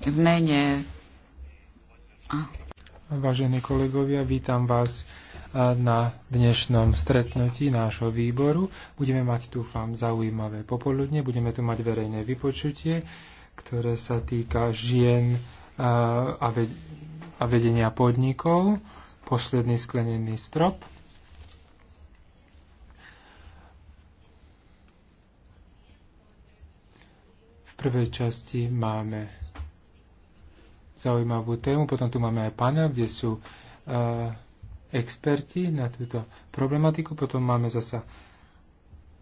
V mene... Vážení kolegovia, vítam vás na dnešnom stretnutí nášho výboru. Budeme mať, dúfam, zaujímavé popoludne. Budeme tu mať verejné vypočutie, ktoré sa týka žien a vedenia podnikov. Posledný sklenený strop. prvej časti máme zaujímavú tému, potom tu máme aj panel, kde sú uh, experti na túto problematiku, potom máme zasa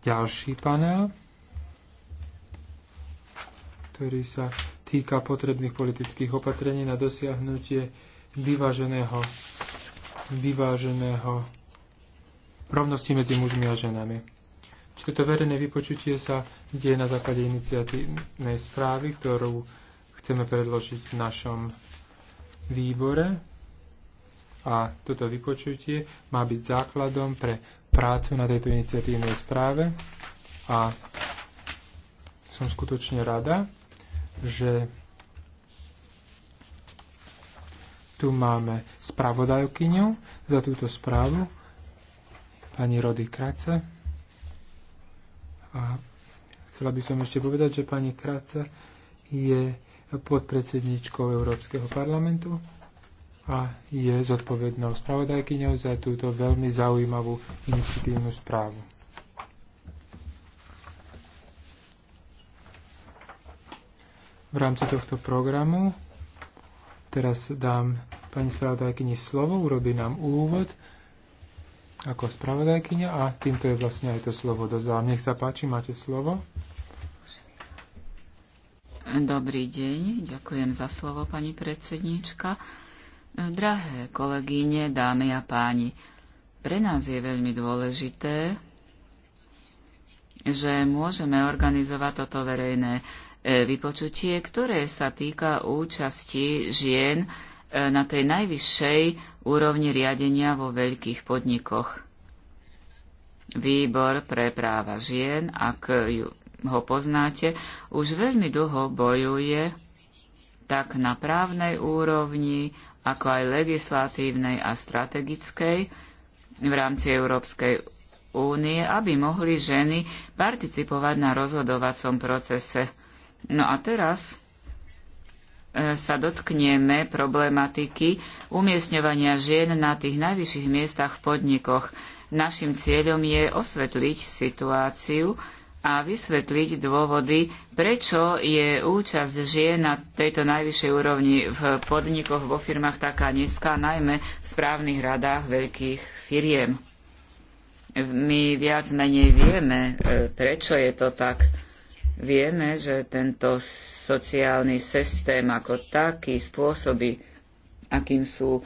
ďalší panel, ktorý sa týka potrebných politických opatrení na dosiahnutie vyváženého, vyváženého rovnosti medzi mužmi a ženami. Čiže to verejné vypočutie sa deje na základe iniciatívnej správy, ktorú chceme predložiť v našom výbore. A toto vypočutie má byť základom pre prácu na tejto iniciatívnej správe. A som skutočne rada, že tu máme spravodajkyňu za túto správu, pani Rody Krace. A chcela by som ešte povedať, že pani Kráca je podpredsedničkou Európskeho parlamentu a je zodpovednou spravodajkyňou za túto veľmi zaujímavú iniciatívnu správu. V rámci tohto programu teraz dám pani spravodajkyni slovo, urobí nám úvod ako spravodajkyňa a týmto je vlastne aj to slovo dozvám. Nech sa páči, máte slovo. Dobrý deň, ďakujem za slovo, pani predsednička. Drahé kolegyne, dámy a páni, pre nás je veľmi dôležité, že môžeme organizovať toto verejné e, vypočutie, ktoré sa týka účasti žien e, na tej najvyššej úrovni riadenia vo veľkých podnikoch. Výbor pre práva žien, ak ju, ho poznáte, už veľmi dlho bojuje tak na právnej úrovni, ako aj legislatívnej a strategickej v rámci Európskej únie, aby mohli ženy participovať na rozhodovacom procese. No a teraz E, sa dotkneme problematiky umiestňovania žien na tých najvyšších miestach v podnikoch. Našim cieľom je osvetliť situáciu a vysvetliť dôvody, prečo je účasť žien na tejto najvyššej úrovni v podnikoch, vo firmách taká nízka, najmä v správnych radách veľkých firiem. My viac menej vieme, e, prečo je to tak Vieme, že tento sociálny systém ako taký, spôsoby, akým sú e,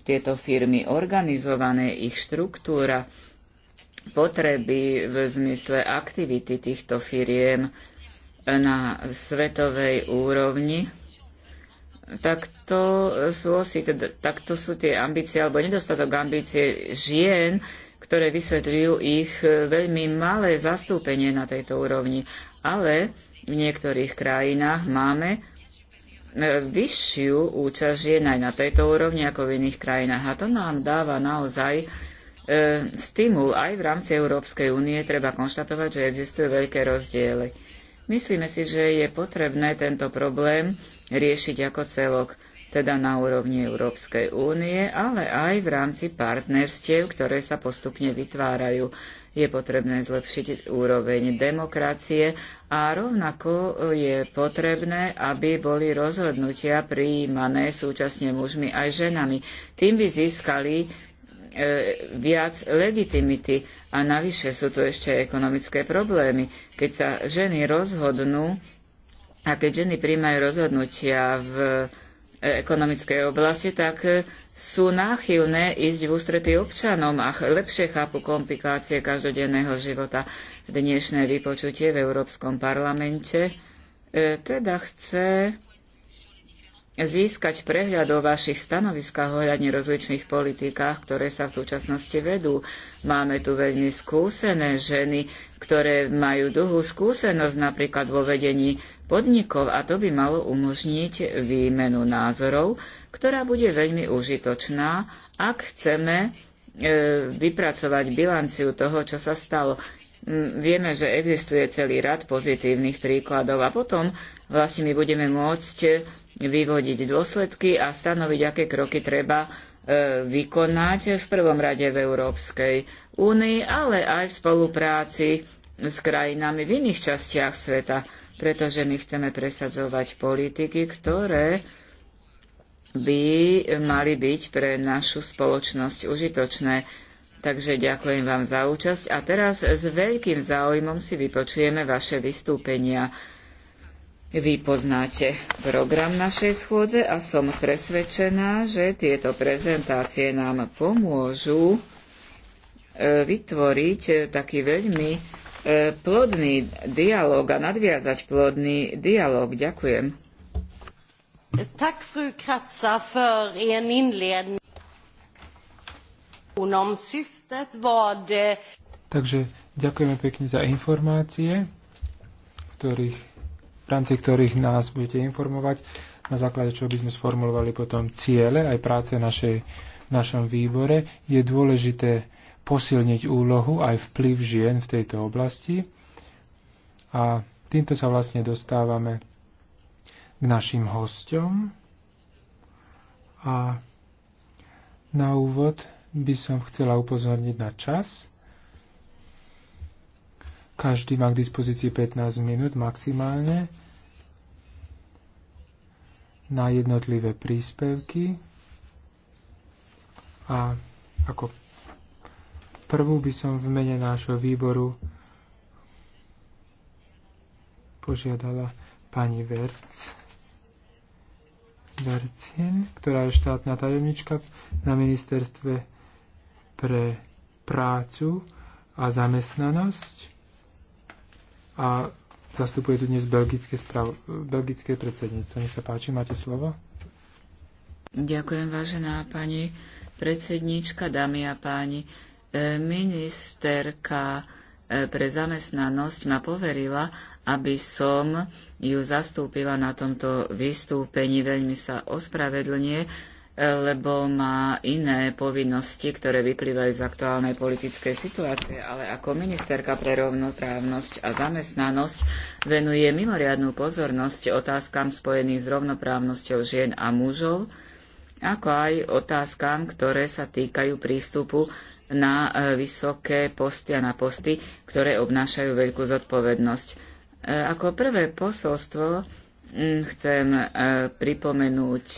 tieto firmy organizované, ich štruktúra, potreby v zmysle aktivity týchto firiem na svetovej úrovni, tak to sú, osi, teda, tak to sú tie ambície alebo nedostatok ambície žien, ktoré vysvetľujú ich e, veľmi malé zastúpenie na tejto úrovni ale v niektorých krajinách máme e, vyššiu účasť žien aj na tejto úrovni ako v iných krajinách. A to nám dáva naozaj e, stimul aj v rámci Európskej únie. Treba konštatovať, že existujú veľké rozdiely. Myslíme si, že je potrebné tento problém riešiť ako celok, teda na úrovni Európskej únie, ale aj v rámci partnerstiev, ktoré sa postupne vytvárajú je potrebné zlepšiť úroveň demokracie a rovnako e, je potrebné, aby boli rozhodnutia prijímané súčasne mužmi aj ženami. Tým by získali e, viac legitimity a navyše sú tu ešte ekonomické problémy. Keď sa ženy rozhodnú a keď ženy príjmajú rozhodnutia v ekonomickej oblasti, tak e, sú náchylné ísť v ústretí občanom a lepšie chápu komplikácie každodenného života. Dnešné vypočutie v Európskom parlamente e, teda chce získať prehľad o vašich stanoviskách ohľadne rozličných politikách, ktoré sa v súčasnosti vedú. Máme tu veľmi skúsené ženy, ktoré majú dlhú skúsenosť napríklad vo vedení podnikov a to by malo umožniť výmenu názorov, ktorá bude veľmi užitočná, ak chceme e, vypracovať bilanciu toho, čo sa stalo. Vieme, že existuje celý rad pozitívnych príkladov a potom vlastne my budeme môcť vyvodiť dôsledky a stanoviť, aké kroky treba e, vykonať v prvom rade v Európskej únii, ale aj v spolupráci s krajinami v iných častiach sveta pretože my chceme presadzovať politiky, ktoré by mali byť pre našu spoločnosť užitočné. Takže ďakujem vám za účasť a teraz s veľkým záujmom si vypočujeme vaše vystúpenia. Vy poznáte program našej schôdze a som presvedčená, že tieto prezentácie nám pomôžu e, vytvoriť e, taký veľmi E, plodný dialog a nadviazať plodný dialog. Ďakujem. Tak, frú Kratza, för en inledný. Om syftet var Takže ďakujeme pekne za informácie, ktorých, v rámci ktorých nás budete informovať, na základe čo by sme sformulovali potom ciele aj práce našej, v našom výbore. Je dôležité posilniť úlohu aj vplyv žien v tejto oblasti. A týmto sa vlastne dostávame k našim hostom. A na úvod by som chcela upozorniť na čas. Každý má k dispozícii 15 minút maximálne na jednotlivé príspevky. A ako Prvú by som v mene nášho výboru požiadala pani Verc. Vercien, ktorá je štátna tajomnička na ministerstve pre prácu a zamestnanosť a zastupuje tu dnes belgické, sprav- belgické predsedníctvo. Nech sa páči, máte slovo. Ďakujem, vážená pani predsedníčka, dámy a páni ministerka e, pre zamestnanosť ma poverila, aby som ju zastúpila na tomto vystúpení. Veľmi sa ospravedlňuje, e, lebo má iné povinnosti, ktoré vyplývajú z aktuálnej politickej situácie, ale ako ministerka pre rovnoprávnosť a zamestnanosť venuje mimoriadnú pozornosť otázkam spojených s rovnoprávnosťou žien a mužov, ako aj otázkam, ktoré sa týkajú prístupu na e, vysoké posty a na posty, ktoré obnášajú veľkú zodpovednosť. E, ako prvé posolstvo chcem e, pripomenúť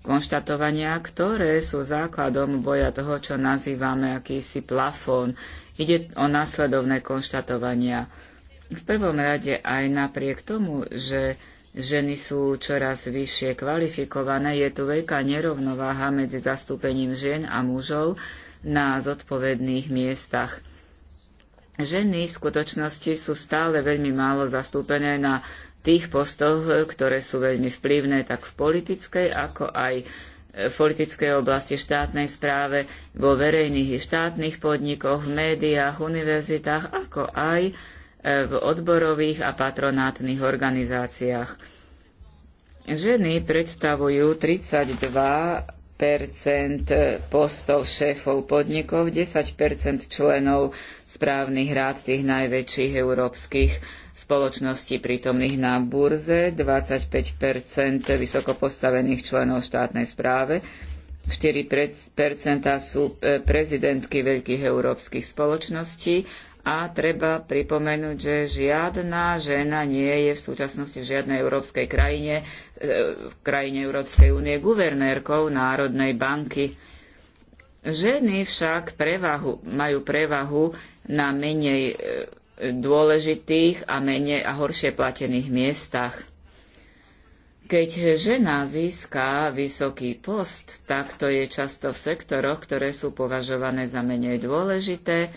konštatovania, ktoré sú základom boja toho, čo nazývame akýsi plafón. Ide o následovné konštatovania. V prvom rade aj napriek tomu, že ženy sú čoraz vyššie kvalifikované, je tu veľká nerovnováha medzi zastúpením žien a mužov na zodpovedných miestach. Ženy v skutočnosti sú stále veľmi málo zastúpené na tých postoch, ktoré sú veľmi vplyvné tak v politickej, ako aj v politickej oblasti, štátnej správe, vo verejných i štátnych podnikoch, v médiách, univerzitách, ako aj e, v odborových a patronátnych organizáciách. Ženy predstavujú 32 percent e, postov šéfov podnikov, 10 členov správnych rád tých najväčších európskych spoločností prítomných na burze, 25 vysoko postavených členov štátnej správe, 4 sú e, prezidentky veľkých európskych spoločností a treba pripomenúť, že žiadna žena nie je v súčasnosti v žiadnej európskej krajine, e, v krajine Európskej únie guvernérkou Národnej banky. Ženy však prevahu, majú prevahu na menej e, dôležitých a menej a horšie platených miestach. Keď žena získa vysoký post, tak to je často v sektoroch, ktoré sú považované za menej dôležité,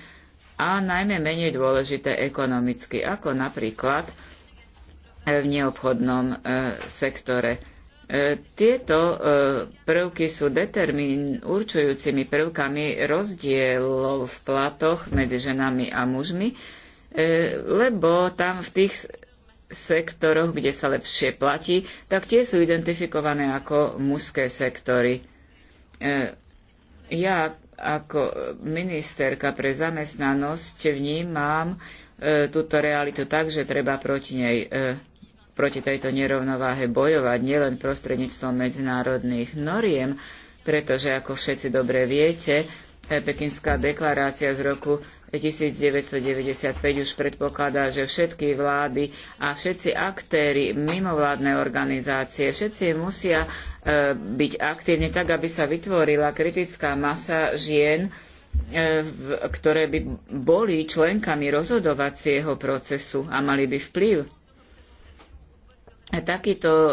a najmä menej dôležité ekonomicky, ako napríklad e, v neobchodnom e, sektore. E, tieto prvky sú determin, určujúcimi prvkami rozdielov v platoch medzi ženami a mužmi, lebo tam v tých sektoroch, kde sa lepšie platí, tak tie sú identifikované ako mužské sektory. Ja ako ministerka pre zamestnanosť vnímam e, túto realitu tak, že treba proti nej, e, proti tejto nerovnováhe bojovať nielen prostredníctvom medzinárodných noriem, pretože, ako všetci dobre viete, e, Pekinská deklarácia z roku 1995 už predpokladá, že všetky vlády a všetci aktéry, mimovládne organizácie, všetci musia e, byť aktívni tak, aby sa vytvorila kritická masa žien, e, ktoré by boli členkami rozhodovacieho procesu a mali by vplyv. Takýto e,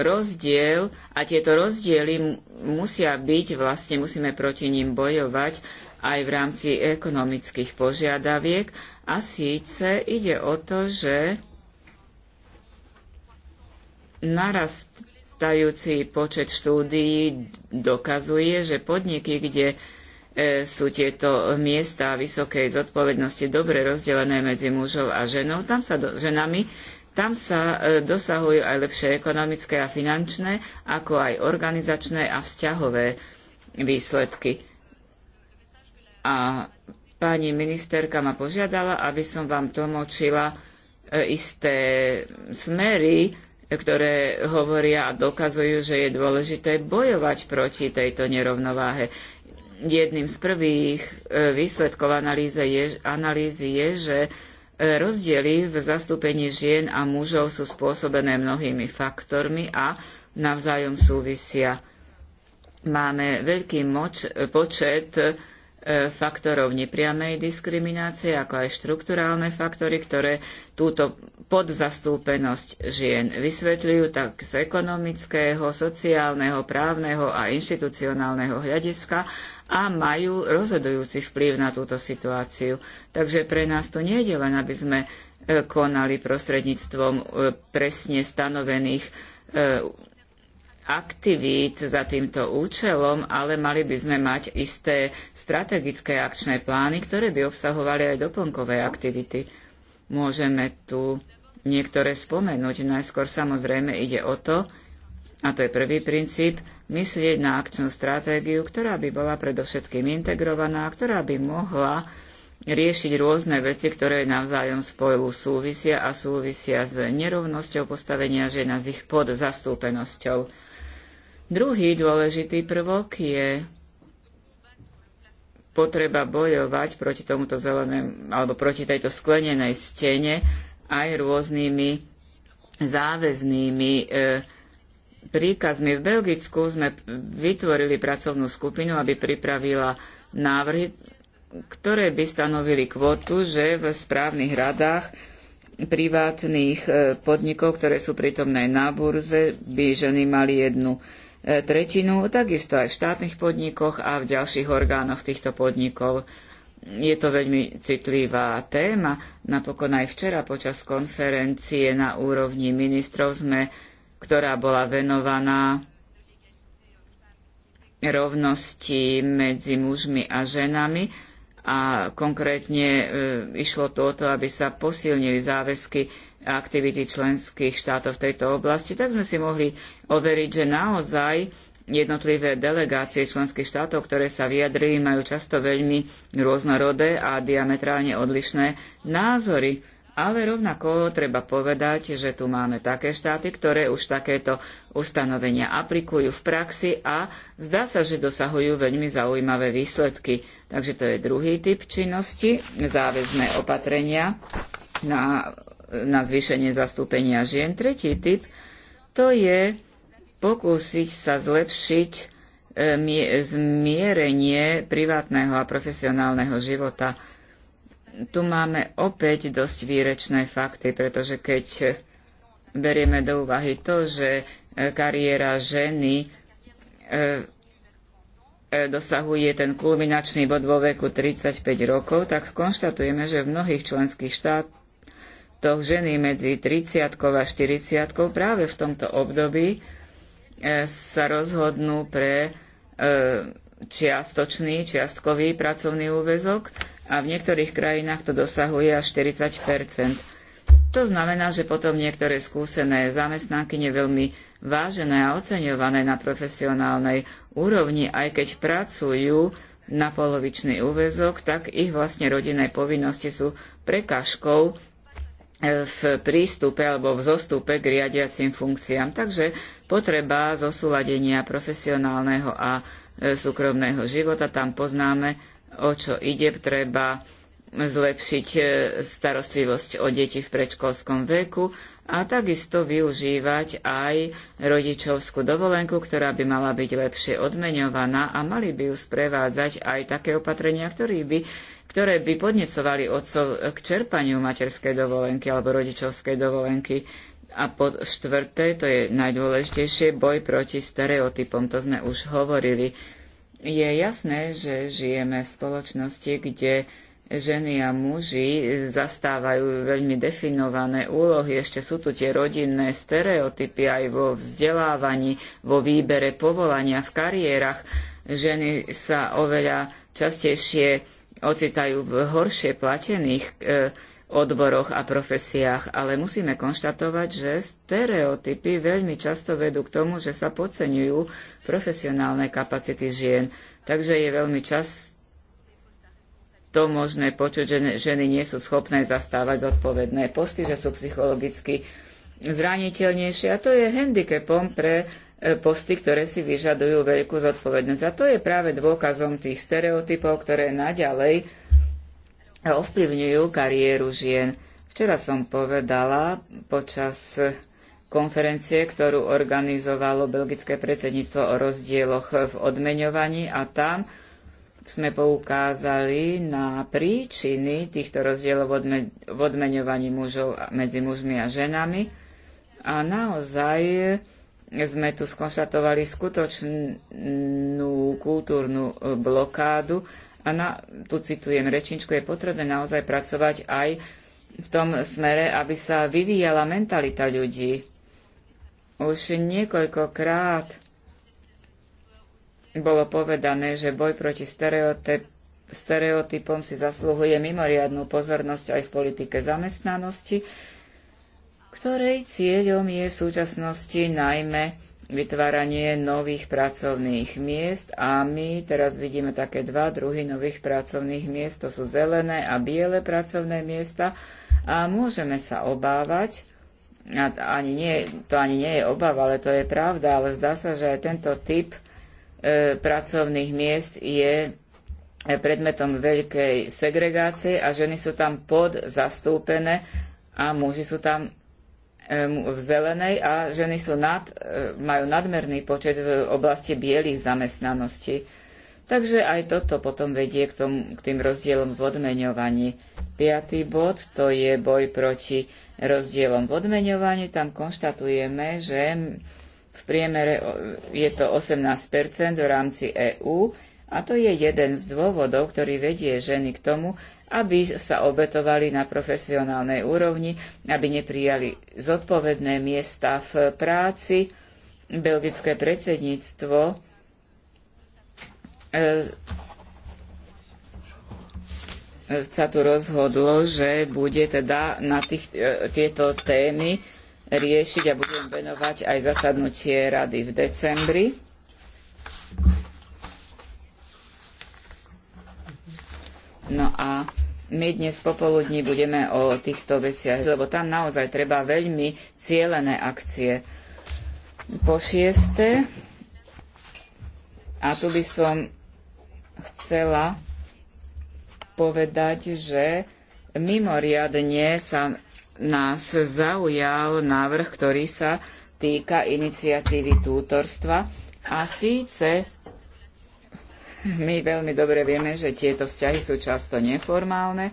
rozdiel a tieto rozdiely musia byť, vlastne musíme proti ním bojovať, aj v rámci ekonomických požiadaviek a síce ide o to, že narastajúci počet štúdií dokazuje, že podniky, kde e, sú tieto miesta vysokej zodpovednosti dobre rozdelené medzi mužov a ženou, tam sa do, ženami, tam sa e, dosahujú aj lepšie ekonomické a finančné, ako aj organizačné a vzťahové výsledky a pani ministerka ma požiadala, aby som vám tlmočila e, isté smery, ktoré hovoria a dokazujú, že je dôležité bojovať proti tejto nerovnováhe. Jedným z prvých e, výsledkov analýzy je, analýzy je že e, rozdiely v zastúpení žien a mužov sú spôsobené mnohými faktormi a navzájom súvisia. Máme veľký moč, počet E, faktorov nepriamej diskriminácie, ako aj štrukturálne faktory, ktoré túto podzastúpenosť žien vysvetľujú tak z ekonomického, sociálneho, právneho a inštitucionálneho hľadiska a majú rozhodujúci vplyv na túto situáciu. Takže pre nás to nie je len, aby sme e, konali prostredníctvom e, presne stanovených aktivít za týmto účelom, ale mali by sme mať isté strategické akčné plány, ktoré by obsahovali aj doplnkové aktivity. Môžeme tu niektoré spomenúť. Najskôr samozrejme ide o to, a to je prvý princíp, myslieť na akčnú stratégiu, ktorá by bola predovšetkým integrovaná, ktorá by mohla riešiť rôzne veci, ktoré navzájom spolu súvisia a súvisia s nerovnosťou postavenia žien a s ich podzastúpenosťou. Druhý dôležitý prvok je potreba bojovať proti tomuto zelenému alebo proti tejto sklenenej stene aj rôznymi záväznými e, príkazmi. V Belgicku sme vytvorili pracovnú skupinu, aby pripravila návrhy, ktoré by stanovili kvotu, že v správnych radách privátnych e, podnikov, ktoré sú prítomné na burze, by ženy mali jednu E, tretinu, takisto aj v štátnych podnikoch a v ďalších orgánoch týchto podnikov. Je to veľmi citlivá téma. Napokon aj včera počas konferencie na úrovni ministrov sme, ktorá bola venovaná rovnosti medzi mužmi a ženami a konkrétne e, išlo to o to, aby sa posilnili záväzky aktivity členských štátov v tejto oblasti, tak sme si mohli overiť, že naozaj jednotlivé delegácie členských štátov, ktoré sa vyjadrili, majú často veľmi rôznorodé a diametrálne odlišné názory. Ale rovnako treba povedať, že tu máme také štáty, ktoré už takéto ustanovenia aplikujú v praxi a zdá sa, že dosahujú veľmi zaujímavé výsledky. Takže to je druhý typ činnosti, záväzné opatrenia na na zvýšenie zastúpenia žien. Tretí typ to je pokúsiť sa zlepšiť e, zmierenie privátneho a profesionálneho života. Tu máme opäť dosť výrečné fakty, pretože keď berieme do úvahy to, že e, kariéra ženy e, dosahuje ten kulminačný bod vo veku 35 rokov, tak konštatujeme, že v mnohých členských štátoch životoch ženy medzi 30 a 40 práve v tomto období e, sa rozhodnú pre e, čiastočný, čiastkový pracovný úväzok a v niektorých krajinách to dosahuje až 40 To znamená, že potom niektoré skúsené zamestnanky veľmi vážené a oceňované na profesionálnej úrovni, aj keď pracujú na polovičný úväzok, tak ich vlastne rodinné povinnosti sú prekážkou E, v prístupe alebo v zostupe k riadiacim funkciám. Takže potreba zosúladenia profesionálneho a e, súkromného života, tam poznáme, o čo ide, treba zlepšiť e, starostlivosť o deti v predškolskom veku, a takisto využívať aj rodičovskú dovolenku, ktorá by mala byť lepšie odmeňovaná a mali by ju sprevádzať aj také opatrenia, ktoré by, ktoré by podnecovali otcov k čerpaniu materskej dovolenky alebo rodičovskej dovolenky. A po štvrté, to je najdôležitejšie, boj proti stereotypom, to sme už hovorili. Je jasné, že žijeme v spoločnosti, kde ženy a muži zastávajú veľmi definované úlohy. Ešte sú tu tie rodinné stereotypy aj vo vzdelávaní, vo výbere povolania, v kariérach. Ženy sa oveľa častejšie ocitajú v horšie platených e, odboroch a profesiách, ale musíme konštatovať, že stereotypy veľmi často vedú k tomu, že sa podceňujú profesionálne kapacity žien. Takže je veľmi často to možné počuť, že ženy nie sú schopné zastávať zodpovedné posty, že sú psychologicky zraniteľnejšie. A to je handicapom pre e, posty, ktoré si vyžadujú veľkú zodpovednosť. A to je práve dôkazom tých stereotypov, ktoré naďalej ovplyvňujú kariéru žien. Včera som povedala počas konferencie, ktorú organizovalo belgické predsedníctvo o rozdieloch v odmeňovaní a tam sme poukázali na príčiny týchto rozdielov v odmeňovaní mužov medzi mužmi a ženami a naozaj sme tu skonštatovali skutočnú kultúrnu e, blokádu a na, tu citujem rečničku, je potrebné naozaj pracovať aj v tom smere, aby sa vyvíjala mentalita ľudí. Už niekoľkokrát bolo povedané, že boj proti stereotypom si zasluhuje mimoriadnú pozornosť aj v politike zamestnanosti, ktorej cieľom je v súčasnosti najmä vytváranie nových pracovných miest a my teraz vidíme také dva druhy nových pracovných miest, to sú zelené a biele pracovné miesta a môžeme sa obávať, a ani nie, to ani nie je obava, ale to je pravda, ale zdá sa, že aj tento typ E, pracovných miest je predmetom veľkej segregácie a ženy sú tam podzastúpené a muži sú tam e, v zelenej a ženy sú nad, e, majú nadmerný počet v oblasti bielých zamestnaností. Takže aj toto potom vedie k, tom, k tým rozdielom v odmeňovaní. Piatý bod to je boj proti rozdielom v odmeňovaní. Tam konštatujeme, že v priemere je to 18 v rámci EÚ a to je jeden z dôvodov, ktorý vedie ženy k tomu, aby sa obetovali na profesionálnej úrovni, aby neprijali zodpovedné miesta v práci. Belgické predsedníctvo e, e, sa tu rozhodlo, že bude teda na tých, e, tieto témy riešiť a budem venovať aj zasadnutie rady v decembri. No a my dnes popoludní budeme o týchto veciach, lebo tam naozaj treba veľmi cielené akcie. Po šieste, a tu by som chcela povedať, že mimoriadne sa nás zaujal návrh, ktorý sa týka iniciatívy tútorstva a síce my veľmi dobre vieme, že tieto vzťahy sú často neformálne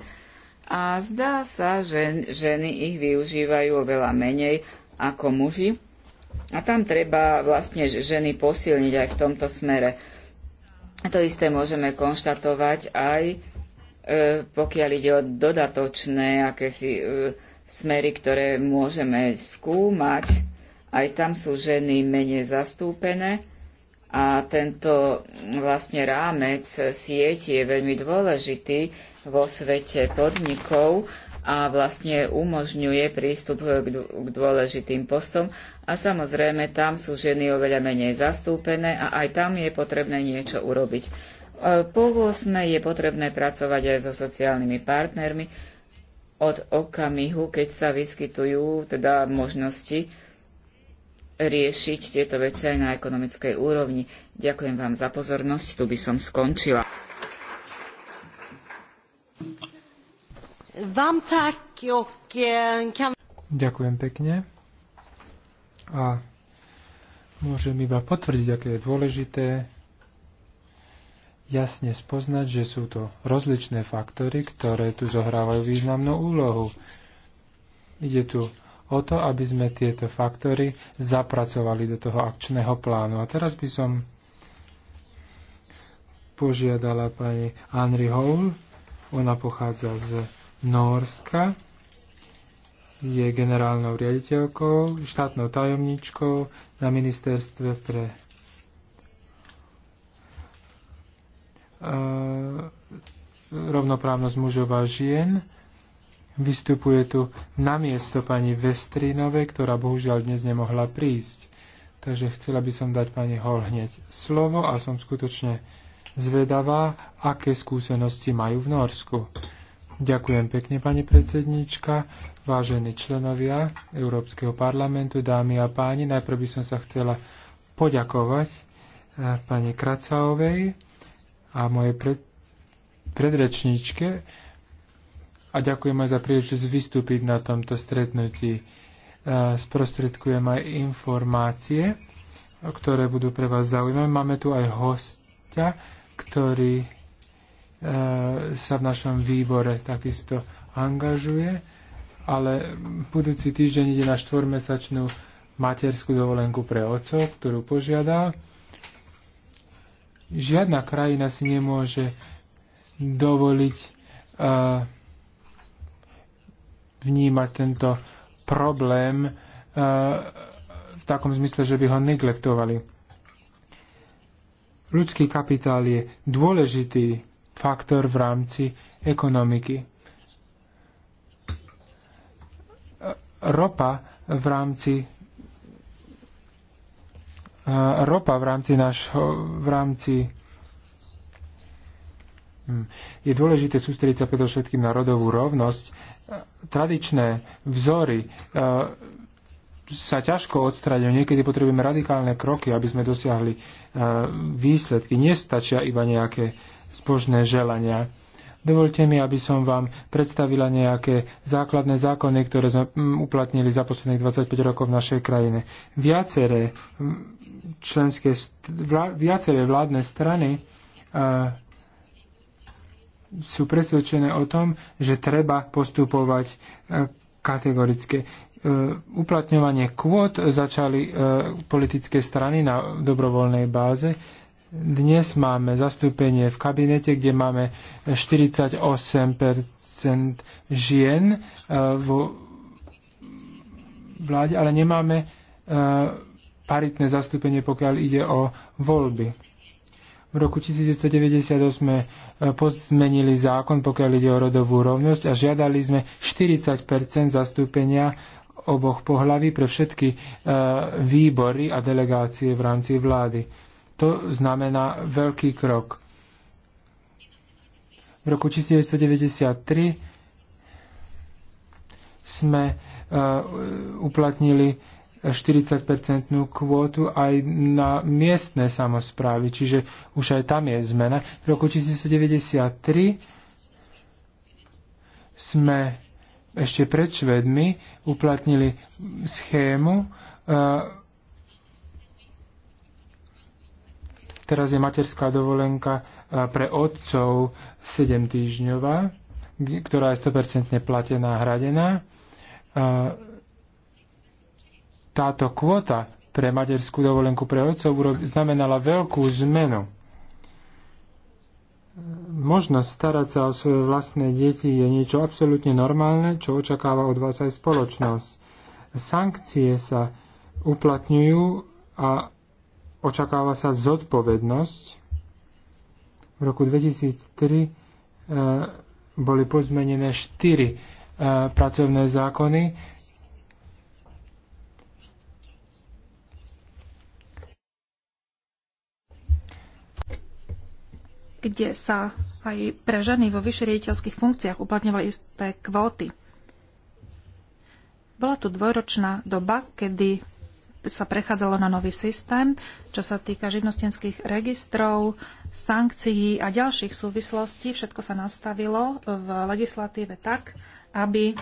a zdá sa, že ženy ich využívajú oveľa menej ako muži. A tam treba vlastne ženy posilniť aj v tomto smere. A to isté môžeme konštatovať aj e, pokiaľ ide o dodatočné akési e, smery, ktoré môžeme skúmať. Aj tam sú ženy menej zastúpené a tento vlastne rámec sieti je veľmi dôležitý vo svete podnikov a vlastne umožňuje prístup k dôležitým postom. A samozrejme, tam sú ženy oveľa menej zastúpené a aj tam je potrebné niečo urobiť. E, po 8. je potrebné pracovať aj so sociálnymi partnermi, od okamihu, keď sa vyskytujú teda možnosti riešiť tieto veci aj na ekonomickej úrovni. Ďakujem vám za pozornosť, tu by som skončila. Ďakujem pekne. A môžem iba potvrdiť, aké je dôležité jasne spoznať, že sú to rozličné faktory, ktoré tu zohrávajú významnú úlohu. Ide tu o to, aby sme tieto faktory zapracovali do toho akčného plánu. A teraz by som požiadala pani Anri Hall. Ona pochádza z Norska. Je generálnou riaditeľkou, štátnou tajomničkou na ministerstve pre E, rovnoprávnosť mužov a žien. Vystupuje tu na miesto pani Vestrinove, ktorá bohužiaľ dnes nemohla prísť. Takže chcela by som dať pani Hol hneď slovo a som skutočne zvedavá, aké skúsenosti majú v Norsku. Ďakujem pekne, pani predsedníčka, vážení členovia Európskeho parlamentu, dámy a páni. Najprv by som sa chcela poďakovať e, pani Kracaovej a mojej pred, predrečníčke a ďakujem aj za príležitosť vystúpiť na tomto stretnutí. E, sprostredkujem aj informácie, ktoré budú pre vás zaujímavé. Máme tu aj hostia, ktorý e, sa v našom výbore takisto angažuje, ale budúci týždeň ide na štvormesačnú materskú dovolenku pre otcov, ktorú požiadal Žiadna krajina si nemôže dovoliť uh, vnímať tento problém uh, v takom zmysle, že by ho neglektovali. Ľudský kapitál je dôležitý faktor v rámci ekonomiky. Eh, ropa v rámci ropa v rámci nášho, v rámci hm, je dôležité sústrediť sa predovšetkým na rodovú rovnosť. Tradičné vzory e, sa ťažko odstraňujú. Niekedy potrebujeme radikálne kroky, aby sme dosiahli e, výsledky. Nestačia iba nejaké spožné želania. Dovolte mi, aby som vám predstavila nejaké základné zákony, ktoré sme hm, uplatnili za posledných 25 rokov v našej krajine. Viaceré hm, členské, vlá, viaceré vládne strany uh, sú presvedčené o tom, že treba postupovať uh, e, kategorické. Uh, e, uplatňovanie kvót začali uh, politické strany na dobrovoľnej báze. Dnes máme zastúpenie v kabinete, kde máme 48 žien uh, vo vláde, ale nemáme uh, paritné zastúpenie, pokiaľ ide o voľby. V roku 1998 sme pozmenili zákon, pokiaľ ide o rodovú rovnosť a žiadali sme 40 zastúpenia oboch pohlaví pre všetky e, výbory a delegácie v rámci vlády. To znamená veľký krok. V roku 1993 sme e, uplatnili 40-percentnú kvótu aj na miestne samozprávy, čiže už aj tam je zmena. V roku 1993 sme ešte pred Švedmi uplatnili schému, e, teraz je materská dovolenka e, pre otcov 7 týždňová, ktorá je 100% platená a hradená. E, táto kvota pre materskú dovolenku pre otcov znamenala veľkú zmenu. Možnosť starať sa o svoje vlastné deti je niečo absolútne normálne, čo očakáva od vás aj spoločnosť. Sankcie sa uplatňujú a očakáva sa zodpovednosť. V roku 2003 e, boli pozmenené štyri e, pracovné zákony, kde sa aj pre ženy vo vyššie riaditeľských funkciách uplatňovali isté kvóty. Bola tu dvojročná doba, kedy sa prechádzalo na nový systém, čo sa týka živnostenských registrov, sankcií a ďalších súvislostí. Všetko sa nastavilo v legislatíve tak, aby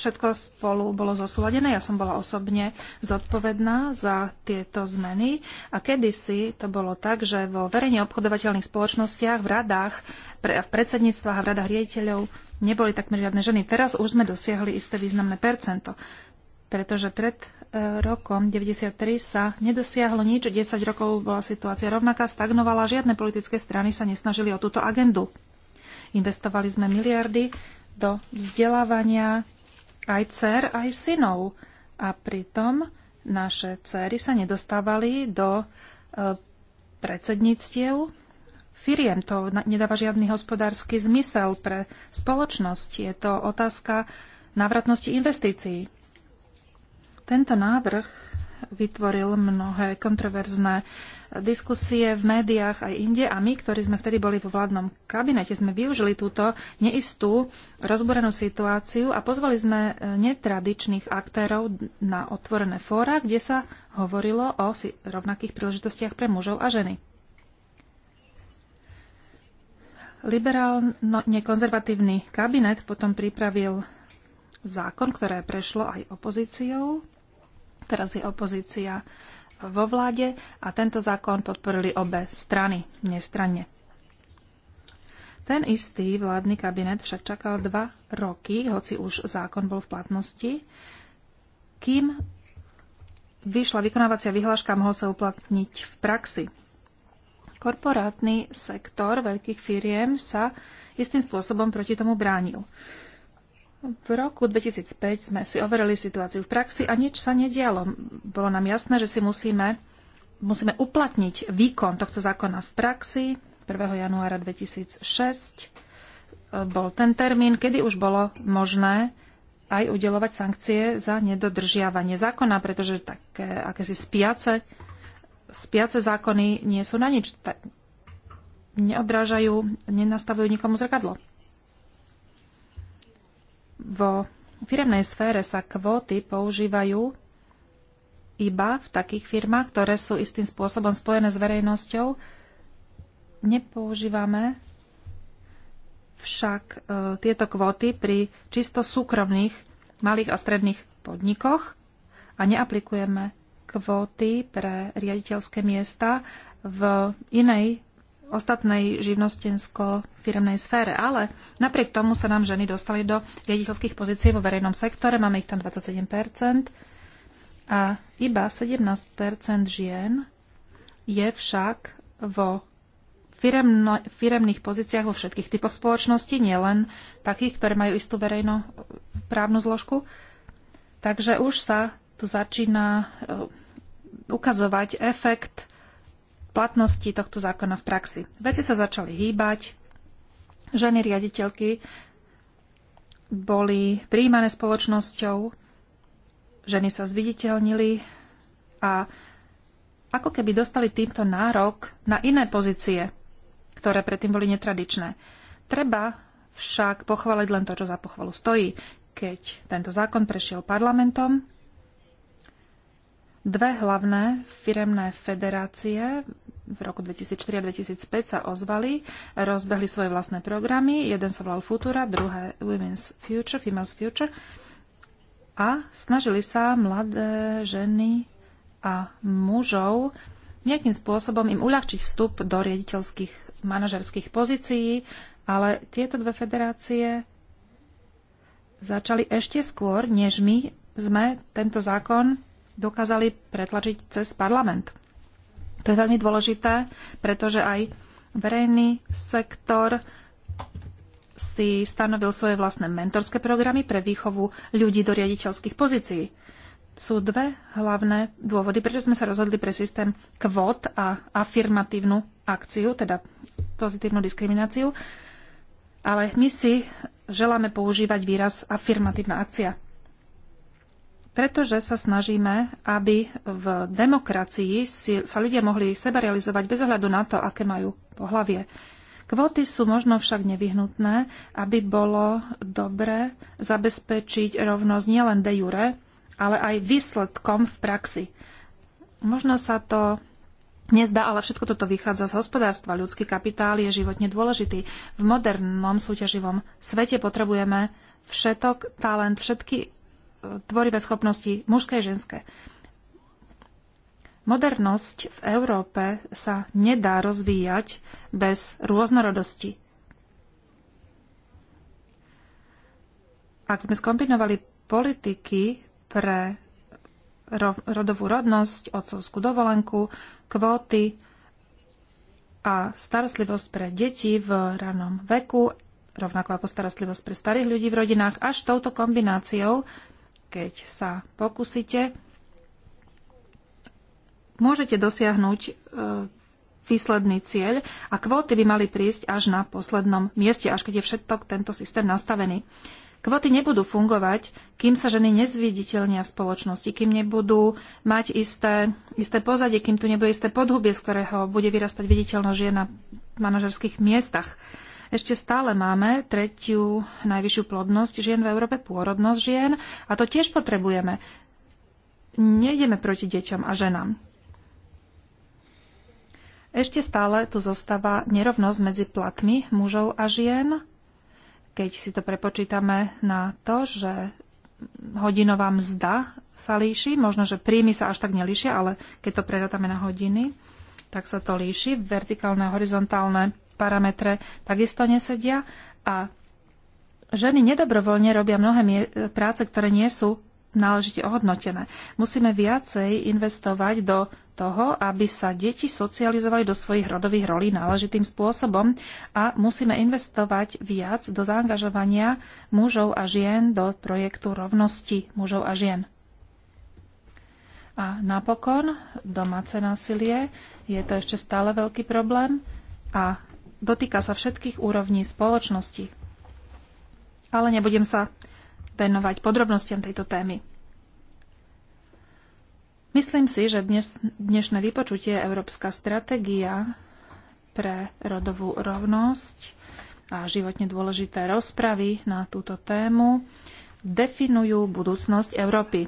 všetko spolu bolo zosúladené. Ja som bola osobne zodpovedná za tieto zmeny a kedysi to bolo tak, že vo verejne obchodovateľných spoločnostiach, v radách, pre, v predsedníctvách a v radách riaditeľov neboli takmer žiadne ženy. Teraz už sme dosiahli isté významné percento, pretože pred e, rokom 93 sa nedosiahlo nič, 10 rokov bola situácia rovnaká, stagnovala, žiadne politické strany sa nesnažili o túto agendu. Investovali sme miliardy do vzdelávania, aj dcer, aj synov. A pritom naše céry sa nedostávali do e, predsedníctiev firiem. To nedáva žiadny hospodársky zmysel pre spoločnosť. Je to otázka návratnosti investícií. Tento návrh vytvoril mnohé kontroverzné diskusie v médiách aj inde a my, ktorí sme vtedy boli vo vládnom kabinete, sme využili túto neistú rozborenú situáciu a pozvali sme eh, netradičných aktérov na otvorené fóra, kde sa hovorilo o rovnakých príležitostiach pre mužov a ženy. Liberálne konzervatívny kabinet potom pripravil zákon, ktoré prešlo aj opozíciou teraz je opozícia vo vláde a tento zákon podporili obe strany, nestranne. Ten istý vládny kabinet však čakal dva roky, hoci už zákon bol v platnosti, kým vyšla vykonávacia vyhláška, mohol sa uplatniť v praxi. Korporátny sektor veľkých firiem sa istým spôsobom proti tomu bránil. V roku 2005 sme si overili situáciu v praxi a nič sa nedialo. Bolo nám jasné, že si musíme, musíme uplatniť výkon tohto zákona v praxi. 1. januára 2006 e, bol ten termín, kedy už bolo možné aj udelovať sankcie za nedodržiavanie zákona, pretože také akési spiace, spiace zákony nie sú na nič. neodrážajú, nenastavujú nikomu zrkadlo. Vo firemnej sfére sa kvóty používajú iba v takých firmách, ktoré sú istým spôsobom spojené s verejnosťou. Nepoužívame však e, tieto kvóty pri čisto súkromných malých a stredných podnikoch a neaplikujeme kvóty pre riaditeľské miesta v inej ostatnej živnostensko-firemnej sfére. Ale napriek tomu sa nám ženy dostali do riaditeľských pozícií vo verejnom sektore, máme ich tam 27 a iba 17 žien je však vo firemno, firemných pozíciách vo všetkých typoch spoločnosti, nielen takých, ktoré majú istú verejno právnu zložku. Takže už sa tu začína eh, ukazovať efekt platnosti tohto zákona v praxi. Veci sa začali hýbať, ženy riaditeľky boli príjmané spoločnosťou, ženy sa zviditeľnili a ako keby dostali týmto nárok na iné pozície, ktoré predtým boli netradičné. Treba však pochváliť len to, čo za pochvalu stojí. Keď tento zákon prešiel parlamentom, Dve hlavné firemné federácie v roku 2004 a 2005 sa ozvali, rozbehli svoje vlastné programy. Jeden sa volal Futura, druhé Women's Future, Females Future. A snažili sa mladé ženy a mužov nejakým spôsobom im uľahčiť vstup do riaditeľských manažerských pozícií, ale tieto dve federácie začali ešte skôr, než my sme tento zákon dokázali pretlačiť cez parlament. To je veľmi dôležité, pretože aj verejný sektor si stanovil svoje vlastné mentorské programy pre výchovu ľudí do riaditeľských pozícií. Sú dve hlavné dôvody, prečo sme sa rozhodli pre systém kvót a afirmatívnu akciu, teda pozitívnu diskrimináciu, ale my si želáme používať výraz afirmatívna akcia pretože sa snažíme, aby v demokracii si, sa ľudia mohli seba realizovať bez ohľadu na to, aké majú pohlavie. Kvóty sú možno však nevyhnutné, aby bolo dobre zabezpečiť rovnosť nielen de jure, ale aj výsledkom v praxi. Možno sa to Nezdá, ale všetko toto vychádza z hospodárstva. Ľudský kapitál je životne dôležitý. V modernom súťaživom svete potrebujeme všetok talent, všetky tvorivé schopnosti mužské a ženské. Modernosť v Európe sa nedá rozvíjať bez rôznorodosti. Ak sme skombinovali politiky pre rodovú rodnosť, otcovskú dovolenku, kvóty a starostlivosť pre deti v ranom veku, rovnako ako starostlivosť pre starých ľudí v rodinách, až touto kombináciou keď sa pokúsite, môžete dosiahnuť e, výsledný cieľ a kvóty by mali prísť až na poslednom mieste, až keď je všetok tento systém nastavený. Kvóty nebudú fungovať, kým sa ženy nezviditeľnia v spoločnosti, kým nebudú mať isté, isté pozadie, kým tu nebude isté podhubie, z ktorého bude vyrastať viditeľnosť žien na manažerských miestach. Ešte stále máme tretiu najvyššiu plodnosť žien v Európe, pôrodnosť žien a to tiež potrebujeme. Nejdeme proti deťom a ženám. Ešte stále tu zostáva nerovnosť medzi platmi mužov a žien. Keď si to prepočítame na to, že hodinová mzda sa líši, možno, že príjmy sa až tak nelíšia, ale keď to prerátame na hodiny, tak sa to líši. Vertikálne a horizontálne parametre takisto nesedia a ženy nedobrovoľne robia mnohé práce, ktoré nie sú náležite ohodnotené. Musíme viacej investovať do toho, aby sa deti socializovali do svojich rodových rolí náležitým spôsobom a musíme investovať viac do zaangažovania mužov a žien do projektu rovnosti mužov a žien. A napokon domáce násilie je to ešte stále veľký problém a dotýka sa všetkých úrovní spoločnosti. Ale nebudem sa venovať podrobnostiam tejto témy. Myslím si, že dnes, dnešné vypočutie Európska stratégia pre rodovú rovnosť a životne dôležité rozpravy na túto tému definujú budúcnosť Európy.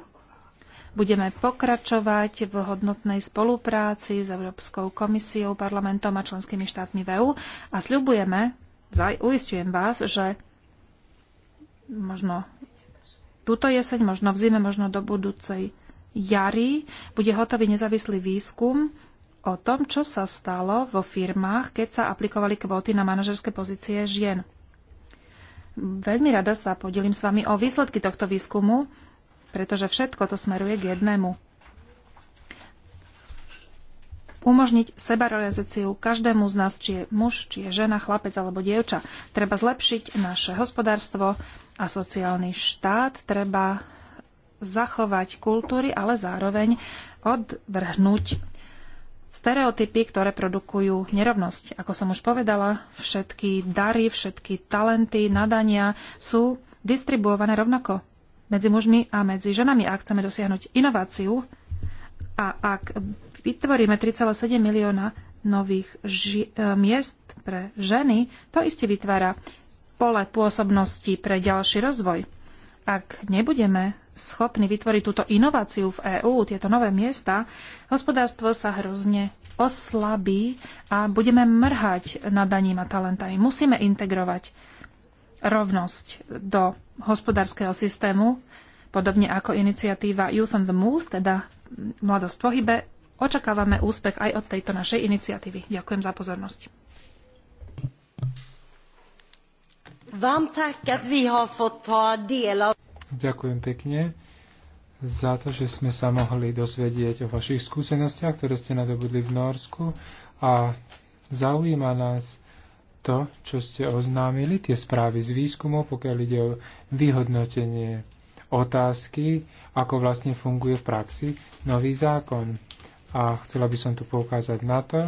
Budeme pokračovať v hodnotnej spolupráci s Európskou komisiou, parlamentom a členskými štátmi Veu a sľubujeme, uistujem vás, že možno túto jeseň, možno v zime, možno do budúcej jary bude hotový nezávislý výskum o tom, čo sa stalo vo firmách, keď sa aplikovali kvóty na manažerské pozície žien. Veľmi rada sa podelím s vami o výsledky tohto výskumu pretože všetko to smeruje k jednému. Umožniť sebarealizáciu každému z nás, či je muž, či je žena, chlapec alebo dievča. Treba zlepšiť naše hospodárstvo a sociálny štát. Treba zachovať kultúry, ale zároveň odvrhnúť stereotypy, ktoré produkujú nerovnosť. Ako som už povedala, všetky dary, všetky talenty, nadania sú distribuované rovnako medzi mužmi a medzi ženami. ak chceme dosiahnuť inováciu a ak vytvoríme 3,7 milióna nových ži- e, miest pre ženy, to iste vytvára pole pôsobnosti pre ďalší rozvoj. Ak nebudeme schopní vytvoriť túto inováciu v EÚ, tieto nové miesta, hospodárstvo sa hrozne oslabí a budeme mrhať nadaním a talentami. Musíme integrovať rovnosť do hospodárskeho systému, podobne ako iniciatíva Youth on the Move, teda Mladosť v pohybe, očakávame úspech aj od tejto našej iniciatívy. Ďakujem za pozornosť. Ďakujem pekne za to, že sme sa mohli dozvedieť o vašich skúsenostiach, ktoré ste nadobudli v Norsku a zaujíma nás, to, čo ste oznámili, tie správy z výskumov, pokiaľ ide o vyhodnotenie otázky, ako vlastne funguje v praxi nový zákon. A chcela by som tu poukázať na to,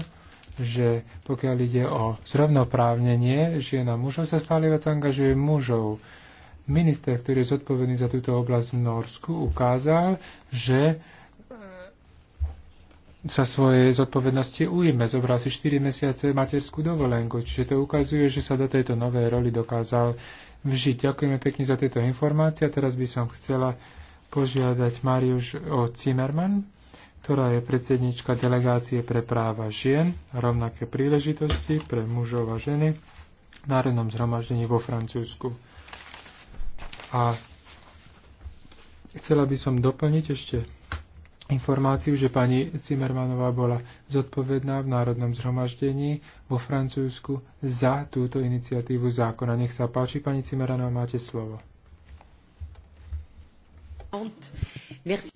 že pokiaľ ide o zrovnoprávnenie žien a mužov, sa stále viac angažuje mužov. Minister, ktorý je zodpovedný za túto oblasť v Norsku, ukázal, že sa svojej zodpovednosti ujme. Zobral si 4 mesiace materskú dovolenku, čiže to ukazuje, že sa do tejto novej roli dokázal vžiť. Ďakujeme pekne za tieto informácie. Teraz by som chcela požiadať Mariuš o Zimmerman, ktorá je predsednička delegácie pre práva žien a rovnaké príležitosti pre mužov a ženy v Národnom zhromaždení vo Francúzsku. A chcela by som doplniť ešte informáciu, že pani Cimermanová bola zodpovedná v Národnom zhromaždení vo Francúzsku za túto iniciatívu zákona. Nech sa páči, pani Cimermanová, máte slovo.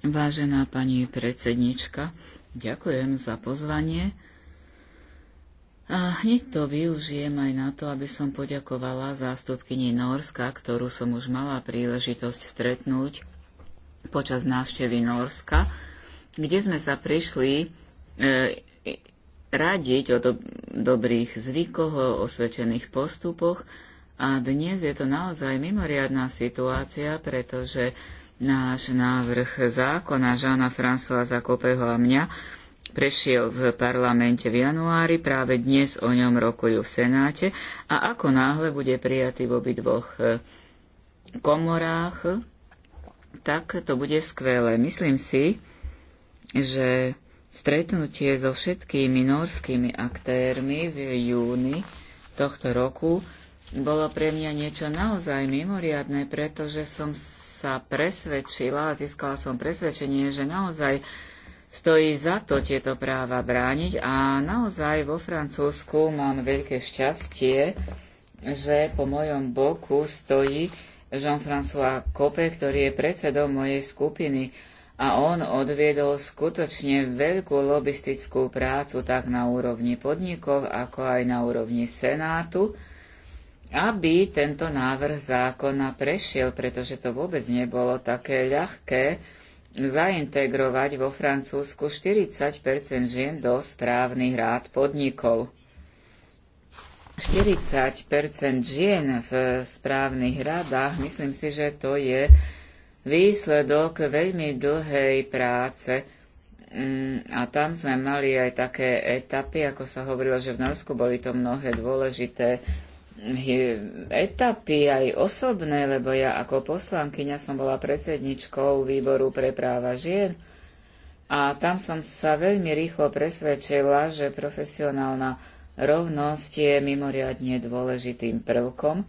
Vážená pani predsednička, ďakujem za pozvanie. A hneď to využijem aj na to, aby som poďakovala zástupkyni Norska, ktorú som už mala príležitosť stretnúť počas návštevy Norska kde sme sa prišli e, radiť o do, dobrých zvykoch, o osvedčených postupoch. A dnes je to naozaj mimoriadná situácia, pretože náš návrh zákona Žána François Zakopeho a mňa prešiel v parlamente v januári, práve dnes o ňom rokujú v Senáte a ako náhle bude prijatý v obidvoch e, komorách, tak to bude skvelé. Myslím si, že stretnutie so všetkými norskými aktérmi v júni tohto roku bolo pre mňa niečo naozaj mimoriadné, pretože som sa presvedčila a získala som presvedčenie, že naozaj stojí za to tieto práva brániť a naozaj vo Francúzsku mám veľké šťastie, že po mojom boku stojí Jean-François Kope, ktorý je predsedom mojej skupiny a on odviedol skutočne veľkú lobistickú prácu tak na úrovni podnikov, ako aj na úrovni Senátu, aby tento návrh zákona prešiel, pretože to vôbec nebolo také ľahké zaintegrovať vo Francúzsku 40 žien do správnych rád podnikov. 40 žien v správnych radách, myslím si, že to je výsledok veľmi dlhej práce mm, a tam sme mali aj také etapy, ako sa hovorilo, že v Norsku boli to mnohé dôležité etapy, aj osobné, lebo ja ako poslankyňa som bola predsedničkou výboru pre práva žien a tam som sa veľmi rýchlo presvedčila, že profesionálna rovnosť je mimoriadne dôležitým prvkom,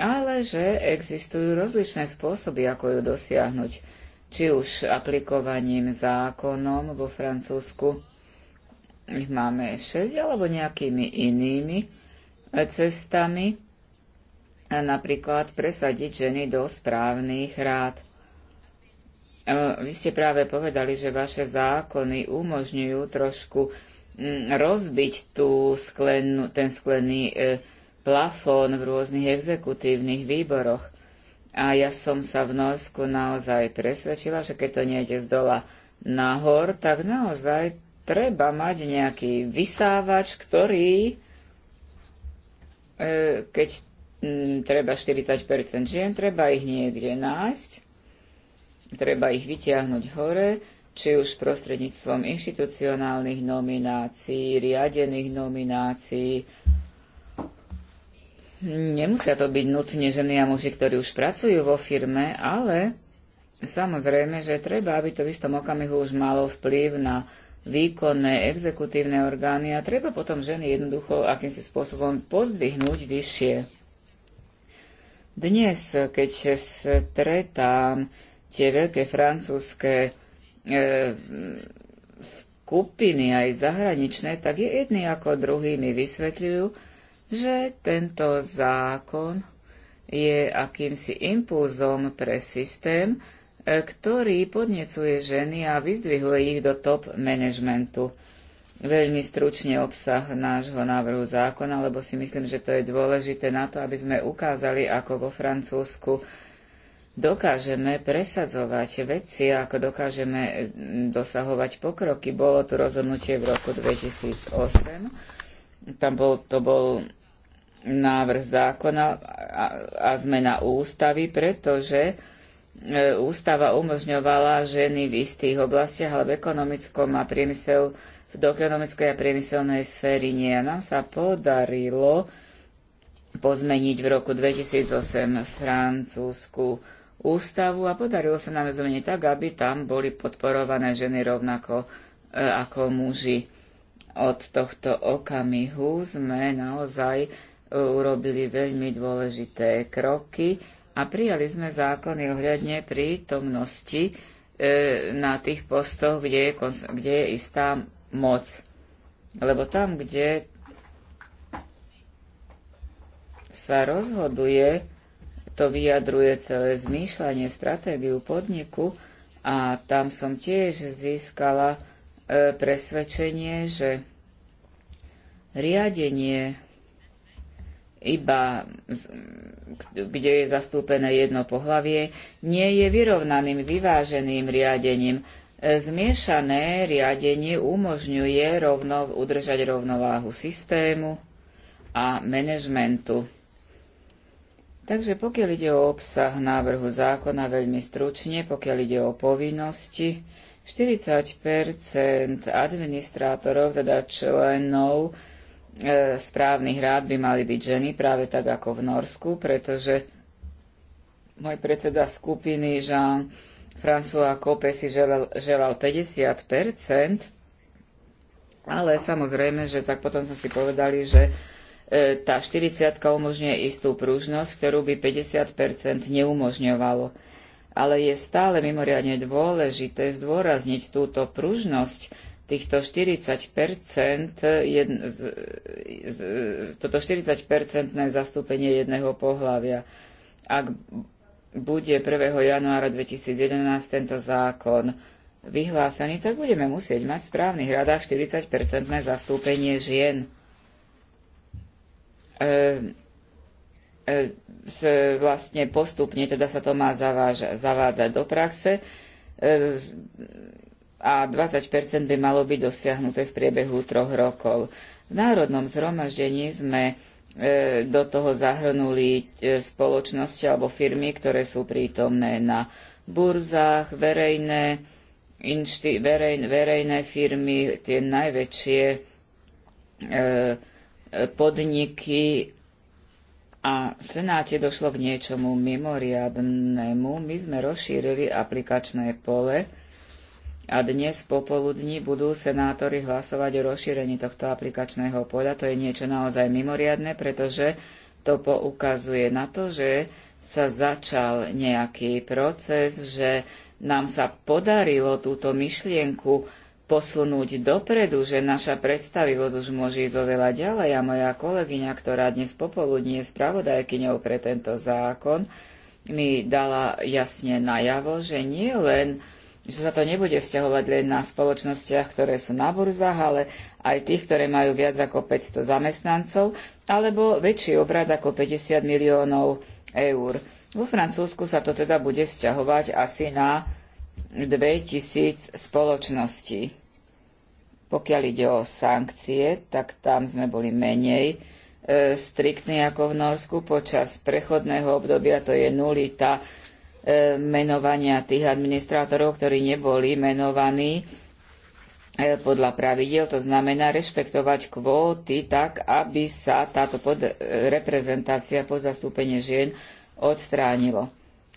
ale že existujú rozličné spôsoby, ako ju dosiahnuť, či už aplikovaním zákonom vo Francúzsku, ich máme 6, alebo nejakými inými cestami, napríklad presadiť ženy do správnych rád. E, vy ste práve povedali, že vaše zákony umožňujú trošku mm, rozbiť tú sklenu, ten sklený e, plafón v rôznych exekutívnych výboroch. A ja som sa v Norsku naozaj presvedčila, že keď to nejde z dola nahor, tak naozaj treba mať nejaký vysávač, ktorý, e, keď mm, treba 40% žien, treba ich niekde nájsť, treba ich vytiahnuť hore, či už prostredníctvom inštitucionálnych nominácií, riadených nominácií, Nemusia to byť nutne ženy a muži, ktorí už pracujú vo firme, ale samozrejme, že treba, aby to v istom okamihu už malo vplyv na výkonné exekutívne orgány a treba potom ženy jednoducho akýmsi spôsobom pozdvihnúť vyššie. Dnes, keď stretám tie veľké francúzske e, skupiny aj zahraničné, tak je jedný ako druhý mi vysvetľujú, že tento zákon je akýmsi impulzom pre systém, e, ktorý podnecuje ženy a vyzdvihuje ich do top managementu. Veľmi stručne obsah nášho návrhu zákona, lebo si myslím, že to je dôležité na to, aby sme ukázali, ako vo Francúzsku dokážeme presadzovať veci, ako dokážeme dosahovať pokroky. Bolo tu rozhodnutie v roku 2008, tam bol, to bol návrh zákona a, a zmena ústavy, pretože e, ústava umožňovala ženy v istých oblastiach, ale v ekonomickom a priemysel, v ekonomickej a priemyselnej sféry nie. A nám sa podarilo pozmeniť v roku 2008 francúzsku ústavu a podarilo sa nám zmeniť tak, aby tam boli podporované ženy rovnako e, ako muži. Od tohto okamihu sme naozaj urobili veľmi dôležité kroky a prijali sme zákony ohľadne prítomnosti e, na tých postoch, kde je, kde je istá moc. Lebo tam, kde sa rozhoduje, to vyjadruje celé zmýšľanie, stratégiu podniku a tam som tiež získala e, presvedčenie, že riadenie iba kde je zastúpené jedno pohlavie, nie je vyrovnaným, vyváženým riadením. E, zmiešané riadenie umožňuje rovno, udržať rovnováhu systému a manažmentu. Takže pokiaľ ide o obsah návrhu zákona veľmi stručne, pokiaľ ide o povinnosti, 40 administrátorov, teda členov E, správnych rád by mali byť ženy, práve tak ako v Norsku, pretože môj predseda skupiny Jean François Kope si želal, želal 50%, ale samozrejme, že tak potom sme si povedali, že e, tá 40 umožňuje istú pružnosť, ktorú by 50% neumožňovalo. Ale je stále mimoriadne dôležité zdôrazniť túto pružnosť, týchto 40 z, z, toto 40-percentné zastúpenie jedného pohlavia. Ak bude 1. januára 2011 tento zákon vyhlásený, tak budeme musieť mať v správnych radách 40-percentné zastúpenie žien. E, e, vlastne postupne teda sa to má zavádzať do praxe. E, a 20 by malo byť dosiahnuté v priebehu troch rokov. V národnom zhromaždení sme e, do toho zahrnuli e, spoločnosti alebo firmy, ktoré sú prítomné na burzách, verejné, inšti, verej, verejné firmy, tie najväčšie e, e podniky. A v Senáte došlo k niečomu mimoriadnému. My sme rozšírili aplikačné pole a dnes popoludní budú senátori hlasovať o rozšírení tohto aplikačného poľa. To je niečo naozaj mimoriadne, pretože to poukazuje na to, že sa začal nejaký proces, že nám sa podarilo túto myšlienku posunúť dopredu, že naša predstavivosť už môže ísť oveľa ďalej a moja kolegyňa, ktorá dnes popoludní je spravodajkyňou pre tento zákon, mi dala jasne najavo, že nie len že sa to nebude vzťahovať len na spoločnostiach, ktoré sú na burzách, ale aj tých, ktoré majú viac ako 500 zamestnancov, alebo väčší obrad ako 50 miliónov eur. Vo Francúzsku sa to teda bude vzťahovať asi na 2000 spoločností. Pokiaľ ide o sankcie, tak tam sme boli menej e, striktní ako v Norsku. Počas prechodného obdobia to je nulita E, menovania tých administrátorov, ktorí neboli menovaní e, podľa pravidel, to znamená rešpektovať kvóty tak, aby sa táto reprezentácia po zastúpenie žien odstránilo.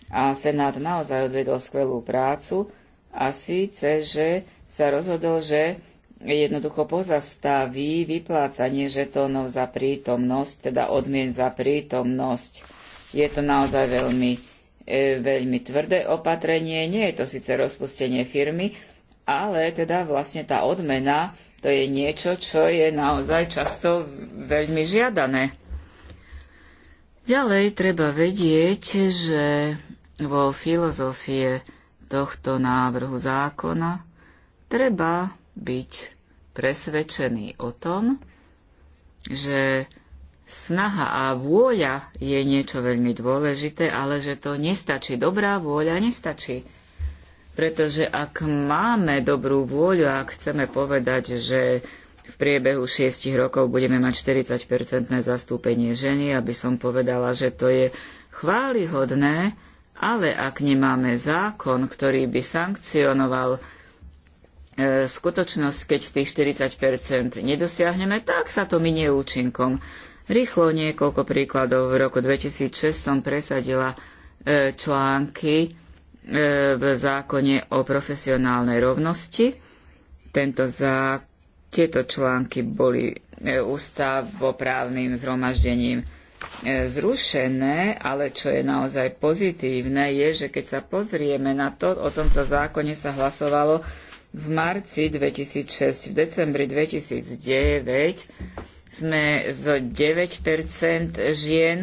A Senát naozaj odvedol skvelú prácu a síce, že sa rozhodol, že jednoducho pozastaví vyplácanie žetónov za prítomnosť, teda odmien za prítomnosť. Je to naozaj veľmi E, veľmi tvrdé opatrenie, nie je to síce rozpustenie firmy, ale teda vlastne tá odmena to je niečo, čo je naozaj často veľmi žiadané. Ďalej treba vedieť, že vo filozofie tohto návrhu zákona treba byť presvedčený o tom, že snaha a vôľa je niečo veľmi dôležité, ale že to nestačí. Dobrá vôľa nestačí. Pretože ak máme dobrú vôľu a ak chceme povedať, že v priebehu 6 rokov budeme mať 40-percentné zastúpenie ženy, aby som povedala, že to je chválihodné, ale ak nemáme zákon, ktorý by sankcionoval e, skutočnosť, keď tých 40 nedosiahneme, tak sa to minie účinkom. Rýchlo niekoľko príkladov. V roku 2006 som presadila e, články e, v zákone o profesionálnej rovnosti. Tento za, tieto články boli e, ústavoprávnym zhromaždením zrušené, ale čo je naozaj pozitívne, je, že keď sa pozrieme na to, o tomto zákone sa hlasovalo v marci 2006, v decembri 2009 sme z 9 žien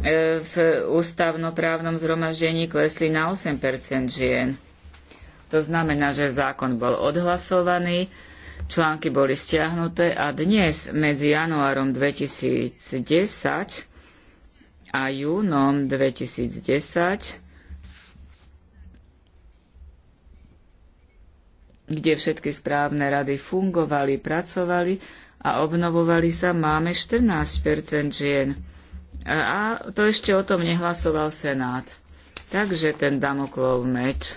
e, v ústavnoprávnom zhromaždení klesli na 8 žien. To znamená, že zákon bol odhlasovaný, články boli stiahnuté a dnes medzi januárom 2010 a júnom 2010 kde všetky správne rady fungovali, pracovali, a obnovovali sa, máme 14 žien. A to ešte o tom nehlasoval Senát. Takže ten Damoklov meč e,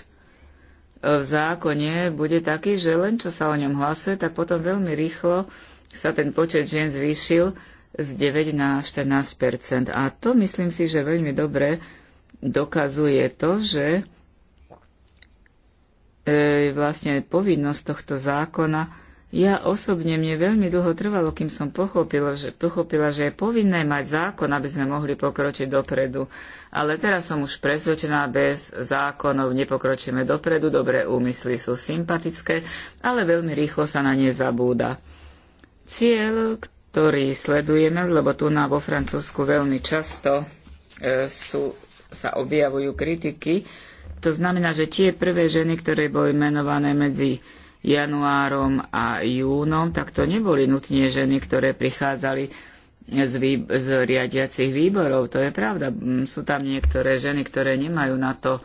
v zákone bude taký, že len čo sa o ňom hlasuje, tak potom veľmi rýchlo sa ten počet žien zvýšil z 9 na 14 A to myslím si, že veľmi dobre dokazuje to, že e, vlastne povinnosť tohto zákona ja osobne mne veľmi dlho trvalo, kým som pochopila, že, pochopila, že je povinné mať zákon, aby sme mohli pokročiť dopredu. Ale teraz som už presvedčená, bez zákonov nepokročíme dopredu, dobré úmysly sú sympatické, ale veľmi rýchlo sa na ne zabúda. Cieľ, ktorý sledujeme, lebo tu na vo Francúzsku veľmi často e, sú, sa objavujú kritiky, to znamená, že tie prvé ženy, ktoré boli menované medzi januárom a júnom, tak to neboli nutne ženy, ktoré prichádzali z, vý, z riadiacich výborov. To je pravda. Mm, sú tam niektoré ženy, ktoré nemajú na to e,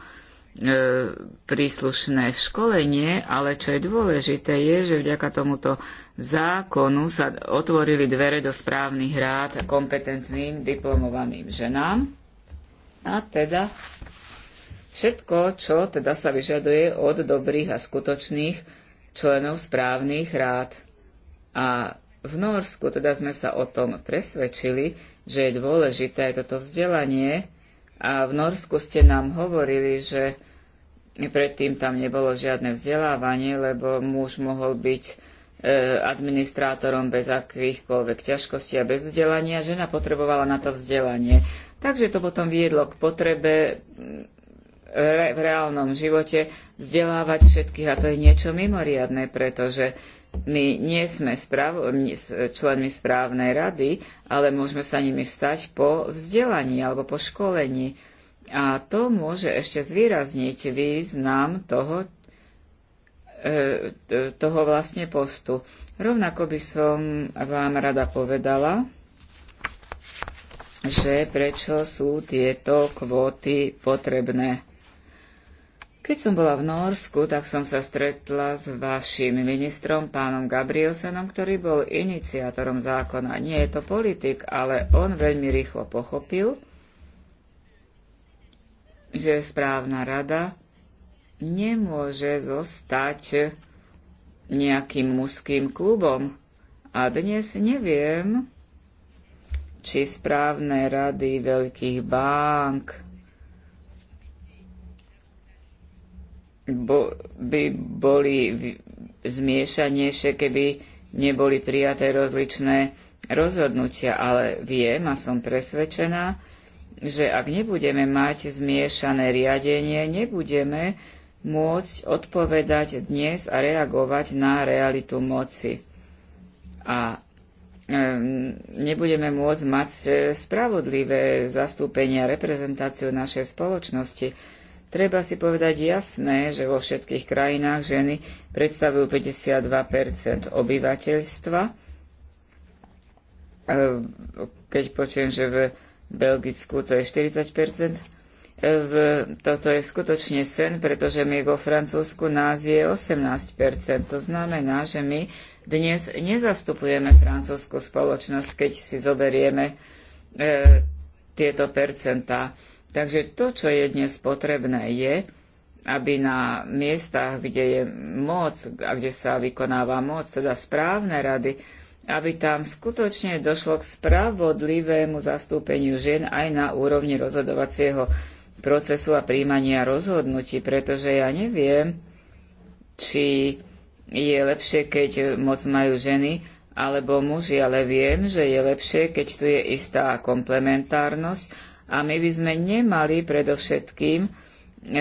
príslušné školenie, ale čo je dôležité je, že vďaka tomuto zákonu sa otvorili dvere do správnych rád kompetentným diplomovaným ženám. A teda všetko, čo teda sa vyžaduje od dobrých a skutočných členov správnych rád. A v Norsku teda sme sa o tom presvedčili, že je dôležité toto vzdelanie a v Norsku ste nám hovorili, že predtým tam nebolo žiadne vzdelávanie, lebo muž mohol byť e, administrátorom bez akýchkoľvek ťažkostí a bez vzdelania, žena potrebovala na to vzdelanie. Takže to potom viedlo k potrebe re, v reálnom živote vzdelávať všetkých a to je niečo mimoriadne, pretože my nie sme správ, členmi správnej rady, ale môžeme sa nimi stať po vzdelaní alebo po školení. A to môže ešte zvýrazniť význam toho, e, toho vlastne postu. Rovnako by som vám rada povedala, že prečo sú tieto kvóty potrebné. Keď som bola v Norsku, tak som sa stretla s vašim ministrom, pánom Gabrielsenom, ktorý bol iniciátorom zákona. Nie je to politik, ale on veľmi rýchlo pochopil, že správna rada nemôže zostať nejakým mužským klubom. A dnes neviem, či správne rady veľkých bank, by boli zmiešanejšie, keby neboli prijaté rozličné rozhodnutia, ale viem a som presvedčená, že ak nebudeme mať zmiešané riadenie, nebudeme môcť odpovedať dnes a reagovať na realitu moci. A nebudeme môcť mať e, spravodlivé zastúpenia, reprezentáciu našej spoločnosti. Treba si povedať jasné, že vo všetkých krajinách ženy predstavujú 52 obyvateľstva. Keď počujem, že v Belgicku to je 40 e, v, toto je skutočne sen, pretože my vo Francúzsku nás je 18 To znamená, že my dnes nezastupujeme francúzsku spoločnosť, keď si zoberieme e, tieto percentá. Takže to, čo je dnes potrebné, je, aby na miestach, kde je moc a kde sa vykonáva moc, teda správne rady, aby tam skutočne došlo k spravodlivému zastúpeniu žien aj na úrovni rozhodovacieho procesu a príjmania rozhodnutí, pretože ja neviem, či je lepšie, keď moc majú ženy alebo muži, ale viem, že je lepšie, keď tu je istá komplementárnosť a my by sme nemali predovšetkým e,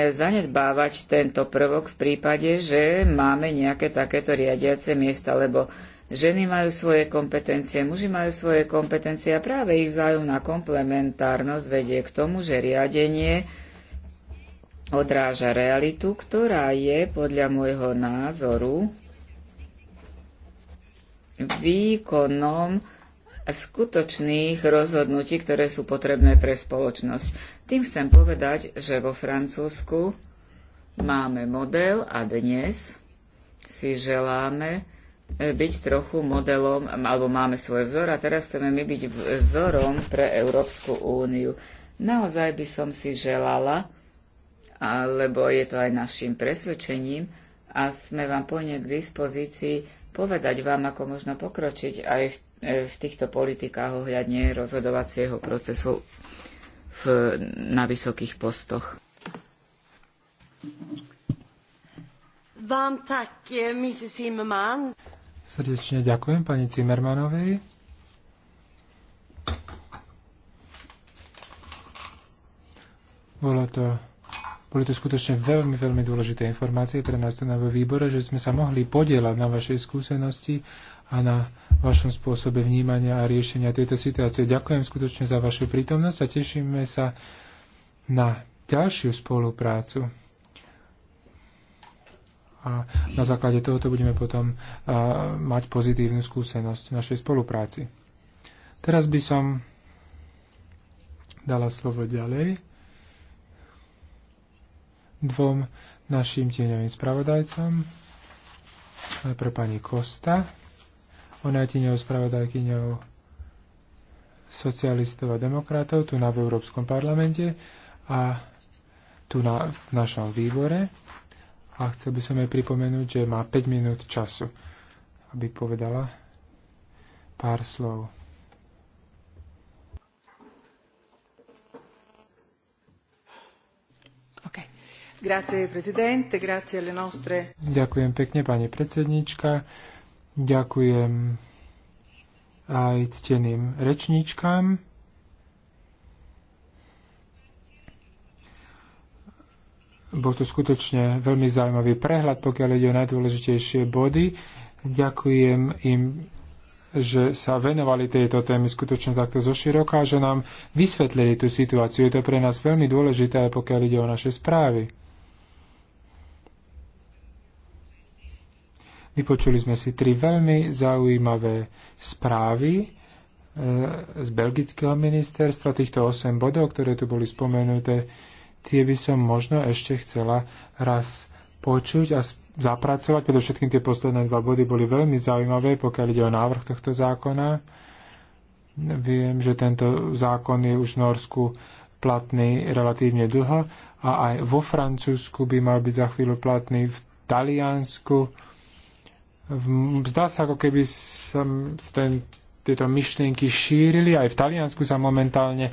zanedbávať tento prvok v prípade, že máme nejaké takéto riadiace miesta, lebo ženy majú svoje kompetencie, muži majú svoje kompetencie a práve ich vzájomná komplementárnosť vedie k tomu, že riadenie odráža realitu, ktorá je podľa môjho názoru výkonom skutočných rozhodnutí, ktoré sú potrebné pre spoločnosť. Tým chcem povedať, že vo Francúzsku máme model a dnes si želáme e, byť trochu modelom, alebo máme svoj vzor a teraz chceme my byť vzorom pre Európsku úniu. Naozaj by som si želala, lebo je to aj našim presvedčením a sme vám plne k dispozícii povedať vám, ako možno pokročiť aj v E, v týchto politikách ohľadne rozhodovacieho procesu v, na vysokých postoch. Vám tak, e, Mrs. Zimmerman. Srdečne ďakujem pani Zimmermanovej. Bolo to, boli to skutočne veľmi, veľmi dôležité informácie pre nás tu na výbore, že sme sa mohli podielať na vašej skúsenosti a na vašom spôsobe vnímania a riešenia tejto situácie. Ďakujem skutočne za vašu prítomnosť a tešíme sa na ďalšiu spoluprácu. A na základe tohoto budeme potom uh, mať pozitívnu skúsenosť v našej spolupráci. Teraz by som dala slovo ďalej dvom našim tieňovým spravodajcom. Najprv pani Kosta. Ona je spravodajkyňou socialistov a demokratov tu na v Európskom parlamente a tu na, v našom výbore. A chcel by som jej pripomenúť, že má 5 minút času, aby povedala pár slov. Presidente, Grazie, alle nostre... Ďakujem pekne, pani predsednička. Ďakujem aj cteným rečníčkám. Bol to skutočne veľmi zaujímavý prehľad, pokiaľ ide o najdôležitejšie body. Ďakujem im, že sa venovali tejto témy skutočne takto zoširoka, že nám vysvetlili tú situáciu. Je to pre nás veľmi dôležité, pokiaľ ide o naše správy. Vypočuli sme si tri veľmi zaujímavé správy e, z belgického ministerstva, týchto 8 bodov, ktoré tu boli spomenuté, tie by som možno ešte chcela raz počuť a zapracovať. všetky tie posledné dva body boli veľmi zaujímavé, pokiaľ ide o návrh tohto zákona. Viem, že tento zákon je už v Norsku platný relatívne dlho a aj vo Francúzsku by mal byť za chvíľu platný v Taliansku Zdá sa, ako keby sa ten, tieto myšlienky šírili. Aj v Taliansku sa momentálne e,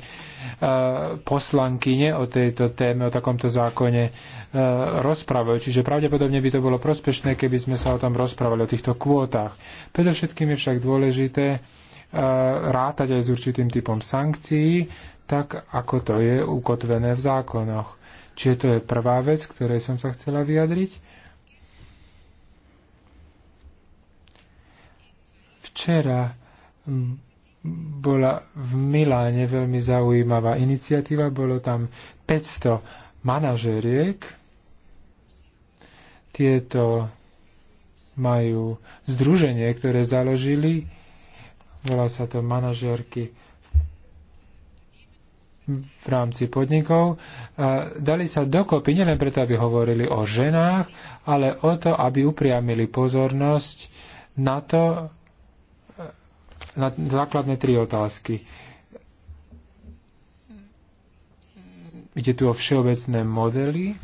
poslankyne o tejto téme, o takomto zákone e, rozprávajú. Čiže pravdepodobne by to bolo prospešné, keby sme sa o tom rozprávali, o týchto kvótach. Predovšetkým je však dôležité e, rátať aj s určitým typom sankcií, tak ako to je ukotvené v zákonoch. Čiže to je prvá vec, ktorej som sa chcela vyjadriť. Včera mm, bola v Miláne veľmi zaujímavá iniciatíva, bolo tam 500 manažeriek. Tieto majú združenie, ktoré založili, volá sa to manažerky v rámci podnikov, dali sa dokopy nielen preto, aby hovorili o ženách, ale o to, aby upriamili pozornosť na to, na základné tri otázky. Ide tu o všeobecné modely e,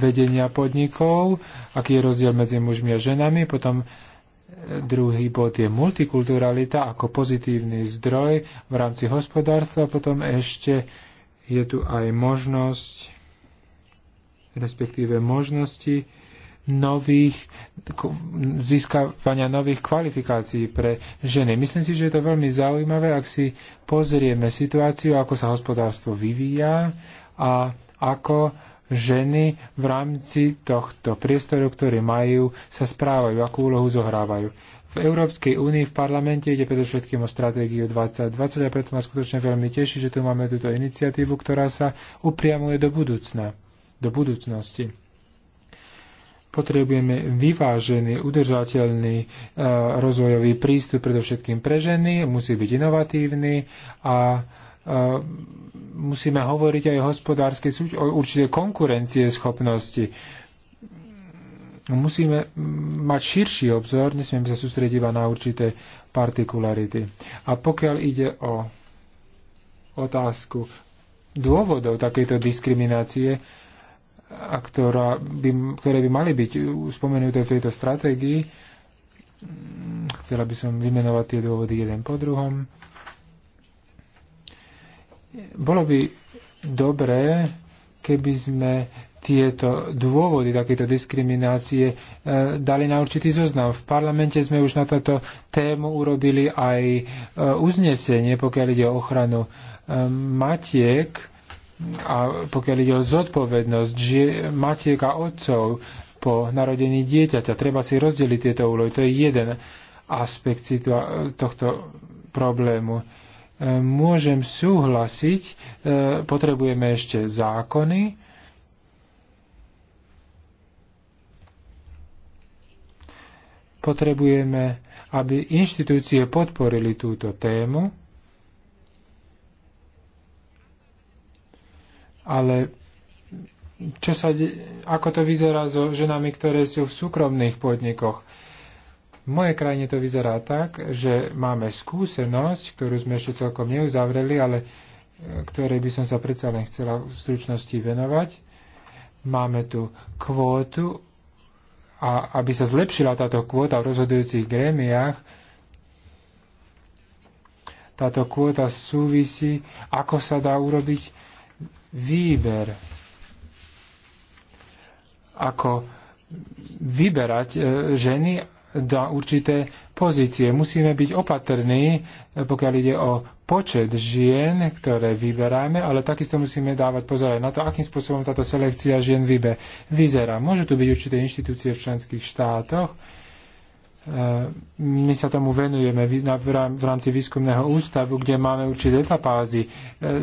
vedenia podnikov, aký je rozdiel medzi mužmi a ženami, potom e, druhý bod je multikulturalita ako pozitívny zdroj v rámci hospodárstva. Potom ešte je tu aj možnosť, respektíve možnosti nových, získavania nových kvalifikácií pre ženy. Myslím si, že je to veľmi zaujímavé, ak si pozrieme situáciu, ako sa hospodárstvo vyvíja a ako ženy v rámci tohto priestoru, ktorý majú, sa správajú, akú úlohu zohrávajú. V Európskej únii v parlamente ide predovšetkým o stratégiu 2020 a preto ma skutočne veľmi teší, že tu máme túto iniciatívu, ktorá sa upriamuje do budúcna, do budúcnosti potrebujeme vyvážený, udržateľný e, rozvojový prístup predovšetkým pre ženy, musí byť inovatívny a e, musíme hovoriť aj o hospodárskej súť, o určitej konkurencie schopnosti. Musíme mať širší obzor, nesmieme sa sústrediť na určité partikularity. A pokiaľ ide o otázku dôvodov takejto diskriminácie, a ktorá by, ktoré by mali byť spomenuté v tejto stratégii. Chcela by som vymenovať tie dôvody jeden po druhom. Bolo by dobré, keby sme tieto dôvody takéto diskriminácie e, dali na určitý zoznam. V parlamente sme už na toto tému urobili aj e, uznesenie, pokiaľ ide o ochranu e, matiek. E, a pokiaľ ide o zodpovednosť matiek a otcov po narodení dieťaťa, treba si rozdeliť tieto úlohy. To je jeden aspekt tohto problému. E, môžem súhlasiť, e, potrebujeme ešte zákony, potrebujeme, aby inštitúcie podporili túto tému, ale čo sa de- ako to vyzerá so ženami, ktoré sú v súkromných podnikoch? V mojej krajine to vyzerá tak, že máme skúsenosť, ktorú sme ešte celkom neuzavreli, ale e, ktorej by som sa predsa len chcela v stručnosti venovať. Máme tu kvótu a aby sa zlepšila táto kvóta v rozhodujúcich grémiách, táto kvóta súvisí, ako sa dá urobiť výber, ako vyberať e, ženy do určité pozície. Musíme byť opatrní, e, pokiaľ ide o počet žien, ktoré vyberáme, ale takisto musíme dávať pozor aj na to, akým spôsobom táto selekcia žien vybe, vyzerá. Môžu tu byť určité inštitúcie v členských štátoch, my sa tomu venujeme v rámci výskumného ústavu, kde máme určité etapázy e,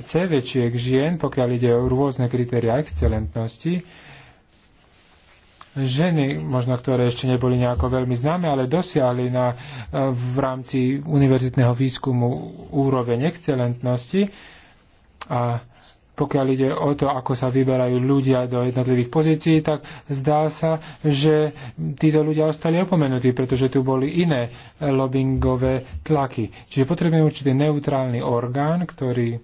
CVčiek žien, pokiaľ ide o rôzne kritéria excelentnosti. Ženy, možno ktoré ešte neboli nejako veľmi známe, ale dosiahli na, e, v rámci univerzitného výskumu úroveň excelentnosti. A pokiaľ ide o to, ako sa vyberajú ľudia do jednotlivých pozícií, tak zdá sa, že títo ľudia ostali opomenutí, pretože tu boli iné lobbyingové tlaky. Čiže potrebujeme určitý neutrálny orgán, ktorý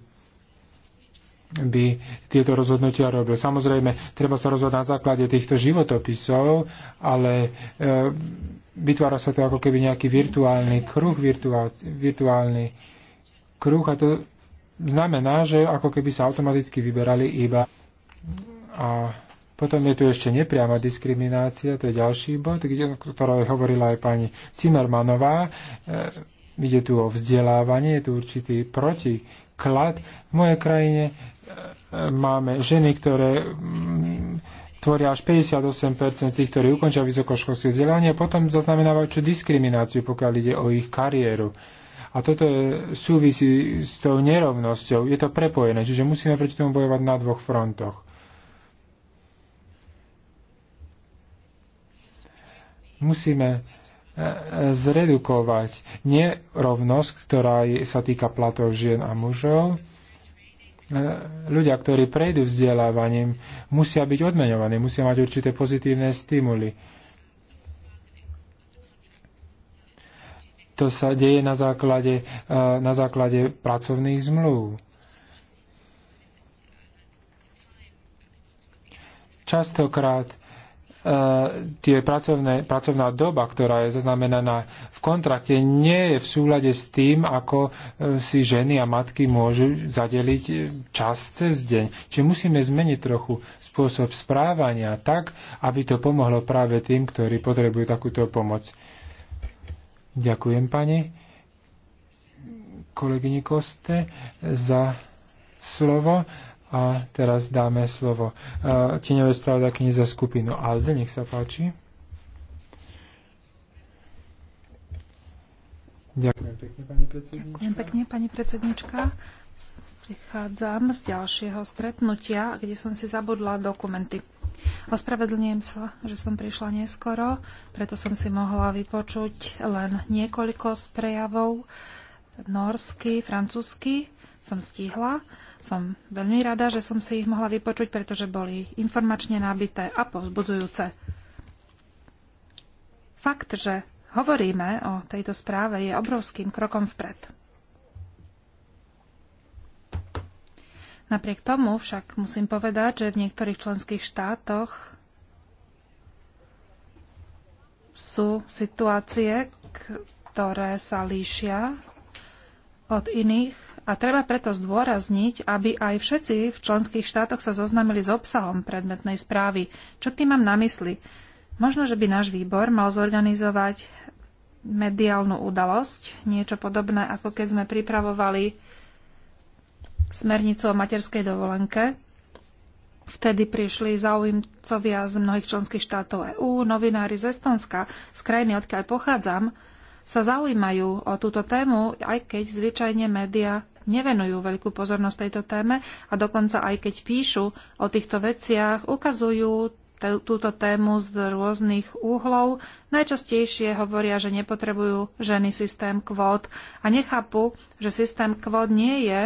by tieto rozhodnutia robil. Samozrejme, treba sa rozhodnúť na základe týchto životopisov, ale e, vytvára sa to ako keby nejaký virtuálny kruh, virtuálny kruh a to znamená, že ako keby sa automaticky vyberali iba. A potom je tu ešte nepriama diskriminácia, to je ďalší bod, kde, o ktorej hovorila aj pani Cimermanová. E, ide tu o vzdelávanie, je tu určitý protiklad. V mojej krajine e, máme ženy, ktoré mm, tvoria až 58% z tých, ktorí ukončia vysokoškolské vzdelanie a potom zaznamenávajú diskrimináciu, pokiaľ ide o ich kariéru. A toto je, súvisí s tou nerovnosťou. Je to prepojené, čiže musíme proti tomu bojovať na dvoch frontoch. Musíme e, zredukovať nerovnosť, ktorá sa týka platov žien a mužov. E, ľudia, ktorí prejdú vzdelávaním, musia byť odmeňovaní, musia mať určité pozitívne stimuly To sa deje na základe, e, na základe pracovných zmluv. Častokrát e, tie pracovné, pracovná doba, ktorá je zaznamenaná v kontrakte, nie je v súlade s tým, ako e, si ženy a matky môžu zadeliť čas cez deň. Či musíme zmeniť trochu spôsob správania tak, aby to pomohlo práve tým, ktorí potrebujú takúto pomoc. Ďakujem pani kolegyni Koste za slovo a teraz dáme slovo uh, e, tieňové spravodajkyni za skupinu ALDE. Nech sa páči. Ďakujem pekne, pani predsednička. Ďakujem pekne, pani predsednička. Prichádzam z ďalšieho stretnutia, kde som si zabudla dokumenty. Ospravedlňujem sa, že som prišla neskoro, preto som si mohla vypočuť len niekoľko z prejavov. Norsky, francúzsky som stihla. Som veľmi rada, že som si ich mohla vypočuť, pretože boli informačne nabité a povzbudzujúce. Fakt, že hovoríme o tejto správe, je obrovským krokom vpred. Napriek tomu však musím povedať, že v niektorých členských štátoch sú situácie, ktoré sa líšia od iných a treba preto zdôrazniť, aby aj všetci v členských štátoch sa zoznamili s obsahom predmetnej správy. Čo tým mám na mysli? Možno, že by náš výbor mal zorganizovať mediálnu udalosť, niečo podobné, ako keď sme pripravovali smernicu o materskej dovolenke. Vtedy prišli zaujímcovia z mnohých členských štátov EÚ, novinári z Estonska, z krajiny, odkiaľ pochádzam, sa zaujímajú o túto tému, aj keď zvyčajne médiá nevenujú veľkú pozornosť tejto téme a dokonca aj keď píšu o týchto veciach, ukazujú túto tému z rôznych úhlov. Najčastejšie hovoria, že nepotrebujú ženy systém kvót a nechápu, že systém kvót nie je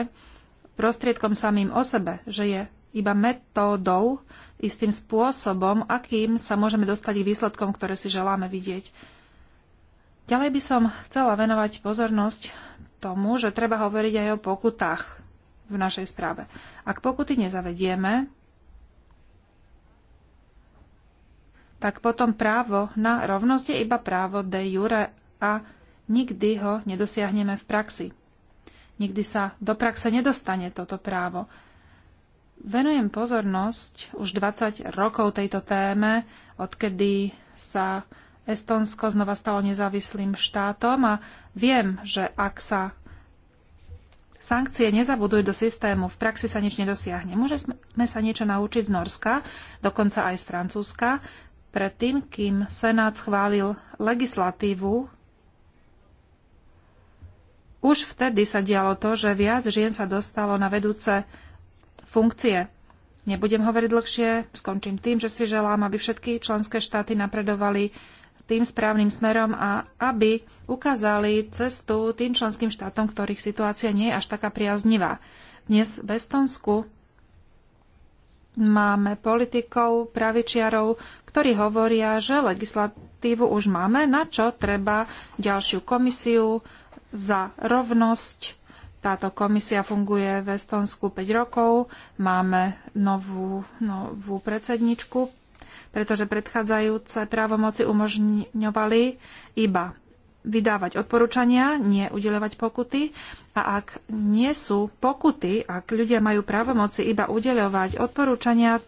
prostriedkom samým o sebe, že je iba metódou, istým spôsobom, akým sa môžeme dostať k výsledkom, ktoré si želáme vidieť. Ďalej by som chcela venovať pozornosť tomu, že treba hovoriť aj o pokutách v našej správe. Ak pokuty nezavedieme, tak potom právo na rovnosť je iba právo de jure a nikdy ho nedosiahneme v praxi. Nikdy sa do praxe nedostane toto právo. Venujem pozornosť už 20 rokov tejto téme, odkedy sa Estonsko znova stalo nezávislým štátom a viem, že ak sa sankcie nezabudujú do systému, v praxi sa nič nedosiahne. Môžeme sa niečo naučiť z Norska, dokonca aj z Francúzska, predtým, kým Senát schválil legislatívu už vtedy sa dialo to, že viac žien sa dostalo na vedúce funkcie. Nebudem hovoriť dlhšie, skončím tým, že si želám, aby všetky členské štáty napredovali tým správnym smerom a aby ukázali cestu tým členským štátom, ktorých situácia nie je až taká priaznivá. Dnes v Estonsku máme politikov, pravičiarov, ktorí hovoria, že legislatívu už máme, na čo treba ďalšiu komisiu, za rovnosť. Táto komisia funguje v Estonsku 5 rokov. Máme novú, novú predsedničku, pretože predchádzajúce právomoci umožňovali iba vydávať odporúčania, nie udeľovať pokuty. A ak nie sú pokuty, ak ľudia majú právomoci iba udeľovať odporúčania,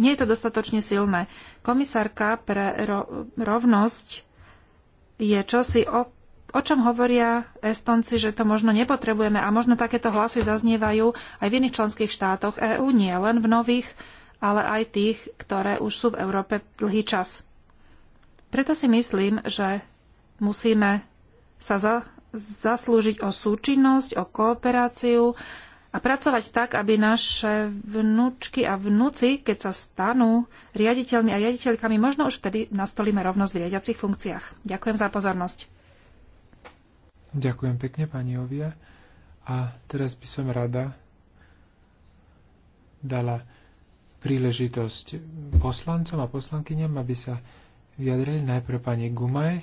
nie je to dostatočne silné. Komisárka pre rovnosť je čosi, o o čom hovoria Estonci, že to možno nepotrebujeme a možno takéto hlasy zaznievajú aj v iných členských štátoch EÚ, nie len v nových, ale aj tých, ktoré už sú v Európe dlhý čas. Preto si myslím, že musíme sa za, zaslúžiť o súčinnosť, o kooperáciu a pracovať tak, aby naše vnúčky a vnúci, keď sa stanú riaditeľmi a riaditeľkami, možno už vtedy nastolíme rovnosť v riadiacich funkciách. Ďakujem za pozornosť. Ďakujem pekne, pani Ovia. A teraz by som rada dala príležitosť poslancom a poslankyňam, aby sa vyjadrili najprv pani Gumaj.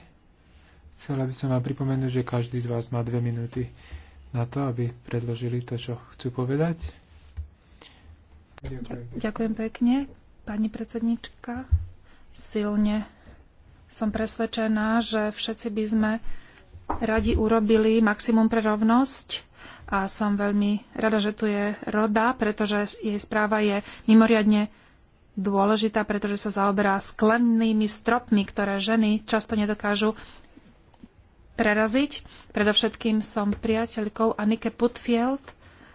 Chcela by som vám pripomenúť, že každý z vás má dve minúty na to, aby predložili to, čo chcú povedať. Ďakujem, Ďakujem pekne, pani predsednička. Silne som presvedčená, že všetci by sme radi urobili maximum pre rovnosť a som veľmi rada, že tu je Roda, pretože jej správa je mimoriadne dôležitá, pretože sa zaoberá sklennými stropmi, ktoré ženy často nedokážu preraziť. Predovšetkým som priateľkou Anike Putfield,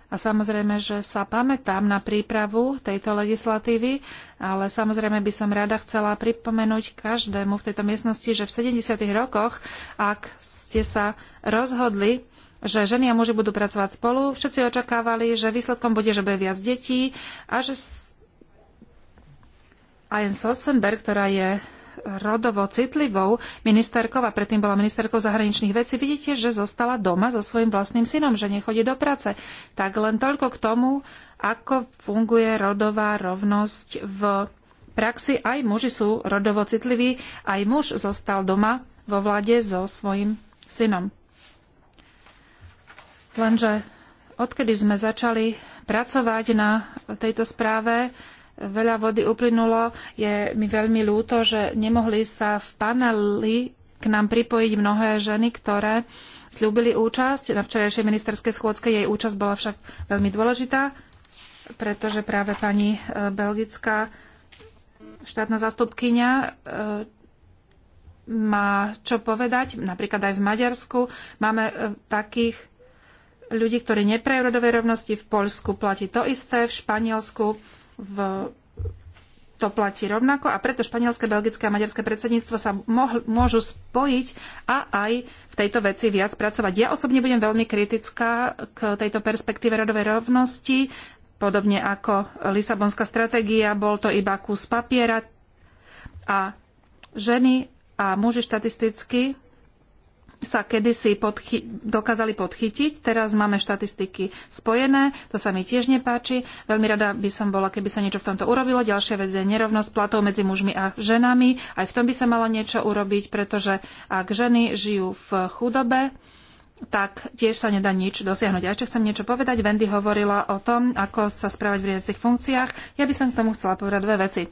a samozrejme, že sa pamätám na prípravu tejto legislatívy, ale samozrejme by som rada chcela pripomenúť každému v tejto miestnosti, že v 70. rokoch, ak ste sa rozhodli, že ženy a muži budú pracovať spolu, všetci očakávali, že výsledkom bude, že bude viac detí a že Ajen Sossenberg, ktorá je rodovo citlivou ministerkou a predtým bola ministerkou zahraničných vecí, vidíte, že zostala doma so svojím vlastným synom, že nechodí do práce. Tak len toľko k tomu, ako funguje rodová rovnosť v praxi. Aj muži sú rodovo citliví, aj muž zostal doma vo vláde so svojím synom. Lenže odkedy sme začali pracovať na tejto správe, veľa vody uplynulo. Je mi veľmi ľúto, že nemohli sa v paneli k nám pripojiť mnohé ženy, ktoré slúbili účasť. Na včerajšej ministerskej schôdzke jej účasť bola však veľmi dôležitá, pretože práve pani e, belgická štátna zastupkynia e, má čo povedať. Napríklad aj v Maďarsku máme e, takých ľudí, ktorí neprejú rodovej rovnosti. V Poľsku platí to isté, v Španielsku v to platí rovnako a preto španielske, belgické a maďarské predsedníctvo sa mohl, môžu spojiť a aj v tejto veci viac pracovať. Ja osobne budem veľmi kritická k tejto perspektíve rodovej rovnosti, podobne ako Lisabonská stratégia, bol to iba kus papiera a ženy a muži štatisticky sa kedysi podchy- dokázali podchytiť. Teraz máme štatistiky spojené, to sa mi tiež nepáči. Veľmi rada by som bola, keby sa niečo v tomto urobilo. Ďalšia vec je nerovnosť platov medzi mužmi a ženami. Aj v tom by sa malo niečo urobiť, pretože ak ženy žijú v chudobe, tak tiež sa nedá nič dosiahnuť. A ešte chcem niečo povedať, Wendy hovorila o tom, ako sa správať v riadiacich funkciách. Ja by som k tomu chcela povedať dve veci.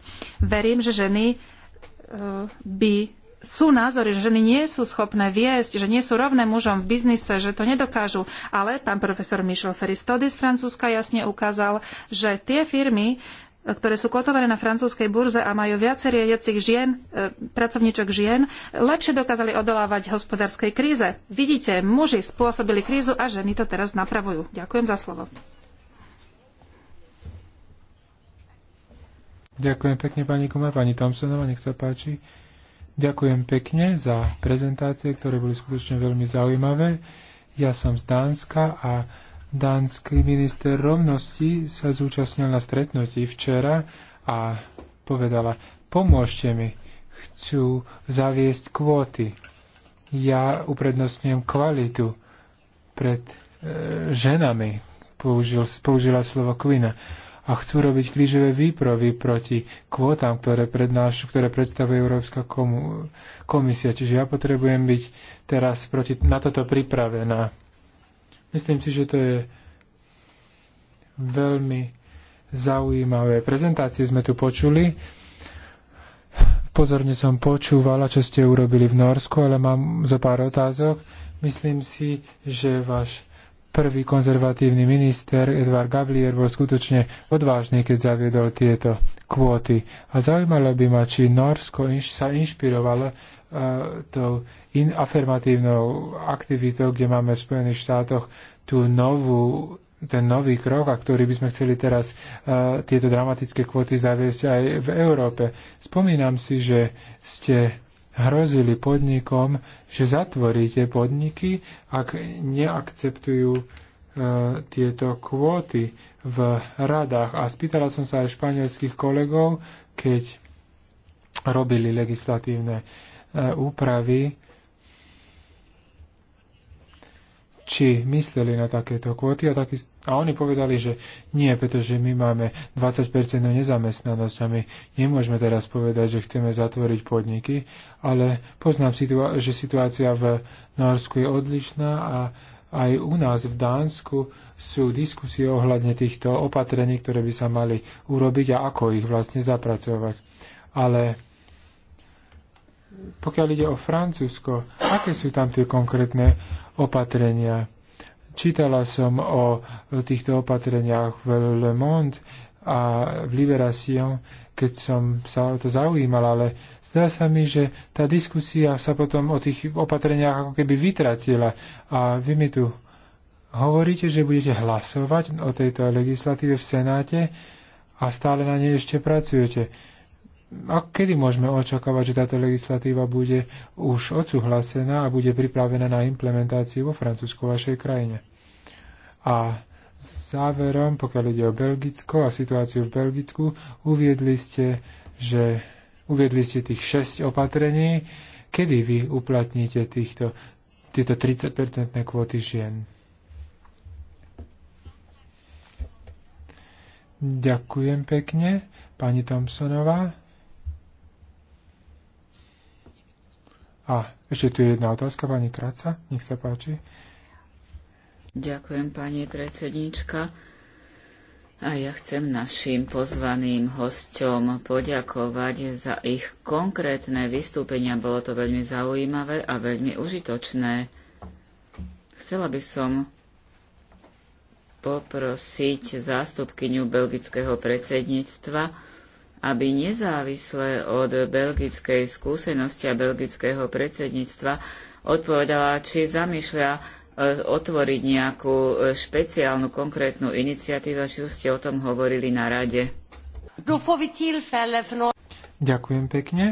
Verím, že ženy eh, by sú názory, že ženy nie sú schopné viesť, že nie sú rovné mužom v biznise, že to nedokážu. Ale pán profesor Michel Feristody z Francúzska jasne ukázal, že tie firmy, ktoré sú kotované na francúzskej burze a majú viacej riadiacich žien, e, pracovníčok žien, lepšie dokázali odolávať hospodárskej kríze. Vidíte, muži spôsobili krízu a ženy to teraz napravujú. Ďakujem za slovo. Ďakujem pekne, pani Kumar. Pani Thompsonová, nech sa páči. Ďakujem pekne za prezentácie, ktoré boli skutočne veľmi zaujímavé. Ja som z Dánska a dánsky minister rovnosti sa zúčastnil na stretnutí včera a povedala, pomôžte mi, chcú zaviesť kvóty. Ja uprednostňujem kvalitu pred e, ženami, použil, použila slovo Kvina a chcú robiť krížové výpravy proti kvótam, ktoré, prednášu, ktoré predstavuje Európska komu- komisia. Čiže ja potrebujem byť teraz proti, na toto pripravená. Myslím si, že to je veľmi zaujímavé. Prezentácie sme tu počuli. Pozorne som počúvala, čo ste urobili v Norsku, ale mám zo pár otázok. Myslím si, že váš Prvý konzervatívny minister Edvard Gablier bol skutočne odvážny, keď zaviedol tieto kvóty. A zaujímalo by ma, či Norsko inš- sa inšpirovalo uh, tou in- afirmatívnou aktivitou, kde máme v Spojených štátoch tú novú ten nový krok, a ktorý by sme chceli teraz uh, tieto dramatické kvóty zaviesť aj v Európe. Spomínam si, že ste hrozili podnikom, že zatvoríte podniky, ak neakceptujú e, tieto kvóty v radách. A spýtala som sa aj španielských kolegov, keď robili legislatívne e, úpravy, či mysleli na takéto kvóty a taký, a oni povedali, že nie, pretože my máme 20% nezamestnanosť a my nemôžeme teraz povedať, že chceme zatvoriť podniky, ale poznám, že situácia v Norsku je odlišná a aj u nás v Dánsku sú diskusie ohľadne týchto opatrení, ktoré by sa mali urobiť a ako ich vlastne zapracovať. Ale pokiaľ ide o Francúzsko, aké sú tam tie konkrétne opatrenia? Čítala som o týchto opatreniach v Le Monde a v Liberation, keď som sa o to zaujímal, ale zdá sa mi, že tá diskusia sa potom o tých opatreniach ako keby vytratila. A vy mi tu hovoríte, že budete hlasovať o tejto legislatíve v Senáte a stále na nej ešte pracujete a kedy môžeme očakávať, že táto legislatíva bude už odsúhlasená a bude pripravená na implementáciu vo Francúzsku, vašej krajine? A záverom, pokiaľ ide o Belgicko a situáciu v Belgicku, uviedli ste, že uviedli ste tých 6 opatrení. Kedy vy uplatníte týchto, tieto 30-percentné kvóty žien? Ďakujem pekne, pani Thompsonová. A ešte tu je jedna otázka, pani Kráca, nech sa páči. Ďakujem, pani predsednička. A ja chcem našim pozvaným hosťom poďakovať za ich konkrétne vystúpenia. Bolo to veľmi zaujímavé a veľmi užitočné. Chcela by som poprosiť zástupkyňu belgického predsedníctva, aby nezávisle od belgickej skúsenosti a belgického predsedníctva odpovedala, či zamýšľa e, otvoriť nejakú e, špeciálnu konkrétnu iniciatívu, či už ste o tom hovorili na rade. Ďakujem pekne.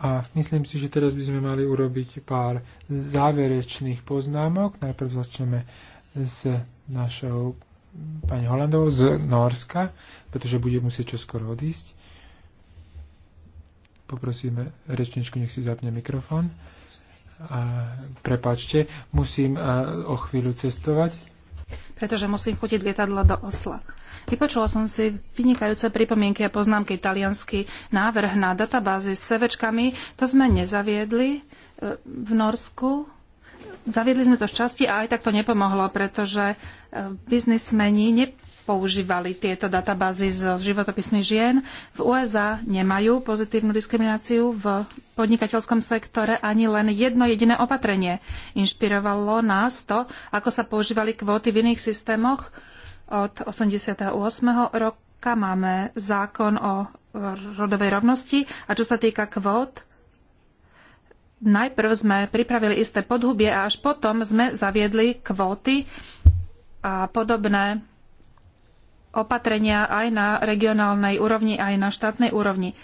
A myslím si, že teraz by sme mali urobiť pár záverečných poznámok. Najprv začneme s našou pani Holandov z Norska, pretože bude musieť čoskoro odísť. Poprosíme rečničku, nech si zapne mikrofón. A, prepáčte, musím a, o chvíľu cestovať. Pretože musím chutiť lietadlo do Osla. Vypočula som si vynikajúce pripomienky a poznámky taliansky návrh na databázy s CVčkami. To sme nezaviedli e, v Norsku Zaviedli sme to v časti a aj tak to nepomohlo, pretože e, biznismeni nepoužívali tieto databázy z životopisných žien. V USA nemajú pozitívnu diskrimináciu v podnikateľskom sektore ani len jedno jediné opatrenie. Inšpirovalo nás to, ako sa používali kvóty v iných systémoch. Od 88. roka máme zákon o rodovej rovnosti a čo sa týka kvót, najprv sme pripravili isté podhubie a až potom sme zaviedli kvóty a podobné opatrenia aj na regionálnej úrovni, aj na štátnej úrovni.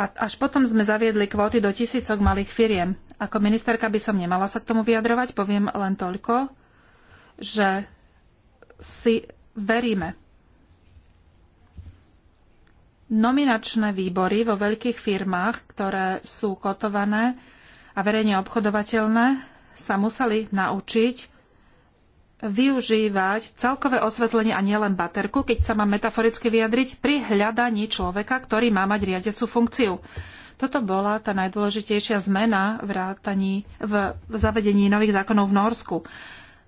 A až potom sme zaviedli kvóty do tisícok malých firiem. Ako ministerka by som nemala sa k tomu vyjadrovať, poviem len toľko, že si veríme nominačné výbory vo veľkých firmách, ktoré sú kotované a verejne obchodovateľné, sa museli naučiť využívať celkové osvetlenie a nielen baterku, keď sa má metaforicky vyjadriť, pri hľadaní človeka, ktorý má mať riadiacu funkciu. Toto bola tá najdôležitejšia zmena v, rátaní, v zavedení nových zákonov v Norsku.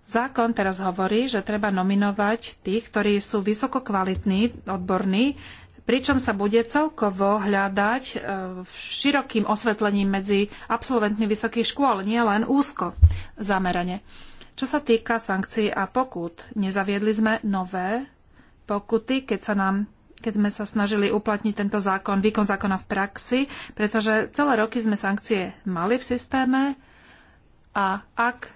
Zákon teraz hovorí, že treba nominovať tých, ktorí sú vysoko kvalitní, odborní pričom sa bude celkovo hľadať e, širokým osvetlením medzi absolventmi vysokých škôl, nie len úzko zamerane. Čo sa týka sankcií a pokut, nezaviedli sme nové pokuty, keď sa nám keď sme sa snažili uplatniť tento zákon, výkon zákona v praxi, pretože celé roky sme sankcie mali v systéme a ak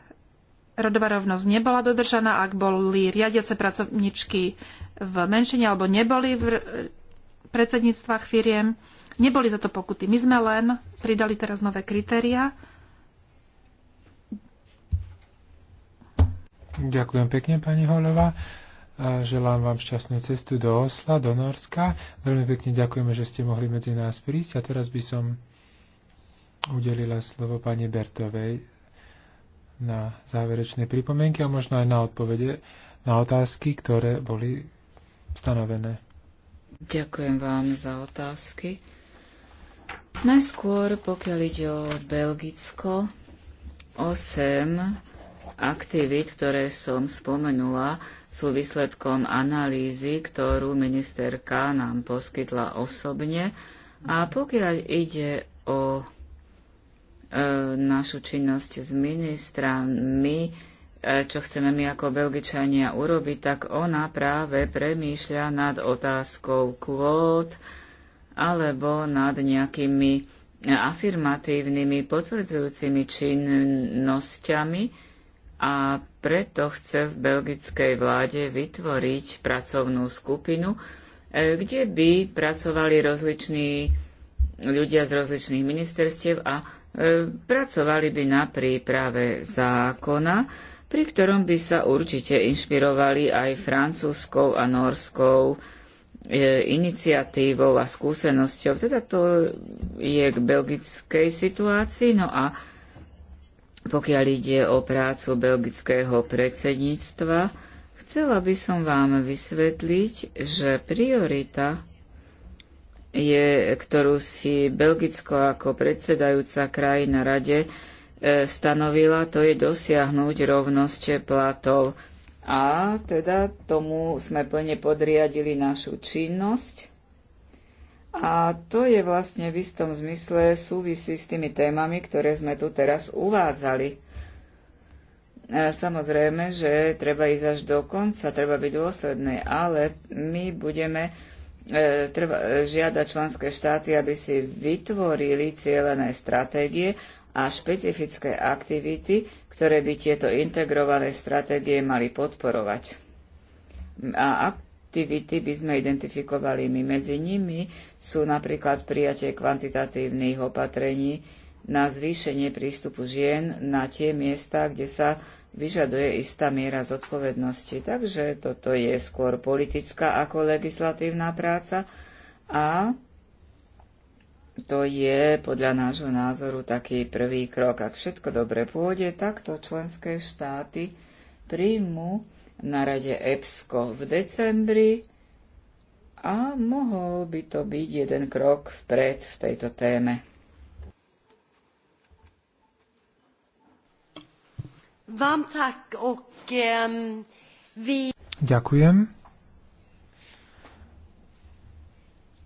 rodová rovnosť nebola dodržaná, ak boli riadiace pracovničky v menšine alebo neboli v predsedníctvách firiem. Neboli za to pokuty. My sme len pridali teraz nové kritéria. Ďakujem pekne, pani Holeva. E, želám vám šťastnú cestu do Osla, do Norska. Veľmi pekne ďakujeme, že ste mohli medzi nás prísť. A teraz by som udelila slovo pani Bertovej na záverečné pripomienky a možno aj na odpovede na otázky, ktoré boli stanovené. Ďakujem vám za otázky. Najskôr, pokiaľ ide o Belgicko, 8 aktivít, ktoré som spomenula, sú výsledkom analýzy, ktorú ministerka nám poskytla osobne. A pokiaľ ide o e, našu činnosť s ministrami, E, čo chceme my ako Belgičania urobiť, tak ona práve premýšľa nad otázkou kvót alebo nad nejakými afirmatívnymi potvrdzujúcimi činnosťami a preto chce v belgickej vláde vytvoriť pracovnú skupinu, e, kde by pracovali rozliční ľudia z rozličných ministerstiev a e, pracovali by na príprave zákona, pri ktorom by sa určite inšpirovali aj francúzskou a norskou e, iniciatívou a skúsenosťou. Teda to je k belgickej situácii. No a pokiaľ ide o prácu belgického predsedníctva, chcela by som vám vysvetliť, že priorita je, ktorú si Belgicko ako predsedajúca krajina rade E, stanovila, to je dosiahnuť rovnosť platov. A teda tomu sme plne podriadili našu činnosť. A to je vlastne v istom zmysle súvisí s tými témami, ktoré sme tu teraz uvádzali. E, samozrejme, že treba ísť až do konca, treba byť dôsledný, ale my budeme e, treba, e, žiadať členské štáty, aby si vytvorili cieľené stratégie a špecifické aktivity, ktoré by tieto integrované stratégie mali podporovať. A aktivity by sme identifikovali my. Medzi nimi sú napríklad prijatie kvantitatívnych opatrení na zvýšenie prístupu žien na tie miesta, kde sa vyžaduje istá miera zodpovednosti. Takže toto je skôr politická ako legislatívna práca a to je podľa nášho názoru taký prvý krok. Ak všetko dobre pôjde, takto členské štáty príjmu na rade EPSCO v decembri a mohol by to byť jeden krok vpred v tejto téme. Vám tak, ok, um, vy... Ďakujem.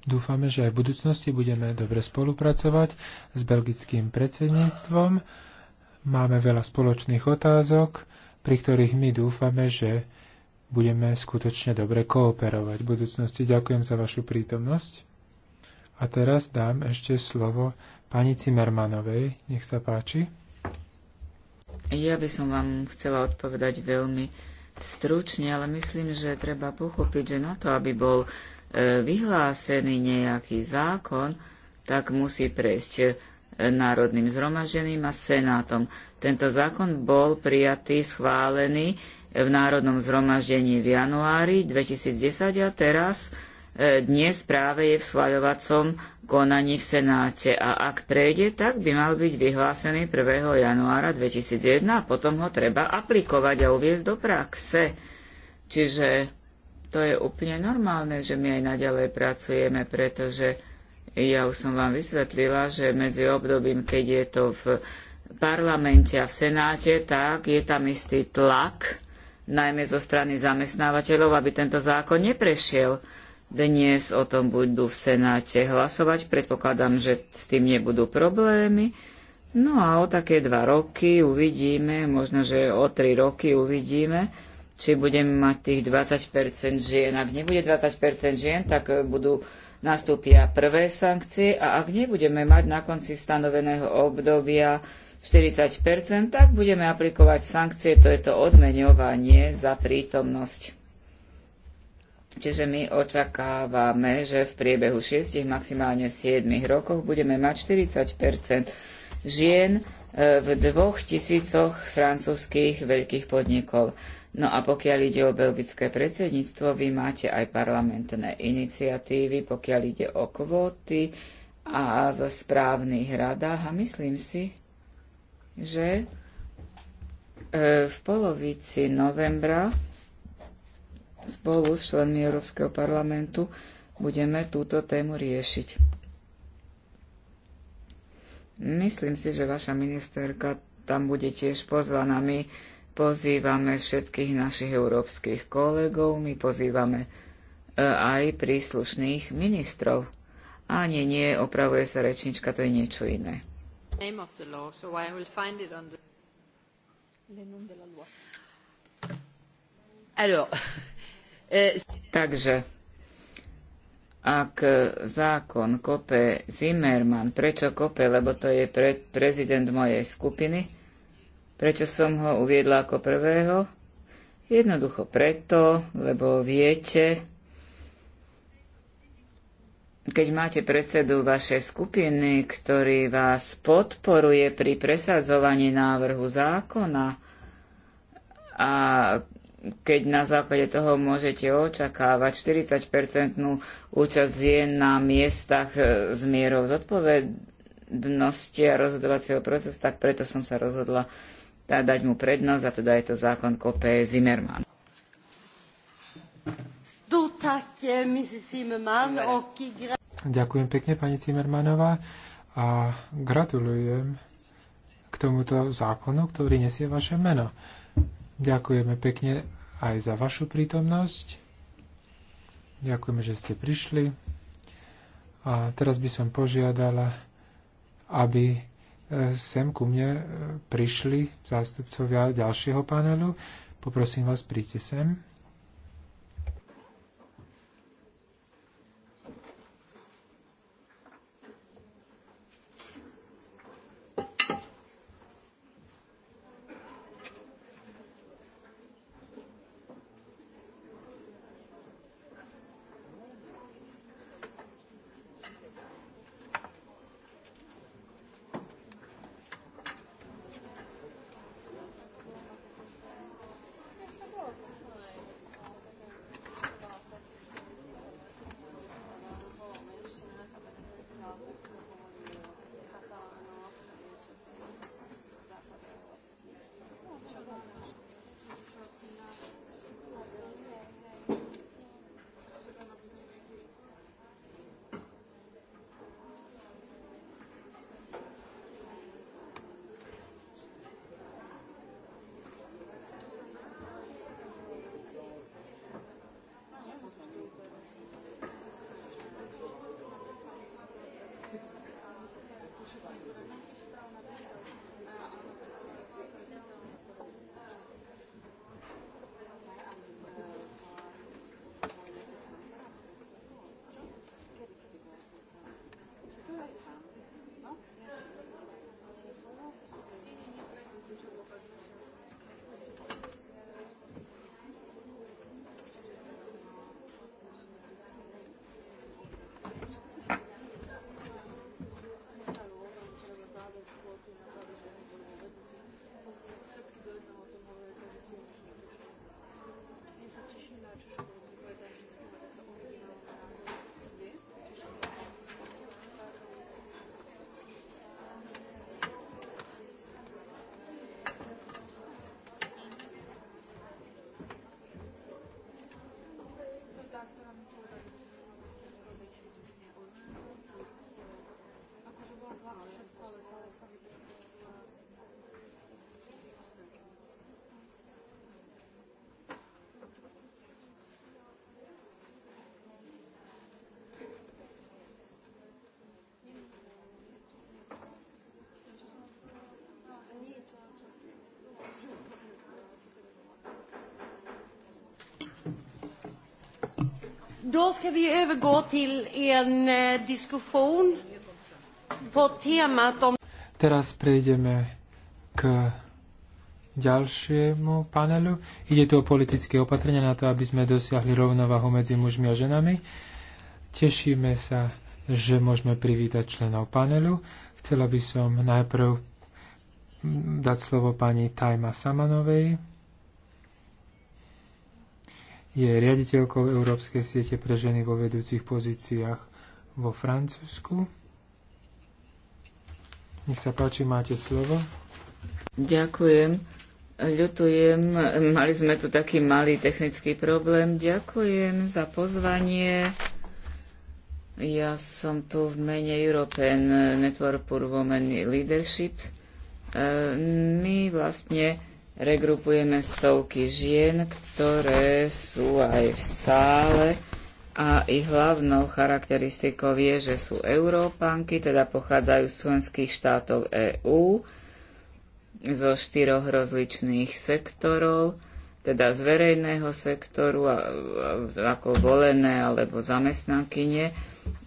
Dúfame, že aj v budúcnosti budeme dobre spolupracovať s belgickým predsedníctvom. Máme veľa spoločných otázok, pri ktorých my dúfame, že budeme skutočne dobre kooperovať v budúcnosti. Ďakujem za vašu prítomnosť. A teraz dám ešte slovo pani Cimermanovej. Nech sa páči. Ja by som vám chcela odpovedať veľmi stručne, ale myslím, že treba pochopiť, že na to, aby bol vyhlásený nejaký zákon, tak musí prejsť e, národným zhromaženým a senátom. Tento zákon bol prijatý, schválený v národnom zhromaždení v januári 2010 a teraz e, dnes práve je v schváľovacom konaní v Senáte a ak prejde, tak by mal byť vyhlásený 1. januára 2001 a potom ho treba aplikovať a uviezť do praxe. Čiže to je úplne normálne, že my aj naďalej pracujeme, pretože ja už som vám vysvetlila, že medzi obdobím, keď je to v parlamente a v senáte, tak je tam istý tlak, najmä zo strany zamestnávateľov, aby tento zákon neprešiel. Dnes o tom budú v senáte hlasovať, predpokladám, že s tým nebudú problémy. No a o také dva roky uvidíme, možno, že o tri roky uvidíme, či budeme mať tých 20% žien. Ak nebude 20% žien, tak e, budú nastúpia prvé sankcie a ak nebudeme mať na konci stanoveného obdobia 40%, tak budeme aplikovať sankcie, to je to odmeňovanie za prítomnosť. Čiže my očakávame, že v priebehu 6, maximálne 7 rokov budeme mať 40 žien e, v dvoch tisícoch francúzskych veľkých podnikov. No a pokiaľ ide o belgické predsedníctvo, vy máte aj parlamentné iniciatívy, pokiaľ ide o kvóty a v správnych radách. A myslím si, že e, v polovici novembra spolu s členmi Európskeho parlamentu budeme túto tému riešiť. Myslím si, že vaša ministerka tam bude tiež pozvaná. My Pozývame všetkých našich európskych kolegov, my pozývame e, aj príslušných ministrov. A nie, nie, opravuje sa rečnička, to je niečo iné. Euh, Takže, ak zákon kope Zimmerman, prečo kope, lebo to je pre, prezident mojej skupiny, Prečo som ho uviedla ako prvého? Jednoducho preto, lebo viete, keď máte predsedu vašej skupiny, ktorý vás podporuje pri presadzovaní návrhu zákona a keď na základe toho môžete očakávať 40-percentnú účasť je na miestach e, s mierou zodpovednosti a rozhodovacieho procesu, tak preto som sa rozhodla a dať mu prednosť a teda je to zákon Kopé Zimmermann. Ďakujem pekne pani Zimmermanová a gratulujem k tomuto zákonu, ktorý nesie vaše meno. Ďakujeme pekne aj za vašu prítomnosť. Ďakujeme, že ste prišli. A teraz by som požiadala, aby sem ku mne e, prišli zástupcovia ďalšieho panelu. Poprosím vás, príďte sem. Då ska vi övergå till en eh, diskussion på temat om... Teraz prejdeme k ďalšiemu panelu. Ide tu o politické opatrenia na to, aby sme dosiahli rovnovahu medzi mužmi a ženami. Tešíme sa, že môžeme privítať členov panelu. Chcela by som najprv dať slovo pani Tajma Samanovej. Je riaditeľkou Európskej siete pre ženy vo vedúcich pozíciách vo Francúzsku. Nech sa páči, máte slovo. Ďakujem. Ľutujem, mali sme tu taký malý technický problém. Ďakujem za pozvanie. Ja som tu v mene European Network for Women Leadership E, my vlastne regrupujeme stovky žien, ktoré sú aj v sále a ich hlavnou charakteristikou je, že sú Európanky, teda pochádzajú z členských štátov EÚ, zo štyroch rozličných sektorov, teda z verejného sektoru, ako volené alebo zamestnankyne,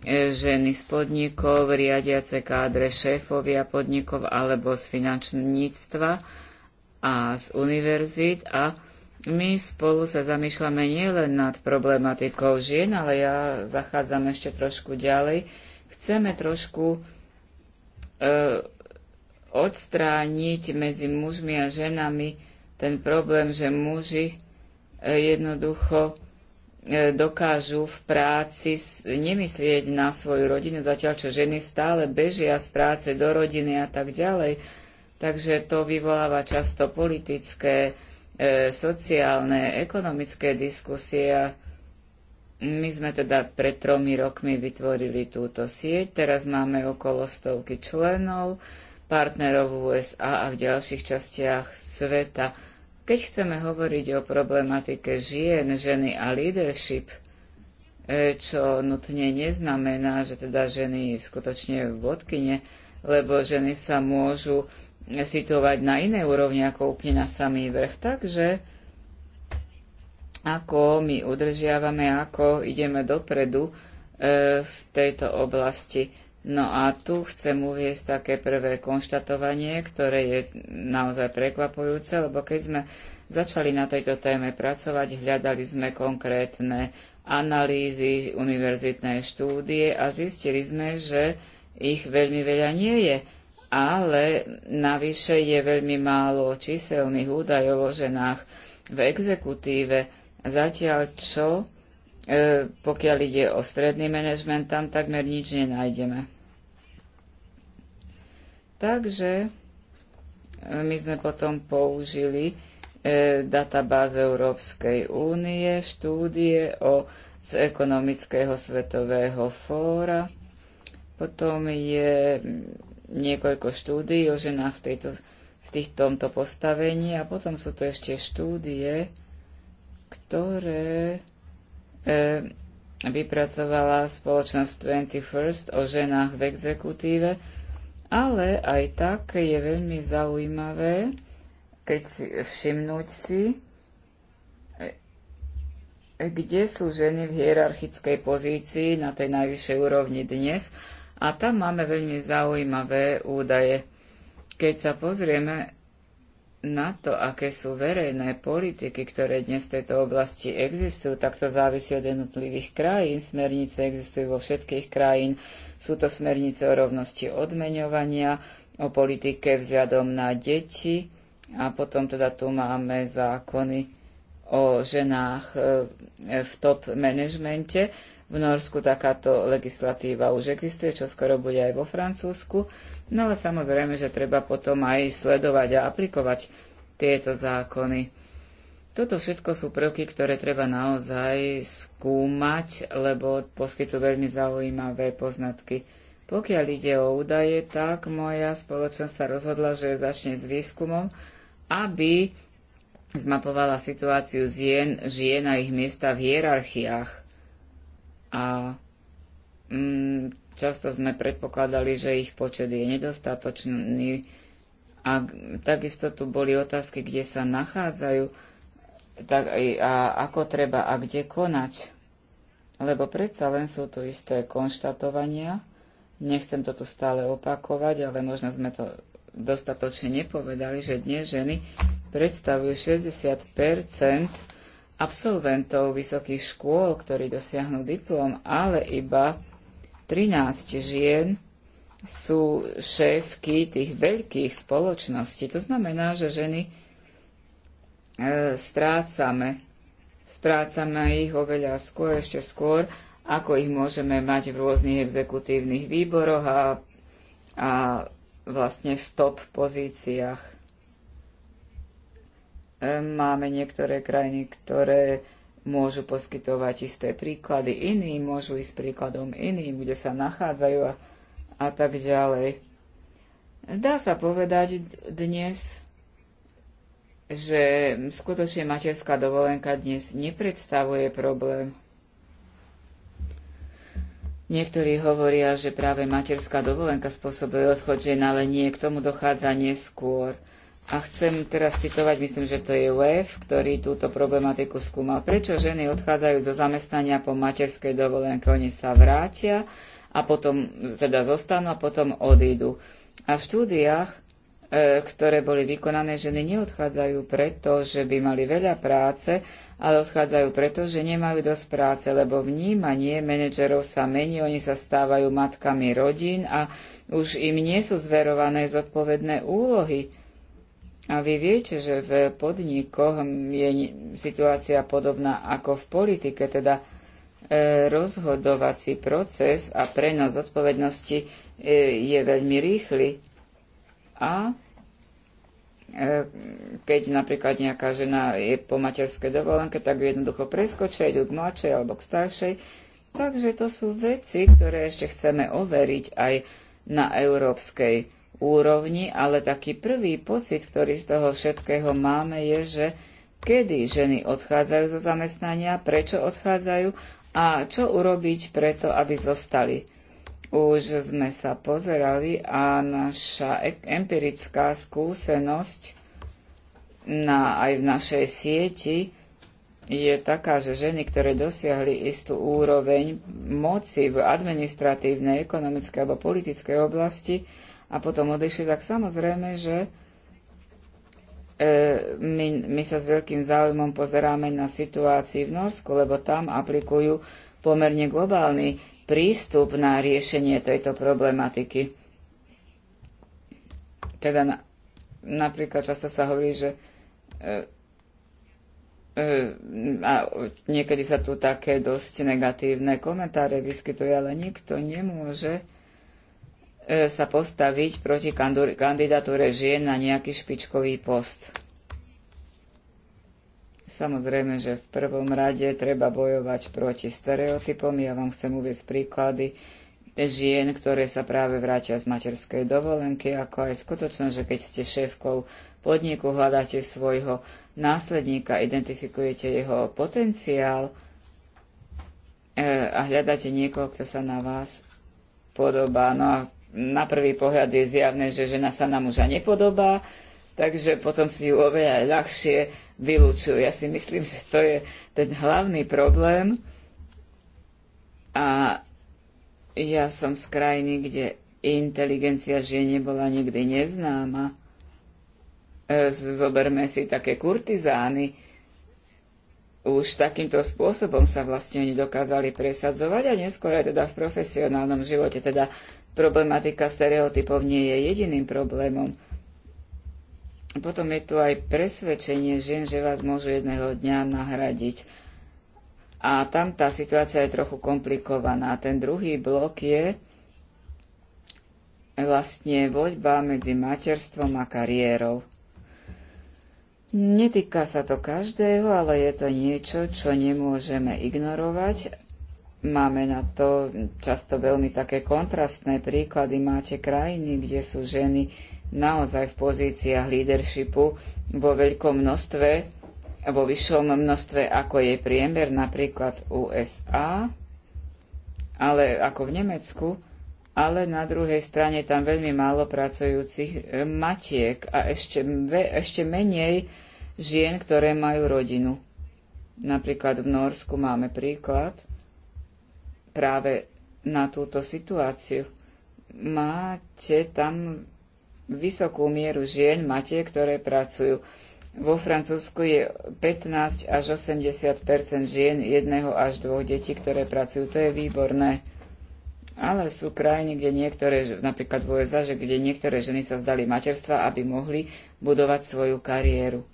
E, ženy z podnikov, riadiace kádre šéfovia podnikov alebo z finančníctva a z univerzít a my spolu sa zamýšľame nielen nad problematikou žien, ale ja zachádzam ešte trošku ďalej. Chceme trošku e, odstrániť medzi mužmi a ženami ten problém, že muži e, jednoducho E, dokážu v práci nemyslieť na svoju rodinu, zatiaľ čo ženy stále bežia z práce do rodiny a tak ďalej. Takže to vyvoláva často politické, e, sociálne, ekonomické diskusie. A my sme teda pred tromi rokmi vytvorili túto sieť, teraz máme okolo stovky členov, partnerov v USA a v ďalších častiach sveta keď chceme hovoriť o problematike žien, ženy a leadership, e, čo nutne neznamená, že teda ženy skutočne v vodkine, lebo ženy sa môžu situovať na inej úrovni ako úplne na samý vrch. Takže ako my udržiavame, ako ideme dopredu e, v tejto oblasti. No a tu chcem uvieť také prvé konštatovanie, ktoré je naozaj prekvapujúce, lebo keď sme začali na tejto téme pracovať, hľadali sme konkrétne analýzy, univerzitné štúdie a zistili sme, že ich veľmi veľa nie je. Ale navyše je veľmi málo číselných údajov o ženách v exekutíve. Zatiaľ čo, e, pokiaľ ide o stredný manažment, tam takmer nič nenájdeme. Takže e, my sme potom použili e, databáze Európskej únie, štúdie o, z ekonomického svetového fóra. Potom je niekoľko štúdií o ženách v, tejto, v tých, tomto postavení a potom sú to ešte štúdie, ktoré e, vypracovala spoločnosť 21st o ženách v exekutíve, ale aj tak je veľmi zaujímavé, keď si všimnúť si, kde sú ženy v hierarchickej pozícii na tej najvyššej úrovni dnes. A tam máme veľmi zaujímavé údaje. Keď sa pozrieme na to, aké sú verejné politiky, ktoré dnes v tejto oblasti existujú, tak to závisí od jednotlivých krajín. Smernice existujú vo všetkých krajín. Sú to smernice o rovnosti odmeňovania, o politike vzhľadom na deti a potom teda tu máme zákony o ženách e, v top manažmente. V Norsku takáto legislatíva už existuje, čo skoro bude aj vo Francúzsku. No ale samozrejme, že treba potom aj sledovať a aplikovať tieto zákony. Toto všetko sú prvky, ktoré treba naozaj skúmať, lebo poskytujú veľmi zaujímavé poznatky. Pokiaľ ide o údaje, tak moja spoločnosť sa rozhodla, že začne s výskumom, aby zmapovala situáciu zien, žien a ich miesta v hierarchiách a mm, často sme predpokladali, že ich počet je nedostatočný. A takisto tu boli otázky, kde sa nachádzajú tak, a ako treba a kde konať. Lebo predsa len sú tu isté konštatovania. Nechcem to tu stále opakovať, ale možno sme to dostatočne nepovedali, že dnes ženy predstavujú 60 absolventov vysokých škôl, ktorí dosiahnu diplom, ale iba 13 žien sú šéfky tých veľkých spoločností. To znamená, že ženy e, strácame. Strácame ich oveľa skôr, ešte skôr, ako ich môžeme mať v rôznych exekutívnych výboroch a, a vlastne v top pozíciách. Máme niektoré krajiny, ktoré môžu poskytovať isté príklady iným, môžu ísť príkladom iným, kde sa nachádzajú a, a tak ďalej. Dá sa povedať dnes, že skutočne materská dovolenka dnes nepredstavuje problém. Niektorí hovoria, že práve materská dovolenka spôsobuje odchod žen, ale nie, k tomu dochádza neskôr a chcem teraz citovať, myslím, že to je UF, ktorý túto problematiku skúmal. Prečo ženy odchádzajú zo zamestnania po materskej dovolenke? Oni sa vrátia a potom teda zostanú a potom odídu. A v štúdiách, e, ktoré boli vykonané, ženy neodchádzajú preto, že by mali veľa práce, ale odchádzajú preto, že nemajú dosť práce, lebo vnímanie manažerov sa mení, oni sa stávajú matkami rodín a už im nie sú zverované zodpovedné úlohy a vy viete, že v podnikoch je situácia podobná ako v politike, teda e, rozhodovací proces a prenos odpovednosti e, je veľmi rýchly. A e, keď napríklad nejaká žena je po materskej dovolenke, tak ju jednoducho preskočia, idú k mladšej alebo k staršej. Takže to sú veci, ktoré ešte chceme overiť aj na európskej úrovni, ale taký prvý pocit, ktorý z toho všetkého máme, je, že kedy ženy odchádzajú zo zamestnania, prečo odchádzajú a čo urobiť preto, aby zostali. Už sme sa pozerali a naša empirická skúsenosť na, aj v našej sieti je taká, že ženy, ktoré dosiahli istú úroveň moci v administratívnej, ekonomickej alebo politickej oblasti, a potom odišli, tak samozrejme, že e, my, my sa s veľkým záujmom pozeráme na situácii v Norsku, lebo tam aplikujú pomerne globálny prístup na riešenie tejto problematiky. Teda na, napríklad často sa hovorí, že e, e, a niekedy sa tu také dosť negatívne komentáre vyskytuje, ale nikto nemôže E, sa postaviť proti kandidatúre žien na nejaký špičkový post. Samozrejme, že v prvom rade treba bojovať proti stereotypom. Ja vám chcem uvieť príklady žien, ktoré sa práve vrátia z materskej dovolenky, ako aj skutočnosť, že keď ste šéfkou podniku, hľadáte svojho následníka, identifikujete jeho potenciál e, a hľadáte niekoho, kto sa na vás podobá. No a na prvý pohľad je zjavné, že žena sa na muža nepodobá, takže potom si ju oveľa ľahšie vylúčujú. Ja si myslím, že to je ten hlavný problém. A ja som z krajiny, kde inteligencia žien nebola nikdy neznáma. E, zoberme si také kurtizány. Už takýmto spôsobom sa vlastne oni dokázali presadzovať a neskôr aj teda v profesionálnom živote. Teda problematika stereotypov nie je jediným problémom. Potom je tu aj presvedčenie žien, že vás môžu jedného dňa nahradiť. A tam tá situácia je trochu komplikovaná. Ten druhý blok je vlastne voľba medzi materstvom a kariérou. Netýka sa to každého, ale je to niečo, čo nemôžeme ignorovať Máme na to často veľmi také kontrastné príklady. Máte krajiny, kde sú ženy naozaj v pozíciách leadershipu vo veľkom množstve, vo vyššom množstve ako je priemer, napríklad USA, ale ako v Nemecku, ale na druhej strane tam veľmi málo pracujúcich eh, matiek a ešte, ešte menej žien, ktoré majú rodinu. Napríklad v Norsku máme príklad, práve na túto situáciu. Máte tam vysokú mieru žien, máte, ktoré pracujú. Vo Francúzsku je 15 až 80 žien, jedného až dvoch detí, ktoré pracujú. To je výborné. Ale sú krajiny, kde niektoré, napríklad v USA, že kde niektoré ženy sa vzdali materstva, aby mohli budovať svoju kariéru.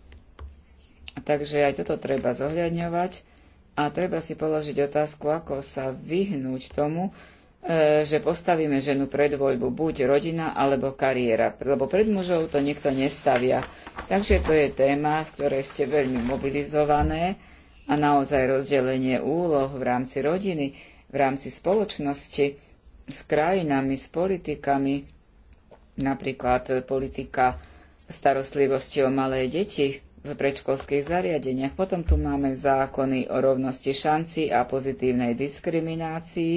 Takže aj toto treba zohľadňovať a treba si položiť otázku, ako sa vyhnúť tomu, e, že postavíme ženu pred voľbu buď rodina alebo kariéra, lebo pred mužov to nikto nestavia. Takže to je téma, v ktorej ste veľmi mobilizované a naozaj rozdelenie úloh v rámci rodiny, v rámci spoločnosti, s krajinami, s politikami, napríklad politika starostlivosti o malé deti, v predškolských zariadeniach. Potom tu máme zákony o rovnosti šanci a pozitívnej diskriminácii,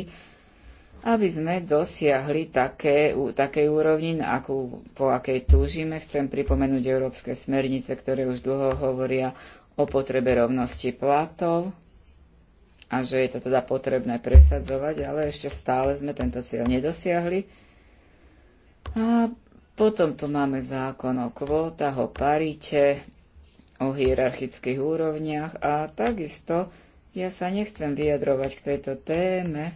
aby sme dosiahli také, také úrovni, akú, po akej túžime. Chcem pripomenúť európske smernice, ktoré už dlho hovoria o potrebe rovnosti platov a že je to teda potrebné presadzovať, ale ešte stále sme tento cieľ nedosiahli. A potom tu máme zákon o kvótach, o parite, o hierarchických úrovniach a takisto ja sa nechcem vyjadrovať k tejto téme,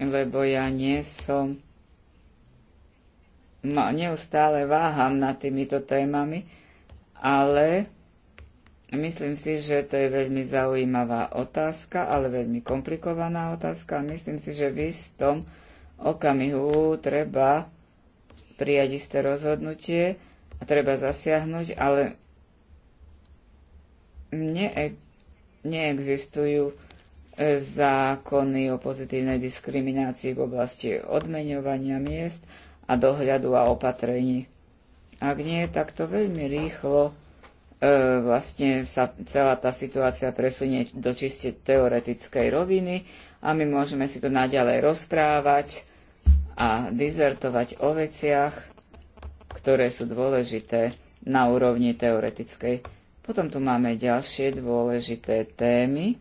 lebo ja nie som... Ma, no, neustále váham nad týmito témami, ale myslím si, že to je veľmi zaujímavá otázka, ale veľmi komplikovaná otázka. Myslím si, že v istom okamihu treba prijať isté rozhodnutie a treba zasiahnuť, ale ne- neexistujú e, zákony o pozitívnej diskriminácii v oblasti odmeňovania miest a dohľadu a opatrení. Ak nie, tak to veľmi rýchlo e, vlastne sa celá tá situácia presunie do čiste teoretickej roviny a my môžeme si to naďalej rozprávať a dizertovať o veciach, ktoré sú dôležité na úrovni teoretickej. Potom tu máme ďalšie dôležité témy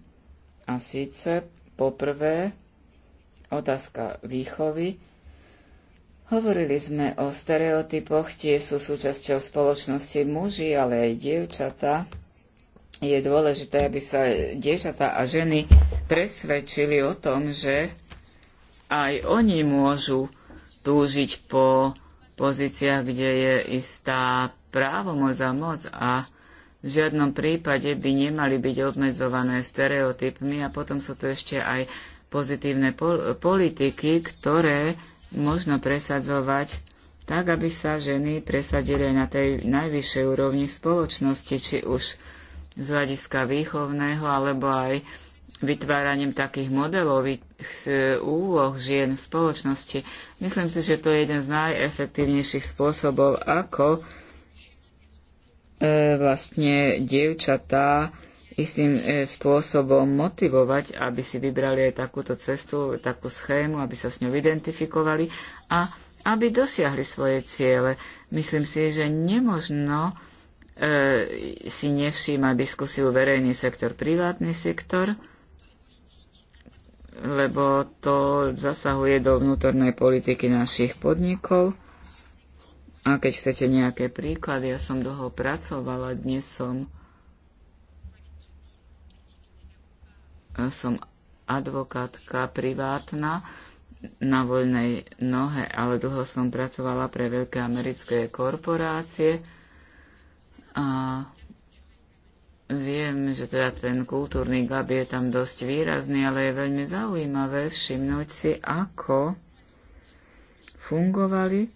a síce poprvé otázka výchovy. Hovorili sme o stereotypoch, tie sú súčasťou spoločnosti muži, ale aj dievčata. Je dôležité, aby sa dievčata a ženy presvedčili o tom, že aj oni môžu túžiť po pozíciách, kde je istá právomoc a moc a v žiadnom prípade by nemali byť obmedzované stereotypmi a potom sú tu ešte aj pozitívne pol- politiky, ktoré možno presadzovať tak, aby sa ženy presadili na tej najvyššej úrovni v spoločnosti, či už z hľadiska výchovného, alebo aj vytváraním takých modelových e, úloh žien v spoločnosti. Myslím si, že to je jeden z najefektívnejších spôsobov, ako E, vlastne dievčatá istým e, spôsobom motivovať, aby si vybrali aj takúto cestu, takú schému, aby sa s ňou identifikovali a aby dosiahli svoje ciele. Myslím si, že nemožno e, si nevšíma diskusiu verejný sektor, privátny sektor, lebo to zasahuje do vnútornej politiky našich podnikov a keď chcete nejaké príklady, ja som dlho pracovala, dnes som, eh, som advokátka privátna na voľnej nohe, ale dlho som pracovala pre veľké americké korporácie a viem, že teda ten kultúrny gab je tam dosť výrazný, ale je veľmi zaujímavé všimnúť si, ako fungovali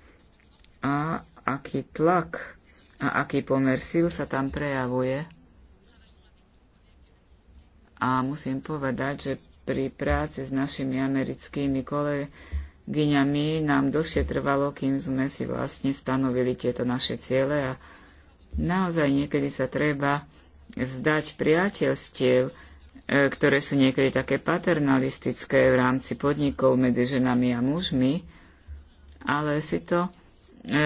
a aký tlak a aký pomer síl sa tam prejavuje. A musím povedať, že pri práci s našimi americkými kolegyňami nám dlhšie trvalo, kým sme si vlastne stanovili tieto naše ciele a naozaj niekedy sa treba vzdať priateľstiev, e, ktoré sú niekedy také paternalistické v rámci podnikov medzi ženami a mužmi, ale si to E,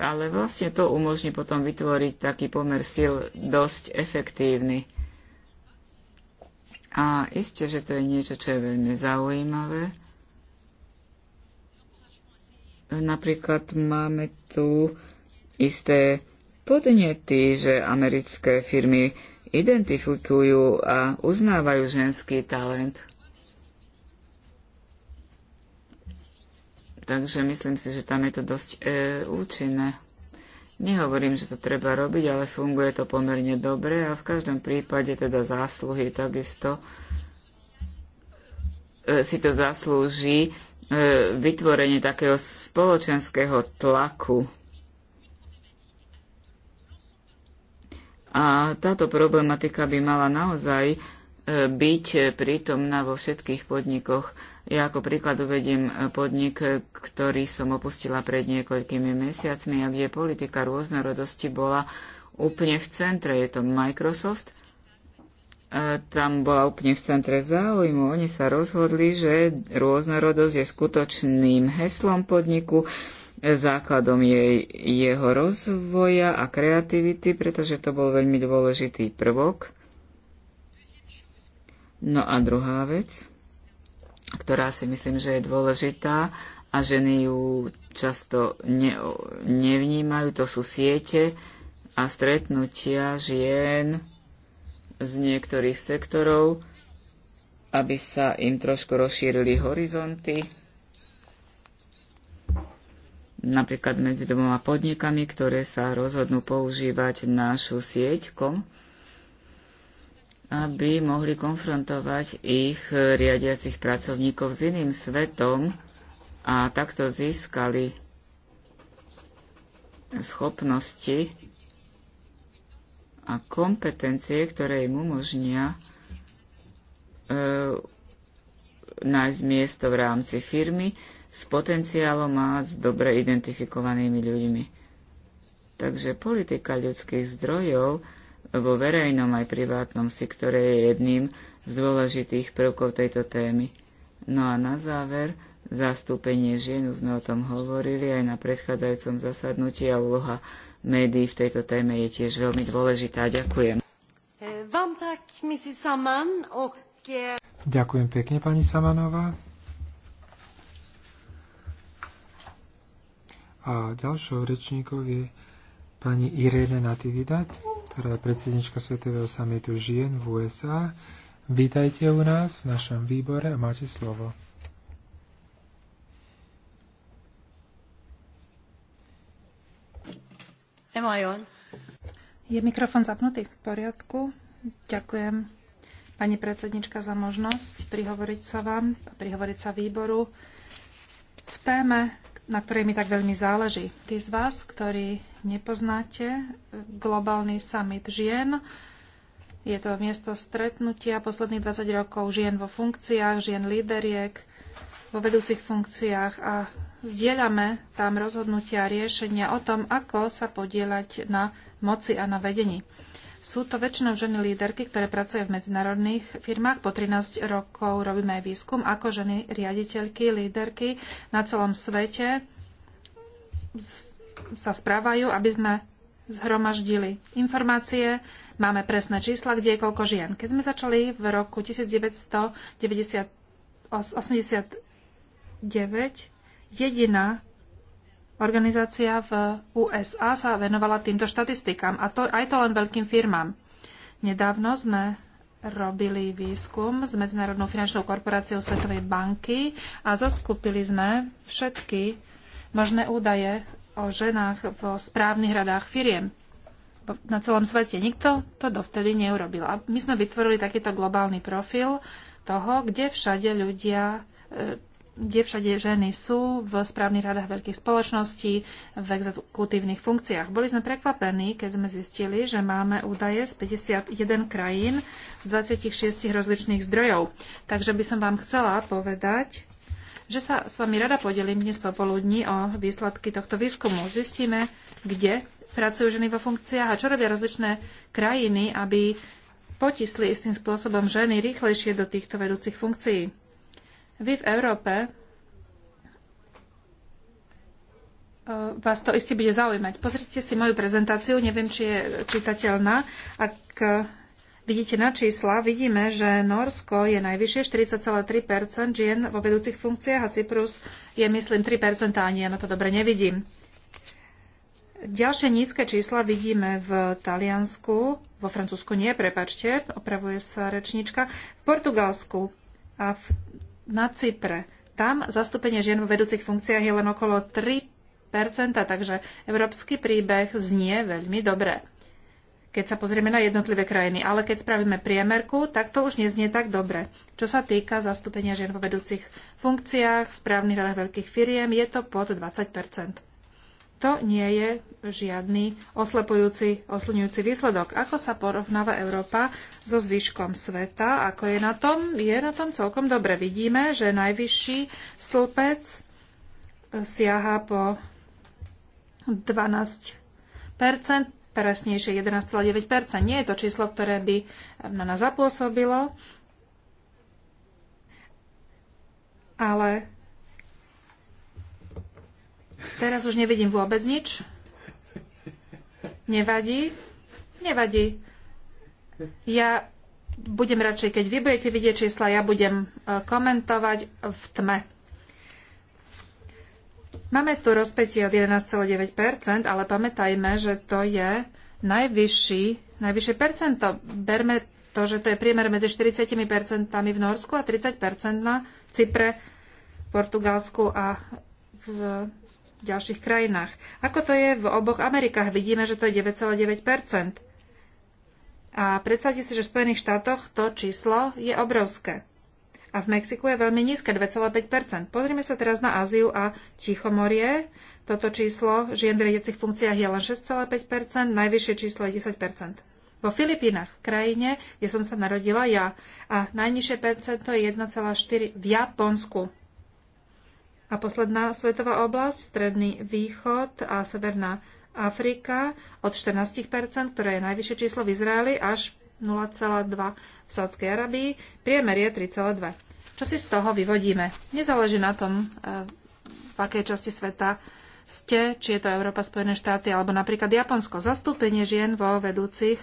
ale vlastne to umožní potom vytvoriť taký pomer síl dosť efektívny. A isté, že to je niečo, čo je veľmi zaujímavé. Napríklad máme tu isté podnety, že americké firmy identifikujú a uznávajú ženský talent. Takže myslím si, že tam je to dosť e, účinné. Nehovorím, že to treba robiť, ale funguje to pomerne dobre a v každom prípade teda zásluhy takisto e, si to zaslúži e, vytvorenie takého spoločenského tlaku. A táto problematika by mala naozaj e, byť prítomná vo všetkých podnikoch ja ako príklad uvediem e, podnik, e, ktorý som opustila pred niekoľkými mesiacmi a kde politika rôznorodosti bola úplne v centre. Je to Microsoft. E, tam bola úplne v centre záujmu. Oni sa rozhodli, že rôznorodosť je skutočným heslom podniku, základom jej, jeho rozvoja a kreativity, pretože to bol veľmi dôležitý prvok. No a druhá vec ktorá si myslím, že je dôležitá a ženy ju často ne, nevnímajú. To sú siete a stretnutia žien z niektorých sektorov, aby sa im trošku rozšírili horizonty, napríklad medzi domova podnikami, ktoré sa rozhodnú používať našu sieťkom aby mohli konfrontovať ich riadiacich pracovníkov s iným svetom a takto získali schopnosti a kompetencie, ktoré im umožnia e, nájsť miesto v rámci firmy s potenciálom a s dobre identifikovanými ľuďmi. Takže politika ľudských zdrojov vo verejnom aj privátnom si, ktoré je jedným z dôležitých prvkov tejto témy. No a na záver, zastúpenie žien, už sme o tom hovorili aj na predchádzajúcom zasadnutí a úloha médií v tejto téme je tiež veľmi dôležitá. Ďakujem. Eh, Ďakujem pekne, pani Samanová. A ďalšou rečníkov je pani Irene Natividad ktorá je predsednička Svetového samitu žien v USA. Vítajte u nás v našom výbore a máte slovo. Am I on? Je mikrofon zapnutý v poriadku? Ďakujem, pani predsednička, za možnosť prihovoriť sa vám a prihovoriť sa výboru v téme, na ktorej mi tak veľmi záleží. Tí z vás, ktorí nepoznáte, globálny summit žien. Je to miesto stretnutia posledných 20 rokov žien vo funkciách, žien líderiek, vo vedúcich funkciách a zdieľame tam rozhodnutia a riešenia o tom, ako sa podielať na moci a na vedení. Sú to väčšinou ženy líderky, ktoré pracujú v medzinárodných firmách. Po 13 rokov robíme aj výskum, ako ženy riaditeľky, líderky na celom svete sa správajú, aby sme zhromaždili informácie, máme presné čísla, kde je koľko žien. Keď sme začali v roku 1989, jediná organizácia v USA sa venovala týmto štatistikám, a to, aj to len veľkým firmám. Nedávno sme robili výskum s Medzinárodnou finančnou korporáciou Svetovej banky a zoskupili sme všetky možné údaje o ženách v správnych radách firiem na celom svete. Nikto to dovtedy neurobil. A my sme vytvorili takýto globálny profil toho, kde všade ľudia, e, kde všade ženy sú v správnych radách veľkých spoločností, v exekutívnych funkciách. Boli sme prekvapení, keď sme zistili, že máme údaje z 51 krajín z 26 rozličných zdrojov. Takže by som vám chcela povedať, že sa s vami rada podelím dnes popoludní o výsledky tohto výskumu. Zistíme, kde pracujú ženy vo funkciách a čo robia rozličné krajiny, aby potisli istým spôsobom ženy rýchlejšie do týchto vedúcich funkcií. Vy v Európe e, vás to isté bude zaujímať. Pozrite si moju prezentáciu, neviem, či je čitateľná. Ak vidíte na čísla, vidíme, že Norsko je najvyššie 40,3 žien vo vedúcich funkciách a Cyprus je, myslím, 3 a ani ja na to dobre nevidím. Ďalšie nízke čísla vidíme v Taliansku, vo Francúzsku nie, prepačte, opravuje sa rečnička, v Portugalsku a v, na Cypre. Tam zastúpenie žien vo vedúcich funkciách je len okolo 3 takže európsky príbeh znie veľmi dobre keď sa pozrieme na jednotlivé krajiny. Ale keď spravíme priemerku, tak to už neznie tak dobre. Čo sa týka zastúpenia žien vo vedúcich funkciách, v správnych radách veľkých firiem, je to pod 20 To nie je žiadny oslepujúci, oslňujúci výsledok. Ako sa porovnáva Európa so zvyškom sveta? Ako je na tom? Je na tom celkom dobre. Vidíme, že najvyšší stĺpec siaha po 12 presnejšie 11,9 Nie je to číslo, ktoré by na nás zapôsobilo, ale teraz už nevidím vôbec nič. Nevadí? Nevadí. Ja budem radšej, keď vy budete vidieť čísla, ja budem e, komentovať v tme. Máme tu rozpätie od 11,9%, ale pamätajme, že to je najvyšší, najvyššie percento. Berme to, že to je priemer medzi 40% v Norsku a 30% na Cypre, Portugalsku a v ďalších krajinách. Ako to je v oboch Amerikách? Vidíme, že to je 9,9%. A predstavte si, že v Spojených štátoch to číslo je obrovské a v Mexiku je veľmi nízke, 2,5 Pozrime sa teraz na Áziu a Tichomorie. Toto číslo žien v riadiacich funkciách je len 6,5 najvyššie číslo je 10 vo Filipínach, v krajine, kde som sa narodila ja. A najnižšie percento je 1,4 v Japonsku. A posledná svetová oblasť, Stredný východ a Severná Afrika od 14%, ktoré je najvyššie číslo v Izraeli, až 0,2 v Sádskej Arabii, priemer je 3,2. Čo si z toho vyvodíme? Nezáleží na tom, eh, v akej časti sveta ste, či je to Európa, Spojené štáty alebo napríklad Japonsko. Zastúpenie žien vo vedúcich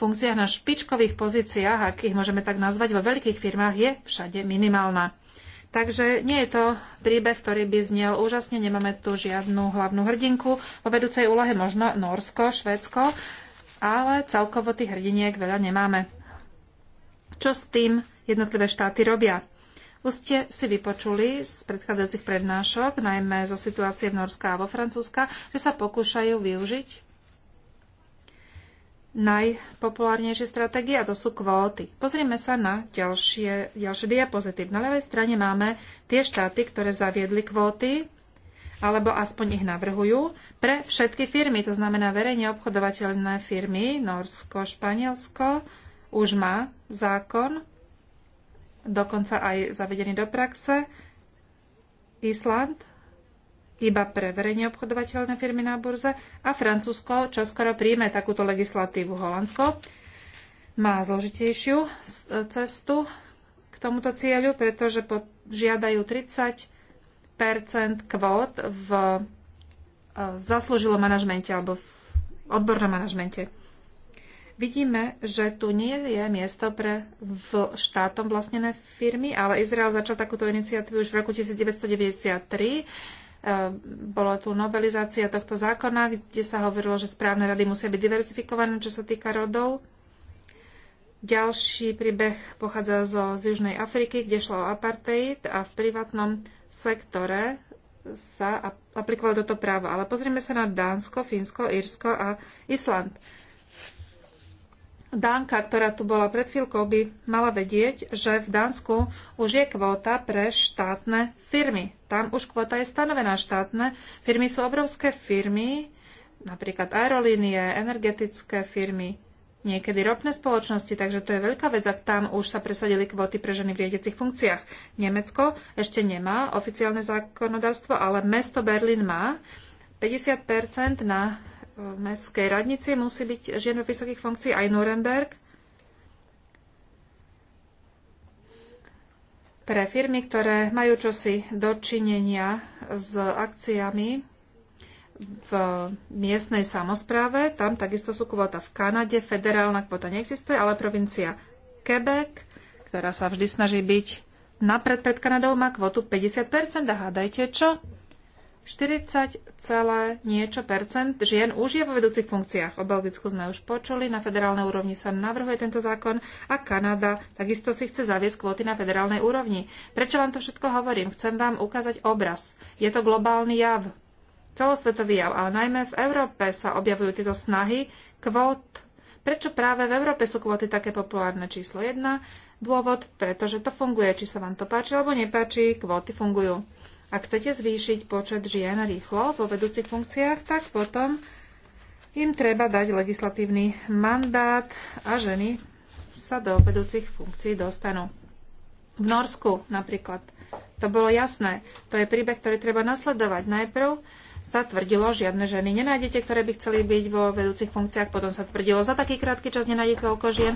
funkciách na špičkových pozíciách, ak ich môžeme tak nazvať, vo veľkých firmách je všade minimálna. Takže nie je to príbeh, ktorý by znel úžasne. Nemáme tu žiadnu hlavnú hrdinku. Vo vedúcej úlohe možno Norsko, Švédsko, ale celkovo tých hrdiniek veľa nemáme. Čo s tým jednotlivé štáty robia? Už ste si vypočuli z predchádzajúcich prednášok, najmä zo situácie v Norska a vo Francúzska, že sa pokúšajú využiť najpopulárnejšie stratégie a to sú kvóty. Pozrieme sa na ďalšie, ďalšie diapozitív. Na ľavej strane máme tie štáty, ktoré zaviedli kvóty, alebo aspoň ich navrhujú pre všetky firmy, to znamená verejne obchodovateľné firmy, Norsko, Španielsko, už má zákon, dokonca aj zavedený do praxe, Island, iba pre verejne obchodovateľné firmy na burze a Francúzsko, čo skoro príjme takúto legislatívu Holandsko, má zložitejšiu cestu k tomuto cieľu, pretože žiadajú 30 kvót v zaslúžilo manažmente alebo v odbornom manažmente. Vidíme, že tu nie je miesto pre v štátom vlastnené firmy, ale Izrael začal takúto iniciatívu už v roku 1993. E, Bolo tu novelizácia tohto zákona, kde sa hovorilo, že správne rady musia byť diverzifikované, čo sa týka rodov. Ďalší príbeh pochádza zo, z Južnej Afriky, kde šlo o apartheid a v privátnom sektore sa aplikovalo toto právo. Ale pozrieme sa na Dánsko, Fínsko, Írsko a Island. Dánka, ktorá tu bola pred chvíľkou, by mala vedieť, že v Dánsku už je kvóta pre štátne firmy. Tam už kvóta je stanovená štátne. Firmy sú obrovské firmy, napríklad aerolínie, energetické firmy niekedy ropné spoločnosti, takže to je veľká vec, ak tam už sa presadili kvóty pre ženy v riadiacich funkciách. Nemecko ešte nemá oficiálne zákonodárstvo, ale mesto Berlín má. 50 na e, mestskej radnici musí byť žien v vysokých funkcií, aj Nuremberg. Pre firmy, ktoré majú čosi dočinenia s akciami v miestnej samozpráve. Tam takisto sú kvota v Kanade, federálna kvota neexistuje, ale provincia Quebec, ktorá sa vždy snaží byť napred pred Kanadou, má kvotu 50% a hádajte čo? 40, niečo percent žien už je vo vedúcich funkciách. O Belgicku sme už počuli, na federálnej úrovni sa navrhuje tento zákon a Kanada takisto si chce zaviesť kvóty na federálnej úrovni. Prečo vám to všetko hovorím? Chcem vám ukázať obraz. Je to globálny jav celosvetový jav, ale najmä v Európe sa objavujú tieto snahy kvót. Prečo práve v Európe sú kvóty také populárne číslo 1? Dôvod, pretože to funguje, či sa vám to páči alebo nepáči, kvóty fungujú. Ak chcete zvýšiť počet žien rýchlo vo vedúcich funkciách, tak potom im treba dať legislatívny mandát a ženy sa do vedúcich funkcií dostanú. V Norsku napríklad. To bolo jasné. To je príbeh, ktorý treba nasledovať. Najprv sa tvrdilo, žiadne ženy nenájdete, ktoré by chceli byť vo vedúcich funkciách. Potom sa tvrdilo, za taký krátky čas nenájdete toľko žien.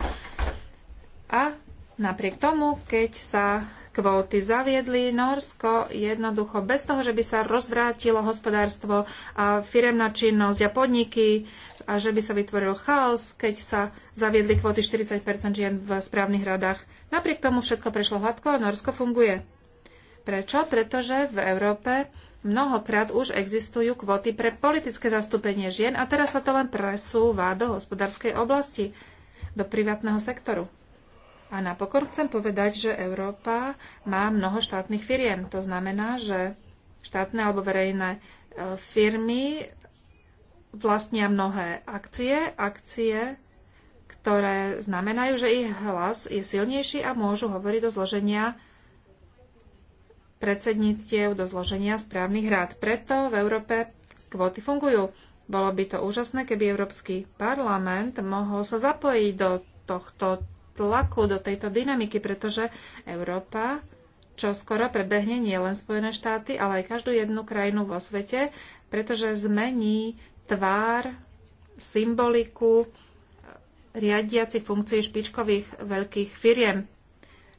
A napriek tomu, keď sa kvóty zaviedli, Norsko jednoducho bez toho, že by sa rozvrátilo hospodárstvo a firemná činnosť a podniky a že by sa vytvoril chaos, keď sa zaviedli kvóty 40 žien v správnych radách. Napriek tomu všetko prešlo hladko a Norsko funguje. Prečo? Pretože v Európe Mnohokrát už existujú kvóty pre politické zastúpenie žien a teraz sa to len presúva do hospodárskej oblasti, do privátneho sektoru. A napokon chcem povedať, že Európa má mnoho štátnych firiem. To znamená, že štátne alebo verejné e, firmy vlastnia mnohé akcie, akcie, ktoré znamenajú, že ich hlas je silnejší a môžu hovoriť do zloženia predsedníctiev do zloženia správnych rád. Preto v Európe kvóty fungujú. Bolo by to úžasné, keby Európsky parlament mohol sa zapojiť do tohto tlaku, do tejto dynamiky, pretože Európa čo skoro prebehne nie len Spojené štáty, ale aj každú jednu krajinu vo svete, pretože zmení tvár, symboliku riadiacich funkcií špičkových veľkých firiem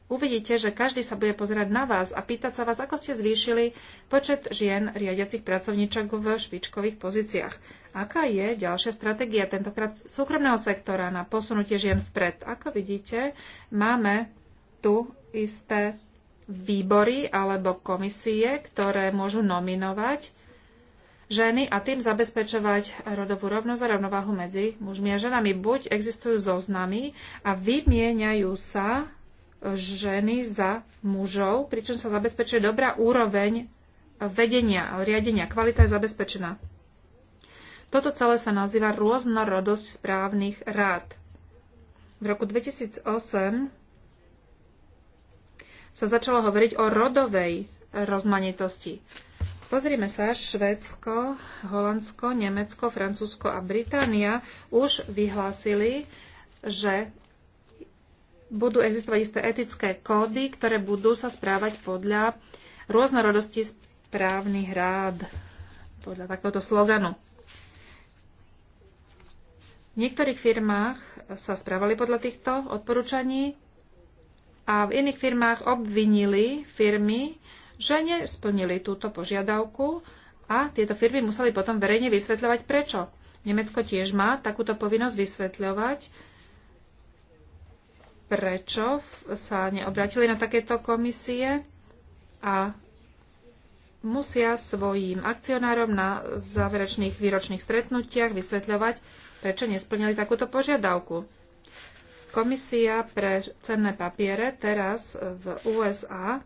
uvidíte, že každý sa bude pozerať na vás a pýtať sa vás, ako ste zvýšili počet žien riadiacich pracovníčok v špičkových pozíciách. Aká je ďalšia stratégia, tentokrát súkromného sektora, na posunutie žien vpred? Ako vidíte, máme tu isté výbory alebo komisie, ktoré môžu nominovať ženy a tým zabezpečovať rodovú rovnosť a rovnováhu medzi mužmi a ženami. Buď existujú zoznamy a vymieňajú sa ženy za mužov, pričom sa zabezpečuje dobrá úroveň vedenia, riadenia. Kvalita je zabezpečená. Toto celé sa nazýva rôznorodosť správnych rád. V roku 2008 sa začalo hovoriť o rodovej rozmanitosti. Pozrime sa, Švédsko, Holandsko, Nemecko, Francúzsko a Británia už vyhlásili, že budú existovať isté etické kódy, ktoré budú sa správať podľa rôznorodosti správnych rád, podľa takéhoto sloganu. V niektorých firmách sa správali podľa týchto odporúčaní a v iných firmách obvinili firmy, že nesplnili túto požiadavku a tieto firmy museli potom verejne vysvetľovať prečo. Nemecko tiež má takúto povinnosť vysvetľovať, prečo sa neobratili na takéto komisie a musia svojim akcionárom na záverečných výročných stretnutiach vysvetľovať, prečo nesplnili takúto požiadavku. Komisia pre cenné papiere teraz v USA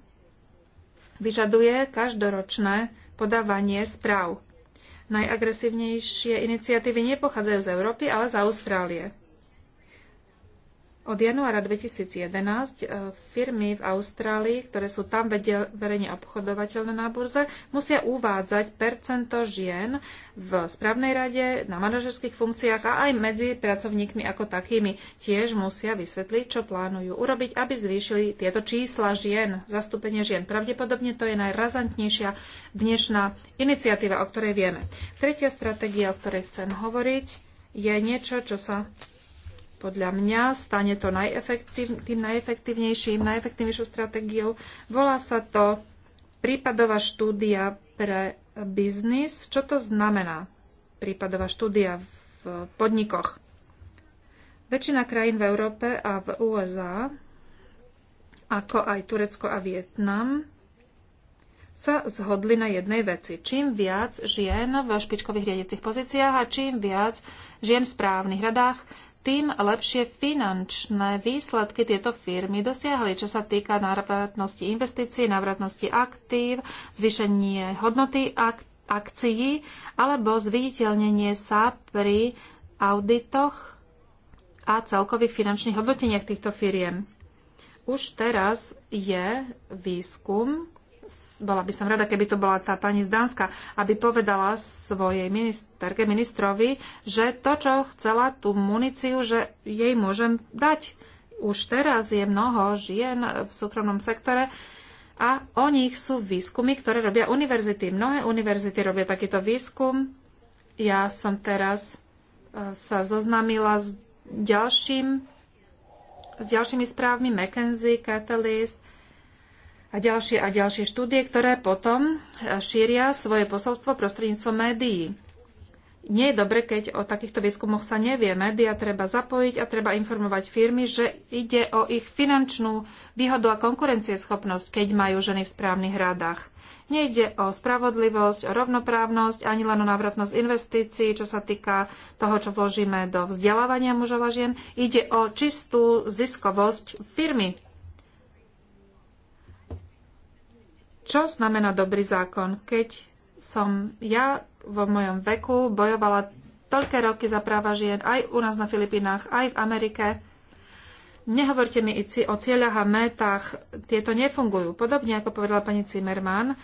vyžaduje každoročné podávanie správ. Najagresívnejšie iniciatívy nepochádzajú z Európy, ale z Austrálie. Od januára 2011 e, firmy v Austrálii, ktoré sú tam verejne obchodovateľné na burze, musia uvádzať percento žien v správnej rade, na manažerských funkciách a aj medzi pracovníkmi ako takými. Tiež musia vysvetliť, čo plánujú urobiť, aby zvýšili tieto čísla žien, zastúpenie žien. Pravdepodobne to je najrazantnejšia dnešná iniciatíva, o ktorej vieme. Tretia stratégia, o ktorej chcem hovoriť, je niečo, čo sa podľa mňa stane to najefektív, tým najefektívnejším, najefektívnejšou stratégiou. Volá sa to prípadová štúdia pre biznis. Čo to znamená? Prípadová štúdia v podnikoch. Väčšina krajín v Európe a v USA, ako aj Turecko a Vietnam, sa zhodli na jednej veci. Čím viac žien v špičkových riadiacich pozíciách a čím viac žien v správnych radách, tým lepšie finančné výsledky tieto firmy dosiahli, čo sa týka návratnosti investícií, návratnosti aktív, zvýšenie hodnoty ak- akcií alebo zviditeľnenie sa pri auditoch a celkových finančných hodnoteniach týchto firiem. Už teraz je výskum, bola by som rada, keby to bola tá pani z Dánska, aby povedala svojej ministerke, ministrovi, že to, čo chcela, tú muníciu, že jej môžem dať. Už teraz je mnoho žien v súkromnom sektore a o nich sú výskumy, ktoré robia univerzity. Mnohé univerzity robia takýto výskum. Ja som teraz e, sa zoznámila s ďalším s ďalšími správmi McKenzie, Catalyst, a ďalšie a ďalšie štúdie, ktoré potom eh, šíria svoje posolstvo prostredníctvom médií. Nie je dobre, keď o takýchto výskumoch sa nevie. Média treba zapojiť a treba informovať firmy, že ide o ich finančnú výhodu a konkurencieschopnosť, keď majú ženy v správnych rádach. Nejde o spravodlivosť, o rovnoprávnosť, ani len o návratnosť investícií, čo sa týka toho, čo vložíme do vzdelávania mužov a žien. Ide o čistú ziskovosť firmy, Čo znamená dobrý zákon? Keď som ja vo mojom veku bojovala toľké roky za práva žien aj u nás na Filipinách, aj v Amerike, nehovorte mi o cieľach a métach, tieto nefungujú. Podobne ako povedala pani Cimerman,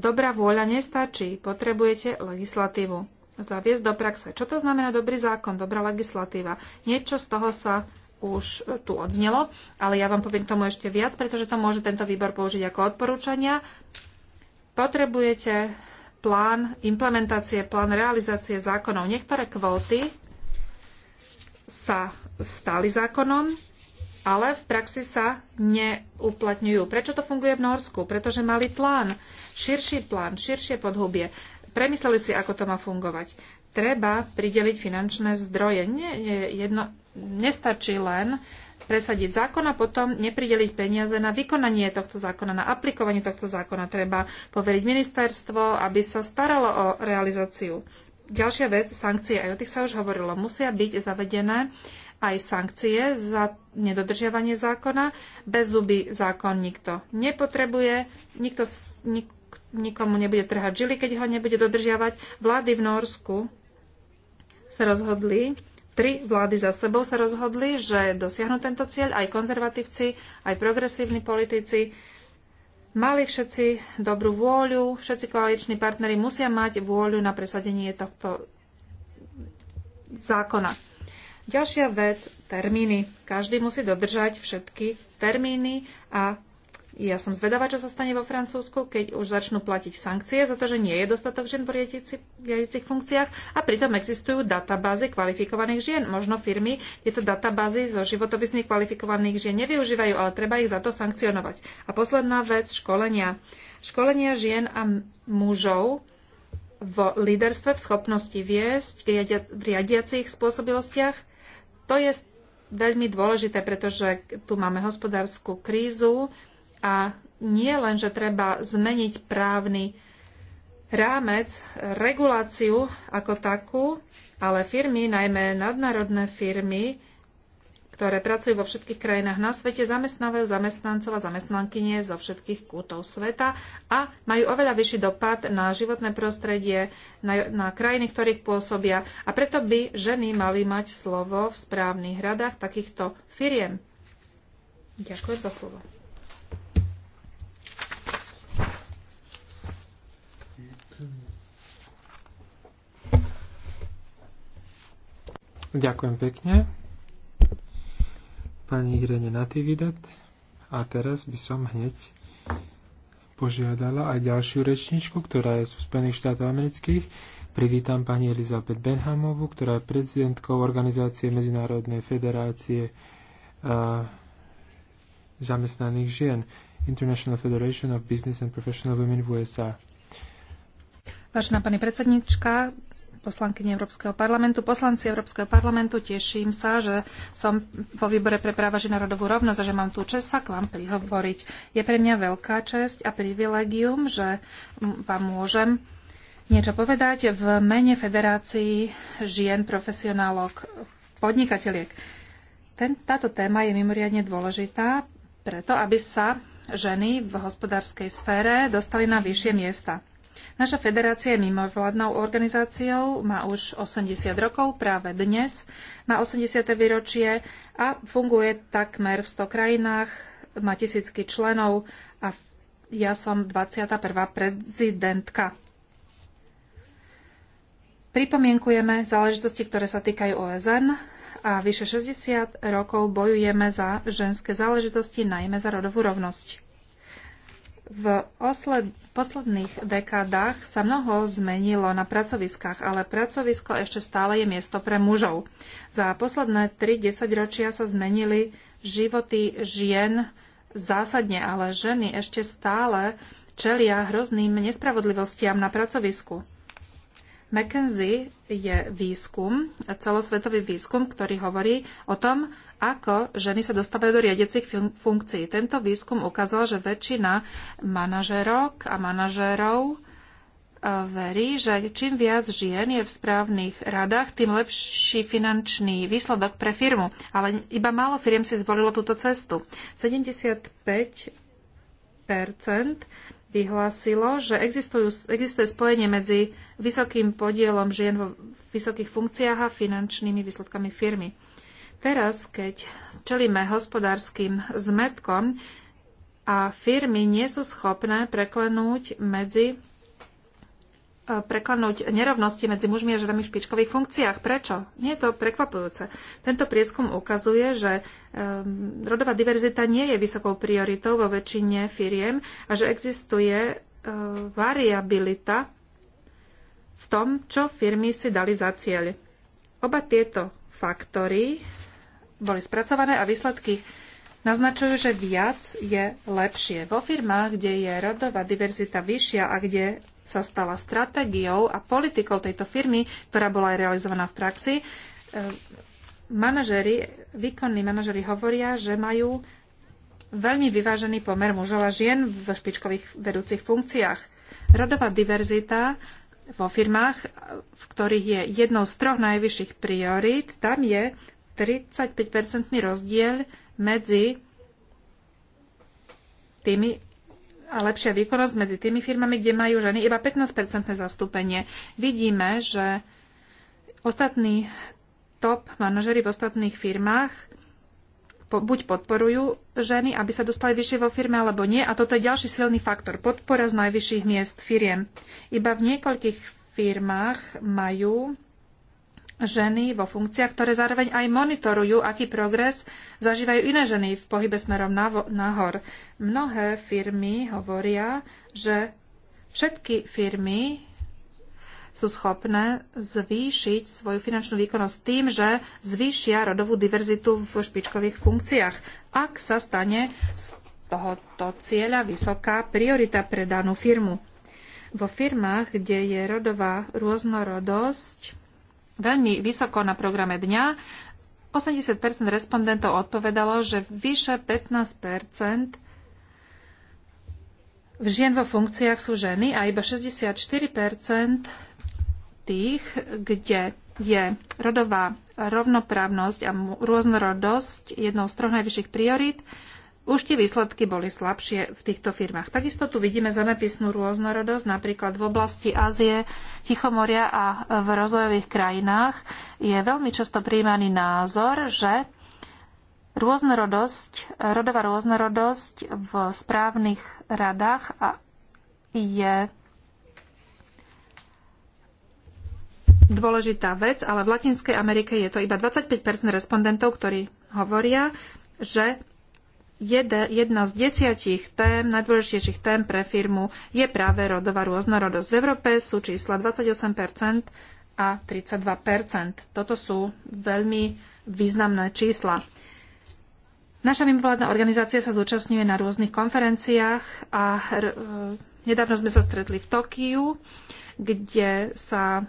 dobrá vôľa nestačí, potrebujete legislatívu zaviesť do praxe. Čo to znamená dobrý zákon, dobrá legislatíva? Niečo z toho sa už tu odznelo, ale ja vám poviem tomu ešte viac, pretože to môže tento výbor použiť ako odporúčania. Potrebujete plán implementácie, plán realizácie zákonov. Niektoré kvóty sa stali zákonom, ale v praxi sa neuplatňujú. Prečo to funguje v Norsku? Pretože mali plán, širší plán, širšie podhubie. Premysleli si, ako to má fungovať treba prideliť finančné zdroje. Nie, nie, jedno, nestačí len presadiť zákon a potom neprideliť peniaze na vykonanie tohto zákona, na aplikovanie tohto zákona. Treba poveriť ministerstvo, aby sa staralo o realizáciu. Ďalšia vec, sankcie, aj o tých sa už hovorilo, musia byť zavedené aj sankcie za nedodržiavanie zákona. Bez zuby zákon nikto nepotrebuje, nikto, nik, nikomu nebude trhať žily, keď ho nebude dodržiavať. Vlády v Norsku sa rozhodli, tri vlády za sebou sa rozhodli, že dosiahnu tento cieľ, aj konzervatívci, aj progresívni politici. Mali všetci dobrú vôľu, všetci koaliční partnery musia mať vôľu na presadenie tohto zákona. Ďalšia vec, termíny. Každý musí dodržať všetky termíny a ja som zvedavá, čo sa stane vo Francúzsku, keď už začnú platiť sankcie za to, že nie je dostatok žien v riadiacich funkciách a pritom existujú databázy kvalifikovaných žien. Možno firmy tieto databázy zo životopisných kvalifikovaných žien nevyužívajú, ale treba ich za to sankcionovať. A posledná vec, školenia. Školenia žien a mužov v líderstve, v schopnosti viesť, v riadiacich spôsobilostiach. To je veľmi dôležité, pretože tu máme hospodárskú krízu, a nie len, že treba zmeniť právny rámec, reguláciu ako takú, ale firmy, najmä nadnárodné firmy, ktoré pracujú vo všetkých krajinách na svete, zamestnávajú zamestnancov a zamestnankynie zo všetkých kútov sveta a majú oveľa vyšší dopad na životné prostredie, na, na krajiny, v ktorých pôsobia. A preto by ženy mali mať slovo v správnych radách takýchto firiem. Ďakujem za slovo. Ďakujem pekne. Pani Irene Natividat. A teraz by som hneď požiadala aj ďalšiu rečničku, ktorá je z Spojených štátov amerických. Privítam pani Elizabeth Benhamovu, ktorá je prezidentkou Organizácie Medzinárodnej federácie uh, zamestnaných žien International Federation of Business and Professional Women v USA. Vážená pani predsednička, poslankyne Európskeho parlamentu, poslanci Európskeho parlamentu. Teším sa, že som vo výbore pre práva žien národovú rovnosť a že mám tú čest sa k vám prihovoriť. Je pre mňa veľká česť a privilegium, že vám môžem niečo povedať v mene federácii žien profesionálok podnikateliek. Ten, táto téma je mimoriadne dôležitá preto, aby sa ženy v hospodárskej sfére dostali na vyššie miesta. Naša federácia je mimovládnou organizáciou, má už 80 rokov, práve dnes má 80. výročie a funguje takmer v 100 krajinách, má tisícky členov a ja som 21. prezidentka. Pripomienkujeme záležitosti, ktoré sa týkajú OSN a vyše 60 rokov bojujeme za ženské záležitosti, najmä za rodovú rovnosť. V osled, posledných dekádach sa mnoho zmenilo na pracoviskách, ale pracovisko ešte stále je miesto pre mužov. Za posledné 3 ročia sa zmenili životy žien zásadne, ale ženy ešte stále čelia hrozným nespravodlivostiam na pracovisku. McKenzie je výskum, celosvetový výskum, ktorý hovorí o tom, ako ženy sa dostávajú do riadiacich funkcií. Tento výskum ukázal, že väčšina manažerok a manažerov e, verí, že čím viac žien je v správnych radách, tým lepší finančný výsledok pre firmu. Ale iba málo firiem si zvolilo túto cestu. 75 vyhlásilo, že existujú, existuje spojenie medzi vysokým podielom žien vo vysokých funkciách a finančnými výsledkami firmy. Teraz, keď čelíme hospodárskym zmetkom a firmy nie sú schopné preklenúť medzi e, preklenúť nerovnosti medzi mužmi a ženami v špičkových funkciách. Prečo? Nie je to prekvapujúce. Tento prieskum ukazuje, že um, rodová diverzita nie je vysokou prioritou vo väčšine firiem a že existuje uh, variabilita v tom, čo firmy si dali za cieľ. Oba tieto faktory boli spracované a výsledky naznačujú, že viac je lepšie. Vo firmách, kde je rodová diverzita vyššia a kde sa stala stratégiou a politikou tejto firmy, ktorá bola aj realizovaná v praxi, e, manažeri, výkonní manažeri hovoria, že majú veľmi vyvážený pomer mužov a žien v špičkových vedúcich funkciách. Rodová diverzita vo firmách, v ktorých je jednou z troch najvyšších priorít, tam je 35-percentný rozdiel medzi tými a lepšia výkonnosť medzi tými firmami, kde majú ženy iba 15-percentné zastúpenie. Vidíme, že ostatní top manažery v ostatných firmách buď podporujú ženy, aby sa dostali vyššie vo firme, alebo nie. A toto je ďalší silný faktor. Podpora z najvyšších miest firiem. Iba v niekoľkých firmách majú ženy vo funkciách, ktoré zároveň aj monitorujú, aký progres zažívajú iné ženy v pohybe smerom nahor. Mnohé firmy hovoria, že všetky firmy sú schopné zvýšiť svoju finančnú výkonnosť tým, že zvýšia rodovú diverzitu v špičkových funkciách. Ak sa stane z tohoto cieľa vysoká priorita pre danú firmu. Vo firmách, kde je rodová rôznorodosť, veľmi vysoko na programe dňa. 80 respondentov odpovedalo, že vyše 15 žien vo funkciách sú ženy a iba 64 tých, kde je rodová rovnoprávnosť a rôznorodosť jednou z troch najvyšších priorít, už tie výsledky boli slabšie v týchto firmách. Takisto tu vidíme zemepisnú rôznorodosť, napríklad v oblasti Ázie, Tichomoria a v rozvojových krajinách je veľmi často príjmaný názor, že rôznorodosť, rodová rôznorodosť v správnych radách a je dôležitá vec, ale v Latinskej Amerike je to iba 25 respondentov, ktorí hovoria, že jedna z desiatich tém, najdôležitejších tém pre firmu je práve rodová rôznorodosť. V Európe sú čísla 28% a 32%. Toto sú veľmi významné čísla. Naša mimovládna organizácia sa zúčastňuje na rôznych konferenciách a e, nedávno sme sa stretli v Tokiu, kde sa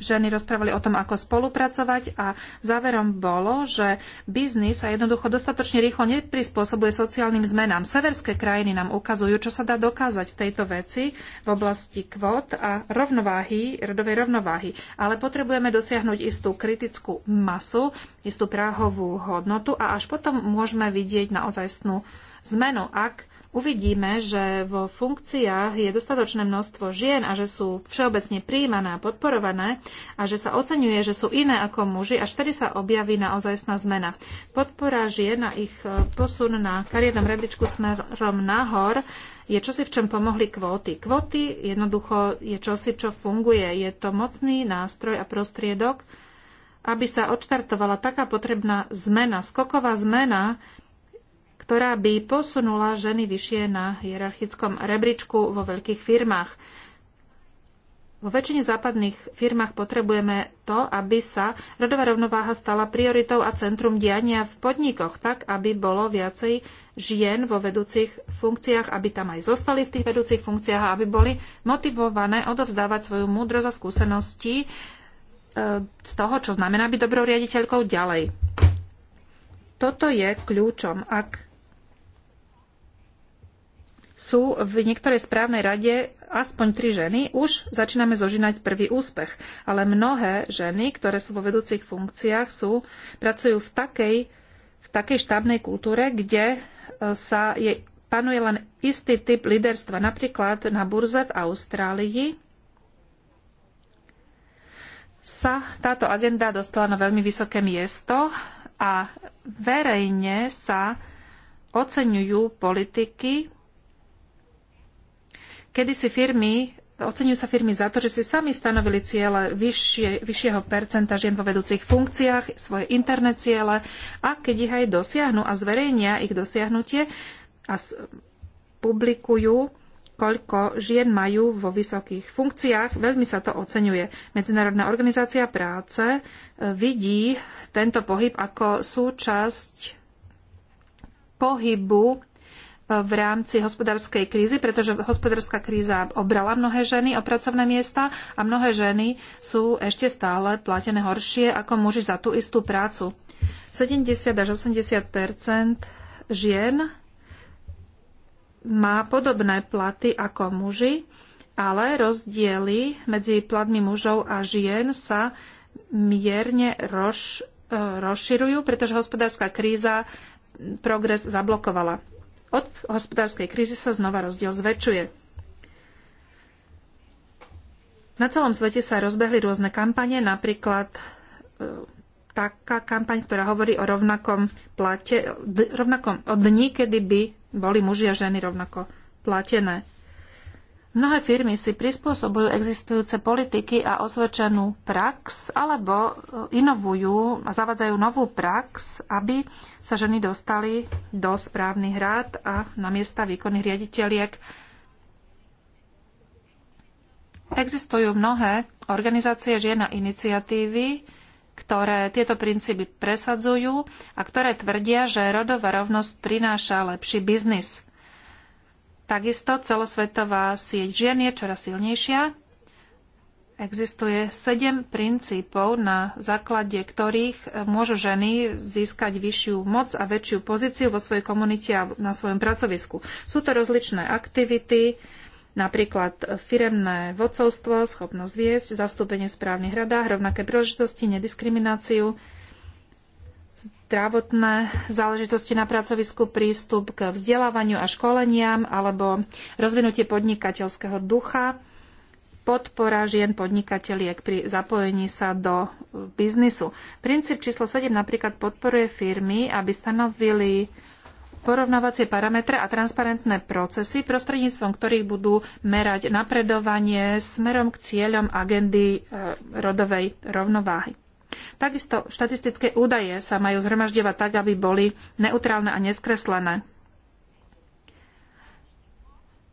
ženy rozprávali o tom, ako spolupracovať a záverom bolo, že biznis sa jednoducho dostatočne rýchlo neprispôsobuje sociálnym zmenám. Severské krajiny nám ukazujú, čo sa dá dokázať v tejto veci v oblasti kvót a rovnováhy, rodovej rovnováhy. Ale potrebujeme dosiahnuť istú kritickú masu, istú práhovú hodnotu a až potom môžeme vidieť naozajstnú zmenu, ak uvidíme, že vo funkciách je dostatočné množstvo žien a že sú všeobecne príjmané a podporované a že sa oceňuje, že sú iné ako muži, až vtedy sa objaví naozajstná zmena. Podpora žien a ich e, posun na kariérnom rebličku smerom nahor je čosi, v čom pomohli kvóty. Kvóty jednoducho je čosi, čo funguje. Je to mocný nástroj a prostriedok, aby sa odštartovala taká potrebná zmena, skoková zmena, ktorá by posunula ženy vyššie na hierarchickom rebríčku vo veľkých firmách. Vo väčšine západných firmách potrebujeme to, aby sa rodová rovnováha stala prioritou a centrum diania v podnikoch, tak aby bolo viacej žien vo vedúcich funkciách, aby tam aj zostali v tých vedúcich funkciách a aby boli motivované odovzdávať svoju múdrosť a skúsenosti e, z toho, čo znamená byť dobrou riaditeľkou ďalej. Toto je kľúčom. Ak sú v niektorej správnej rade aspoň tri ženy, už začíname zožinať prvý úspech. Ale mnohé ženy, ktoré sú vo vedúcich funkciách, sú, pracujú v takej, v takej štábnej kultúre, kde e, sa je, panuje len istý typ líderstva. Napríklad na burze v Austrálii sa táto agenda dostala na veľmi vysoké miesto a verejne sa oceňujú politiky, Kedy si firmy Oceňujú sa firmy za to, že si sami stanovili ciele vyššie, vyššieho percenta žien vo vedúcich funkciách, svoje interné ciele a keď ich aj dosiahnu a zverejnia ich dosiahnutie a publikujú, koľko žien majú vo vysokých funkciách, veľmi sa to oceňuje. Medzinárodná organizácia práce e, vidí tento pohyb ako súčasť pohybu v rámci hospodárskej krízy, pretože hospodárska kríza obrala mnohé ženy o pracovné miesta a mnohé ženy sú ešte stále platené horšie ako muži za tú istú prácu. 70 až 80 žien má podobné platy ako muži, ale rozdiely medzi platmi mužov a žien sa mierne roz, e, rozširujú, pretože hospodárska kríza progres zablokovala. Od hospodárskej krízy sa znova rozdiel zväčšuje. Na celom svete sa rozbehli rôzne kampane, napríklad e, taká kampaň, ktorá hovorí o rovnakom plate, rovnakom, o dni, kedy by boli muži a ženy rovnako platené. Mnohé firmy si prispôsobujú existujúce politiky a osvedčenú prax, alebo e, inovujú a zavadzajú novú prax, aby sa ženy dostali do správnych rád a na miesta výkonných riaditeľiek. Existujú mnohé organizácie žien a iniciatívy, ktoré tieto princípy presadzujú a ktoré tvrdia, že rodová rovnosť prináša lepší biznis. Takisto celosvetová sieť žien je čoraz silnejšia. Existuje sedem princípov, na základe ktorých e, môžu ženy získať vyššiu moc a väčšiu pozíciu vo svojej komunite a na svojom pracovisku. Sú to rozličné aktivity, napríklad firemné vodcovstvo, schopnosť viesť, zastúpenie v správnych radách, rovnaké príležitosti, nediskrimináciu, zdravotné záležitosti na pracovisku, prístup k vzdelávaniu a školeniam alebo rozvinutie podnikateľského ducha, podpora žien podnikateliek pri zapojení sa do biznisu. Princíp číslo 7 napríklad podporuje firmy, aby stanovili porovnávacie parametre a transparentné procesy, prostredníctvom ktorých budú merať napredovanie smerom k cieľom agendy eh, rodovej rovnováhy. Takisto štatistické údaje sa majú zhromažďovať tak, aby boli neutrálne a neskreslené.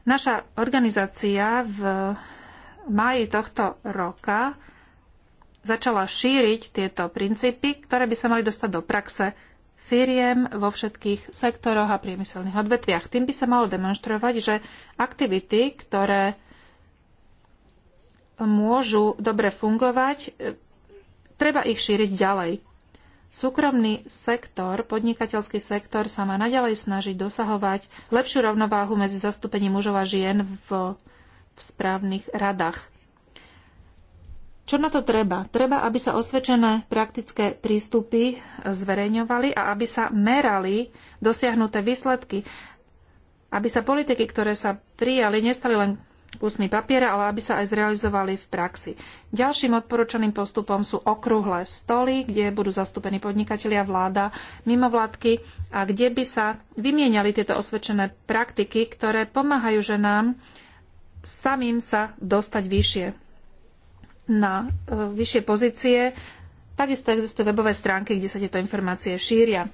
Naša organizácia v máji tohto roka začala šíriť tieto princípy, ktoré by sa mali dostať do praxe firiem vo všetkých sektoroch a priemyselných odvetviach. Tým by sa malo demonstrovať, že aktivity, ktoré môžu dobre fungovať, treba ich šíriť ďalej. Súkromný sektor, podnikateľský sektor sa má naďalej snažiť dosahovať lepšiu rovnováhu medzi zastúpením mužov a žien v, v správnych radách. Čo na to treba? Treba, aby sa osvedčené praktické prístupy zverejňovali a aby sa merali dosiahnuté výsledky. Aby sa politiky, ktoré sa prijali, nestali len kusmi papiera, ale aby sa aj zrealizovali v praxi. Ďalším odporúčaným postupom sú okrúhle stoly, kde budú zastúpení podnikatelia, vláda, mimovládky a kde by sa vymieniali tieto osvedčené praktiky, ktoré pomáhajú ženám samým sa dostať vyššie na e, vyššie pozície. Takisto existujú webové stránky, kde sa tieto informácie šíria.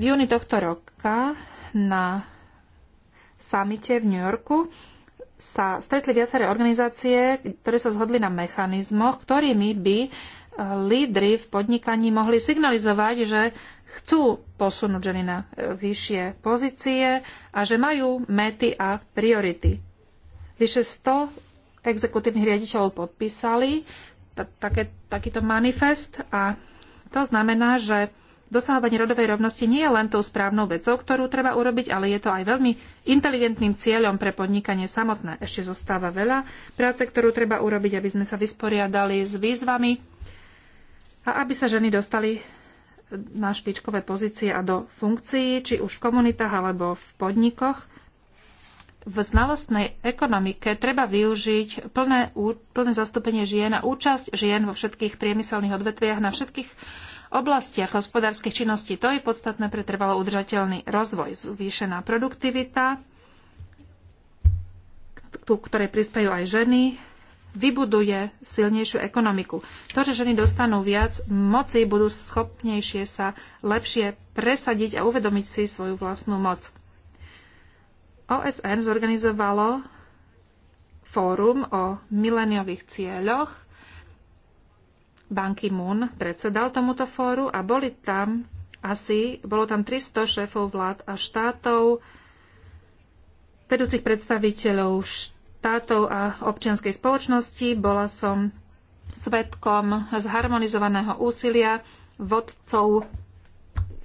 V júni tohto roka na samite v New Yorku sa stretli viaceré organizácie, ktoré sa zhodli na mechanizmoch, ktorými by eh, lídry v podnikaní mohli signalizovať, že chcú posunúť ženy na eh, vyššie pozície a že majú mety a priority. Vyše 100 exekutívnych riaditeľov podpísali takýto manifest a to znamená, že dosahovanie rodovej rovnosti nie je len tou správnou vecou, ktorú treba urobiť, ale je to aj veľmi inteligentným cieľom pre podnikanie samotné. Ešte zostáva veľa práce, ktorú treba urobiť, aby sme sa vysporiadali s výzvami a aby sa ženy dostali na špičkové pozície a do funkcií, či už v komunitách alebo v podnikoch. V znalostnej ekonomike treba využiť plné, plné zastúpenie žien a účasť žien vo všetkých priemyselných odvetviach na všetkých oblastiach hospodárskej činnosti To je podstatné pre trvalo udržateľný rozvoj. Zvýšená produktivita, ku ktorej prispajú aj ženy, vybuduje silnejšiu ekonomiku. To, že ženy dostanú viac moci, budú schopnejšie sa lepšie presadiť a uvedomiť si svoju vlastnú moc. OSN zorganizovalo fórum o mileniových cieľoch Ban Ki-moon predsedal tomuto fóru a boli tam asi, bolo tam 300 šéfov vlád a štátov, vedúcich predstaviteľov štátov a občianskej spoločnosti. Bola som svetkom zharmonizovaného úsilia vodcov,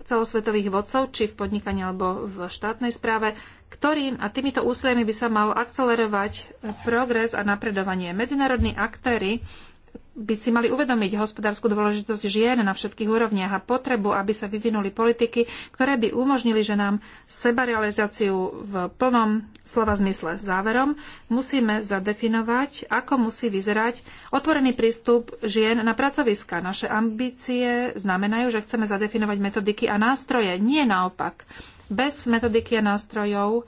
celosvetových vodcov, či v podnikaní alebo v štátnej správe, ktorým a týmito úsiliami by sa mal akcelerovať progres a napredovanie. Medzinárodní aktéry by si mali uvedomiť hospodárskú dôležitosť žien na všetkých úrovniach a potrebu, aby sa vyvinuli politiky, ktoré by umožnili ženám sebarealizáciu v plnom slova zmysle. Záverom musíme zadefinovať, ako musí vyzerať otvorený prístup žien na pracoviska. Naše ambície znamenajú, že chceme zadefinovať metodiky a nástroje, nie naopak. Bez metodiky a nástrojov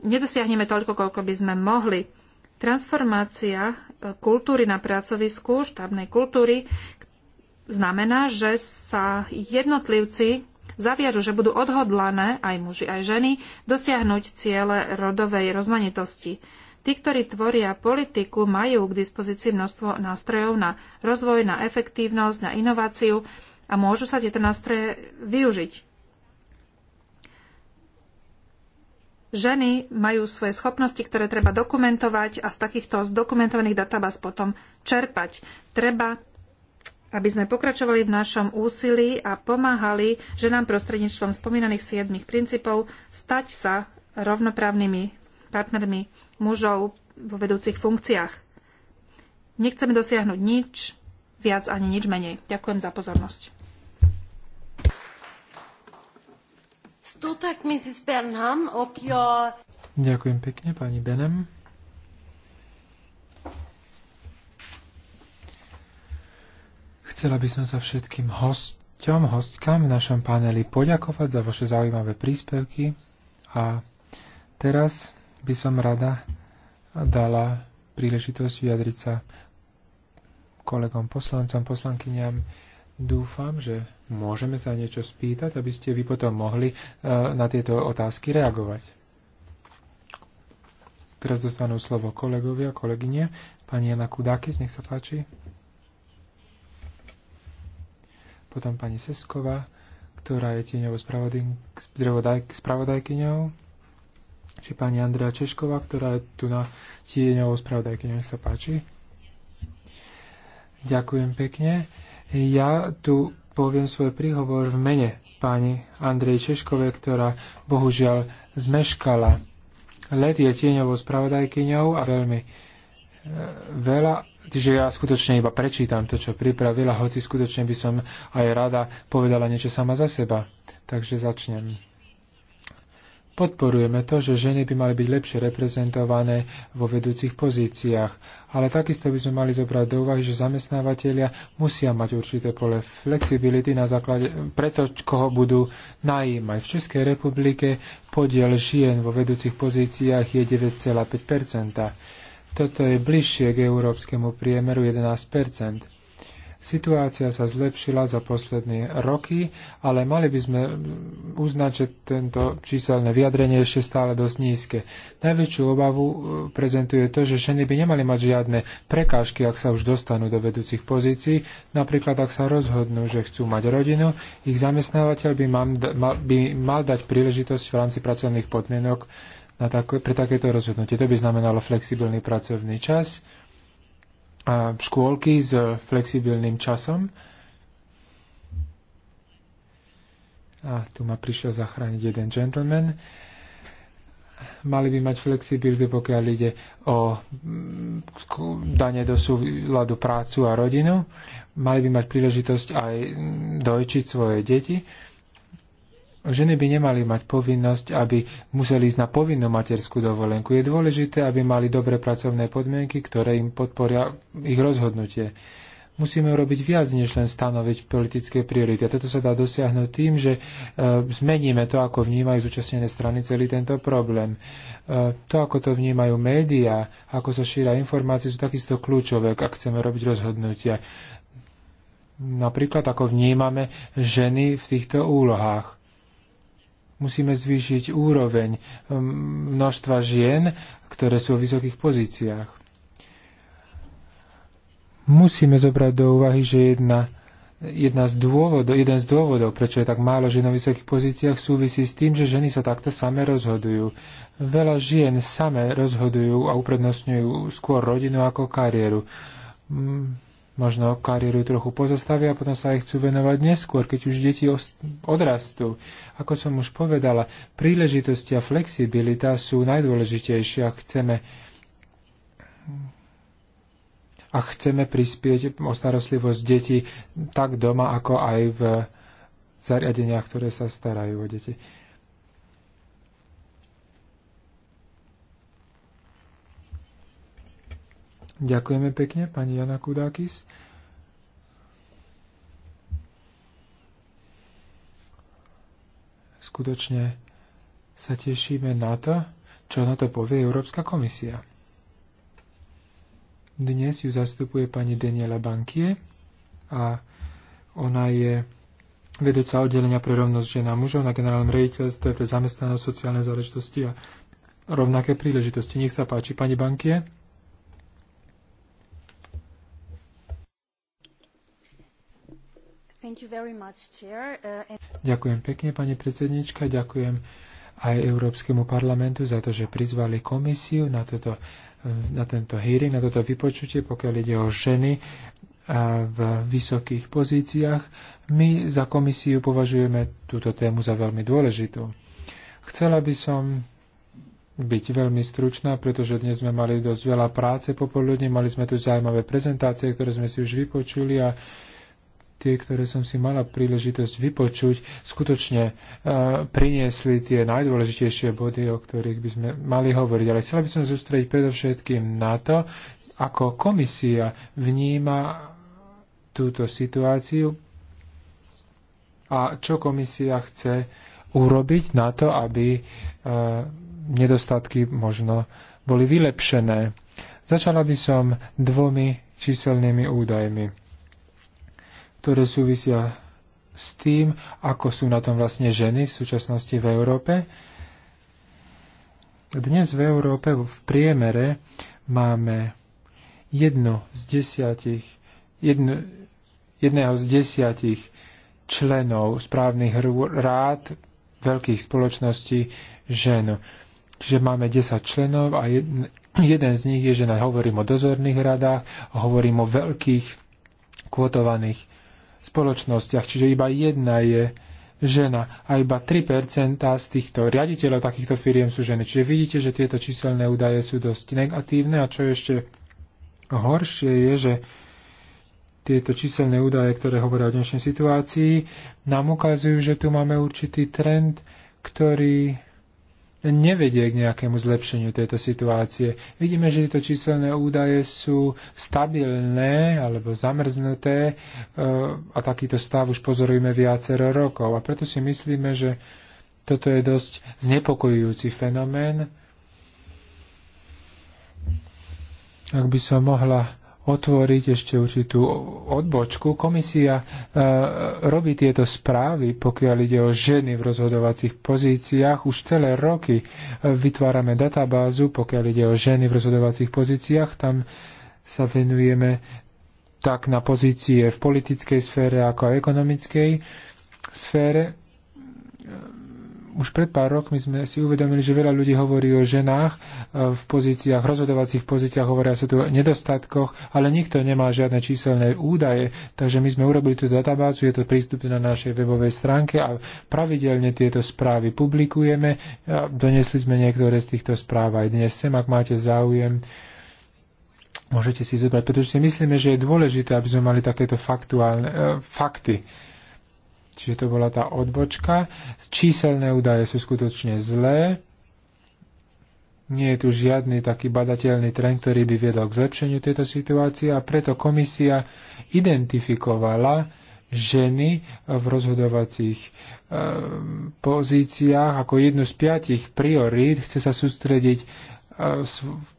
nedosiahneme toľko, koľko by sme mohli. Transformácia kultúry na pracovisku, štábnej kultúry, znamená, že sa jednotlivci zaviažu, že budú odhodlané, aj muži, aj ženy, dosiahnuť ciele rodovej rozmanitosti. Tí, ktorí tvoria politiku, majú k dispozícii množstvo nástrojov na rozvoj, na efektívnosť, na inováciu a môžu sa tieto nástroje využiť. ženy majú svoje schopnosti, ktoré treba dokumentovať a z takýchto zdokumentovaných databáz potom čerpať. Treba, aby sme pokračovali v našom úsilí a pomáhali ženám prostredníctvom spomínaných siedmých princípov stať sa rovnoprávnymi partnermi mužov vo vedúcich funkciách. Nechceme dosiahnuť nič viac ani nič menej. Ďakujem za pozornosť. Ďakujem pekne, pani Benem. Chcela by som sa všetkým hostom, hostkám v našom paneli poďakovať za vaše zaujímavé príspevky a teraz by som rada dala príležitosť vyjadriť sa kolegom poslancom, poslankyňam, Dúfam, že môžeme sa niečo spýtať, aby ste vy potom mohli e, na tieto otázky reagovať. Teraz dostanú slovo kolegovia, kolegyne. Pani Jana Kudákis, nech sa páči. Potom pani Seskova, ktorá je tieňovou spravodajkyňou. Či pani Andrea Češková, ktorá je tu na tieňovou spravodajkyňou. Nech sa páči. Ďakujem pekne. Ja tu poviem svoj príhovor v mene pani Andrej Češkové, ktorá bohužiaľ zmeškala. Let je tieňovou spravodajkyňou a veľmi e, veľa Čiže ja skutočne iba prečítam to, čo pripravila, hoci skutočne by som aj rada povedala niečo sama za seba. Takže začnem. Podporujeme to, že ženy by mali byť lepšie reprezentované vo vedúcich pozíciách, ale takisto by sme mali zobrať do úvahy, že zamestnávateľia musia mať určité pole flexibility na základe preto, koho budú najímať. V Českej republike podiel žien vo vedúcich pozíciách je 9,5 Toto je bližšie k európskemu priemeru 11 Situácia sa zlepšila za posledné roky, ale mali by sme uznať, že tento číselné vyjadrenie je ešte stále dosť nízke. Najväčšiu obavu e, prezentuje to, že ženy by nemali mať žiadne prekážky, ak sa už dostanú do vedúcich pozícií. Napríklad, ak sa rozhodnú, že chcú mať rodinu, ich zamestnávateľ by, mal, by mal dať príležitosť v rámci pracovných podmienok na také, pre takéto rozhodnutie. To by znamenalo flexibilný pracovný čas, škôlky s flexibilným časom. A tu ma prišiel zachrániť jeden gentleman. Mali by mať flexibilitu, pokiaľ ide o mm, dane do súľadu prácu a rodinu. Mali by mať príležitosť aj mm, dojčiť svoje deti ženy by nemali mať povinnosť, aby museli ísť na povinnú materskú dovolenku. Je dôležité, aby mali dobré pracovné podmienky, ktoré im podporia ich rozhodnutie. Musíme robiť viac, než len stanoviť politické priority. A toto sa dá dosiahnuť tým, že e, zmeníme to, ako vnímajú zúčastnené strany celý tento problém. E, to, ako to vnímajú médiá, ako sa šíra informácie, sú takisto kľúčové, ak chceme robiť rozhodnutia. Napríklad, ako vnímame ženy v týchto úlohách Musíme zvýšiť úroveň um, množstva žien, ktoré sú v vysokých pozíciách. Musíme zobrať do úvahy, že jedna jedna z dôvodov, jeden z dôvodov, prečo je tak málo žien na vysokých pozíciách, súvisí s tým, že ženy sa takto same rozhodujú. Veľa žien same rozhodujú a uprednostňujú skôr rodinu ako kariéru. Mm možno kariéru trochu pozostavia a potom sa ich chcú venovať neskôr, keď už deti odrastú. Ako som už povedala, príležitosti a flexibilita sú najdôležitejšie, ak chceme a chceme prispieť o starostlivosť detí tak doma, ako aj v zariadeniach, ktoré sa starajú o deti. Ďakujeme pekne, pani Jana Kudákis. Skutočne sa tešíme na to, čo na to povie Európska komisia. Dnes ju zastupuje pani Daniela Bankie a ona je vedúca oddelenia pre rovnosť a mužov na generálnom rejiteľstve pre zamestnanosť, sociálne záležitosti a rovnaké príležitosti. Nech sa páči, pani Bankie. Uh, ďakujem pekne, pani predsednička, ďakujem aj Európskemu parlamentu za to, že prizvali komisiu na, toto, na tento hearing, na toto vypočutie, pokiaľ ide o ženy v vysokých pozíciách. My za komisiu považujeme túto tému za veľmi dôležitú. Chcela by som byť veľmi stručná, pretože dnes sme mali dosť veľa práce popoludne, mali sme tu zaujímavé prezentácie, ktoré sme si už vypočuli a tie, ktoré som si mala príležitosť vypočuť, skutočne e, priniesli tie najdôležitejšie body, o ktorých by sme mali hovoriť. Ale chcela by som zústrediť predovšetkým na to, ako komisia vníma túto situáciu a čo komisia chce urobiť na to, aby e, nedostatky možno boli vylepšené. Začala by som dvomi číselnými údajmi ktoré súvisia s tým, ako sú na tom vlastne ženy v súčasnosti v Európe. Dnes v Európe v priemere máme jedno z desiatich, jedno, jedného z desiatich členov správnych rád veľkých spoločností žen. Čiže máme 10 členov a jedn, jeden z nich je žena. Hovorím o dozorných radách, hovorím o veľkých kvotovaných spoločnostiach, čiže iba jedna je žena a iba 3% z týchto riaditeľov takýchto firiem sú ženy. Čiže vidíte, že tieto číselné údaje sú dosť negatívne a čo ešte horšie je, že tieto číselné údaje, ktoré hovoria o dnešnej situácii, nám ukazujú, že tu máme určitý trend, ktorý nevedie k nejakému zlepšeniu tejto situácie. Vidíme, že tieto číselné údaje sú stabilné alebo zamrznuté e, a takýto stav už pozorujeme viacero rokov. A preto si myslíme, že toto je dosť znepokojujúci fenomén. Ak by som mohla otvoriť ešte určitú odbočku. Komisia e, robí tieto správy, pokiaľ ide o ženy v rozhodovacích pozíciách. Už celé roky e, vytvárame databázu, pokiaľ ide o ženy v rozhodovacích pozíciách. Tam sa venujeme tak na pozície v politickej sfére, ako aj ekonomickej sfére už pred pár rokmi sme si uvedomili, že veľa ľudí hovorí o ženách e, v pozíciách, rozhodovacích pozíciách, hovoria sa tu o nedostatkoch, ale nikto nemá žiadne číselné údaje, takže my sme urobili tú databázu, je to prístupné na našej webovej stránke a pravidelne tieto správy publikujeme. A e, donesli sme niektoré z týchto správ aj dnes sem, ak máte záujem. Môžete si zobrať, pretože si myslíme, že je dôležité, aby sme mali takéto faktuálne e, fakty Čiže to bola tá odbočka. Číselné údaje sú skutočne zlé. Nie je tu žiadny taký badateľný trend, ktorý by viedol k zlepšeniu tejto situácie a preto komisia identifikovala ženy v rozhodovacích e, pozíciách ako jednu z piatich priorít. Chce sa sústrediť, e,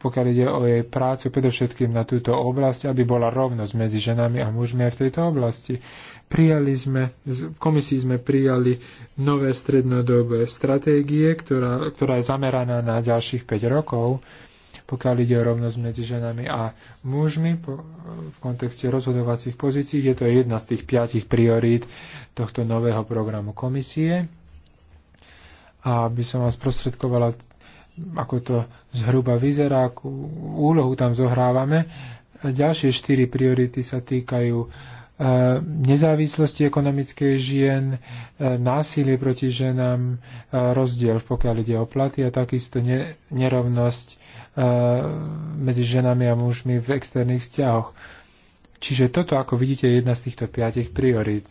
pokiaľ ide o jej prácu, predovšetkým na túto oblasť, aby bola rovnosť medzi ženami a mužmi aj v tejto oblasti. Prijali sme, v komisii sme prijali nové strednodobé stratégie, ktorá, ktorá je zameraná na ďalších 5 rokov, pokiaľ ide o rovnosť medzi ženami a mužmi po, v kontexte rozhodovacích pozícií. Je to jedna z tých piatich priorít tohto nového programu komisie. A aby som vás prostredkovala, ako to zhruba vyzerá, akú úlohu tam zohrávame. Ďalšie štyri priority sa týkajú uh, nezávislosti ekonomickej žien, e, násilie proti ženám, e, rozdiel, pokiaľ ide o platy a takisto nerovnosť e, medzi ženami a mužmi v externých vzťahoch. Čiže toto, ako vidíte, je jedna z týchto piatich priorít.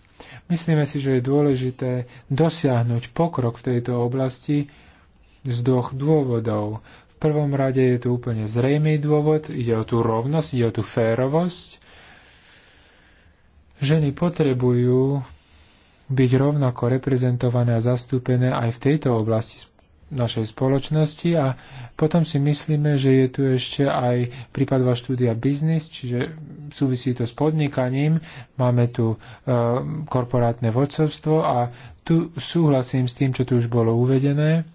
Myslíme si, že je dôležité dosiahnuť pokrok v tejto oblasti z dvoch dôvodov. V prvom rade je tu úplne zrejmý dôvod, ide o tú rovnosť, ide o tú férovosť. Ženy potrebujú byť rovnako reprezentované a zastúpené aj v tejto oblasti našej spoločnosti a potom si myslíme, že je tu ešte aj prípadová štúdia biznis, čiže súvisí to s podnikaním, máme tu e, korporátne vodcovstvo a tu súhlasím s tým, čo tu už bolo uvedené.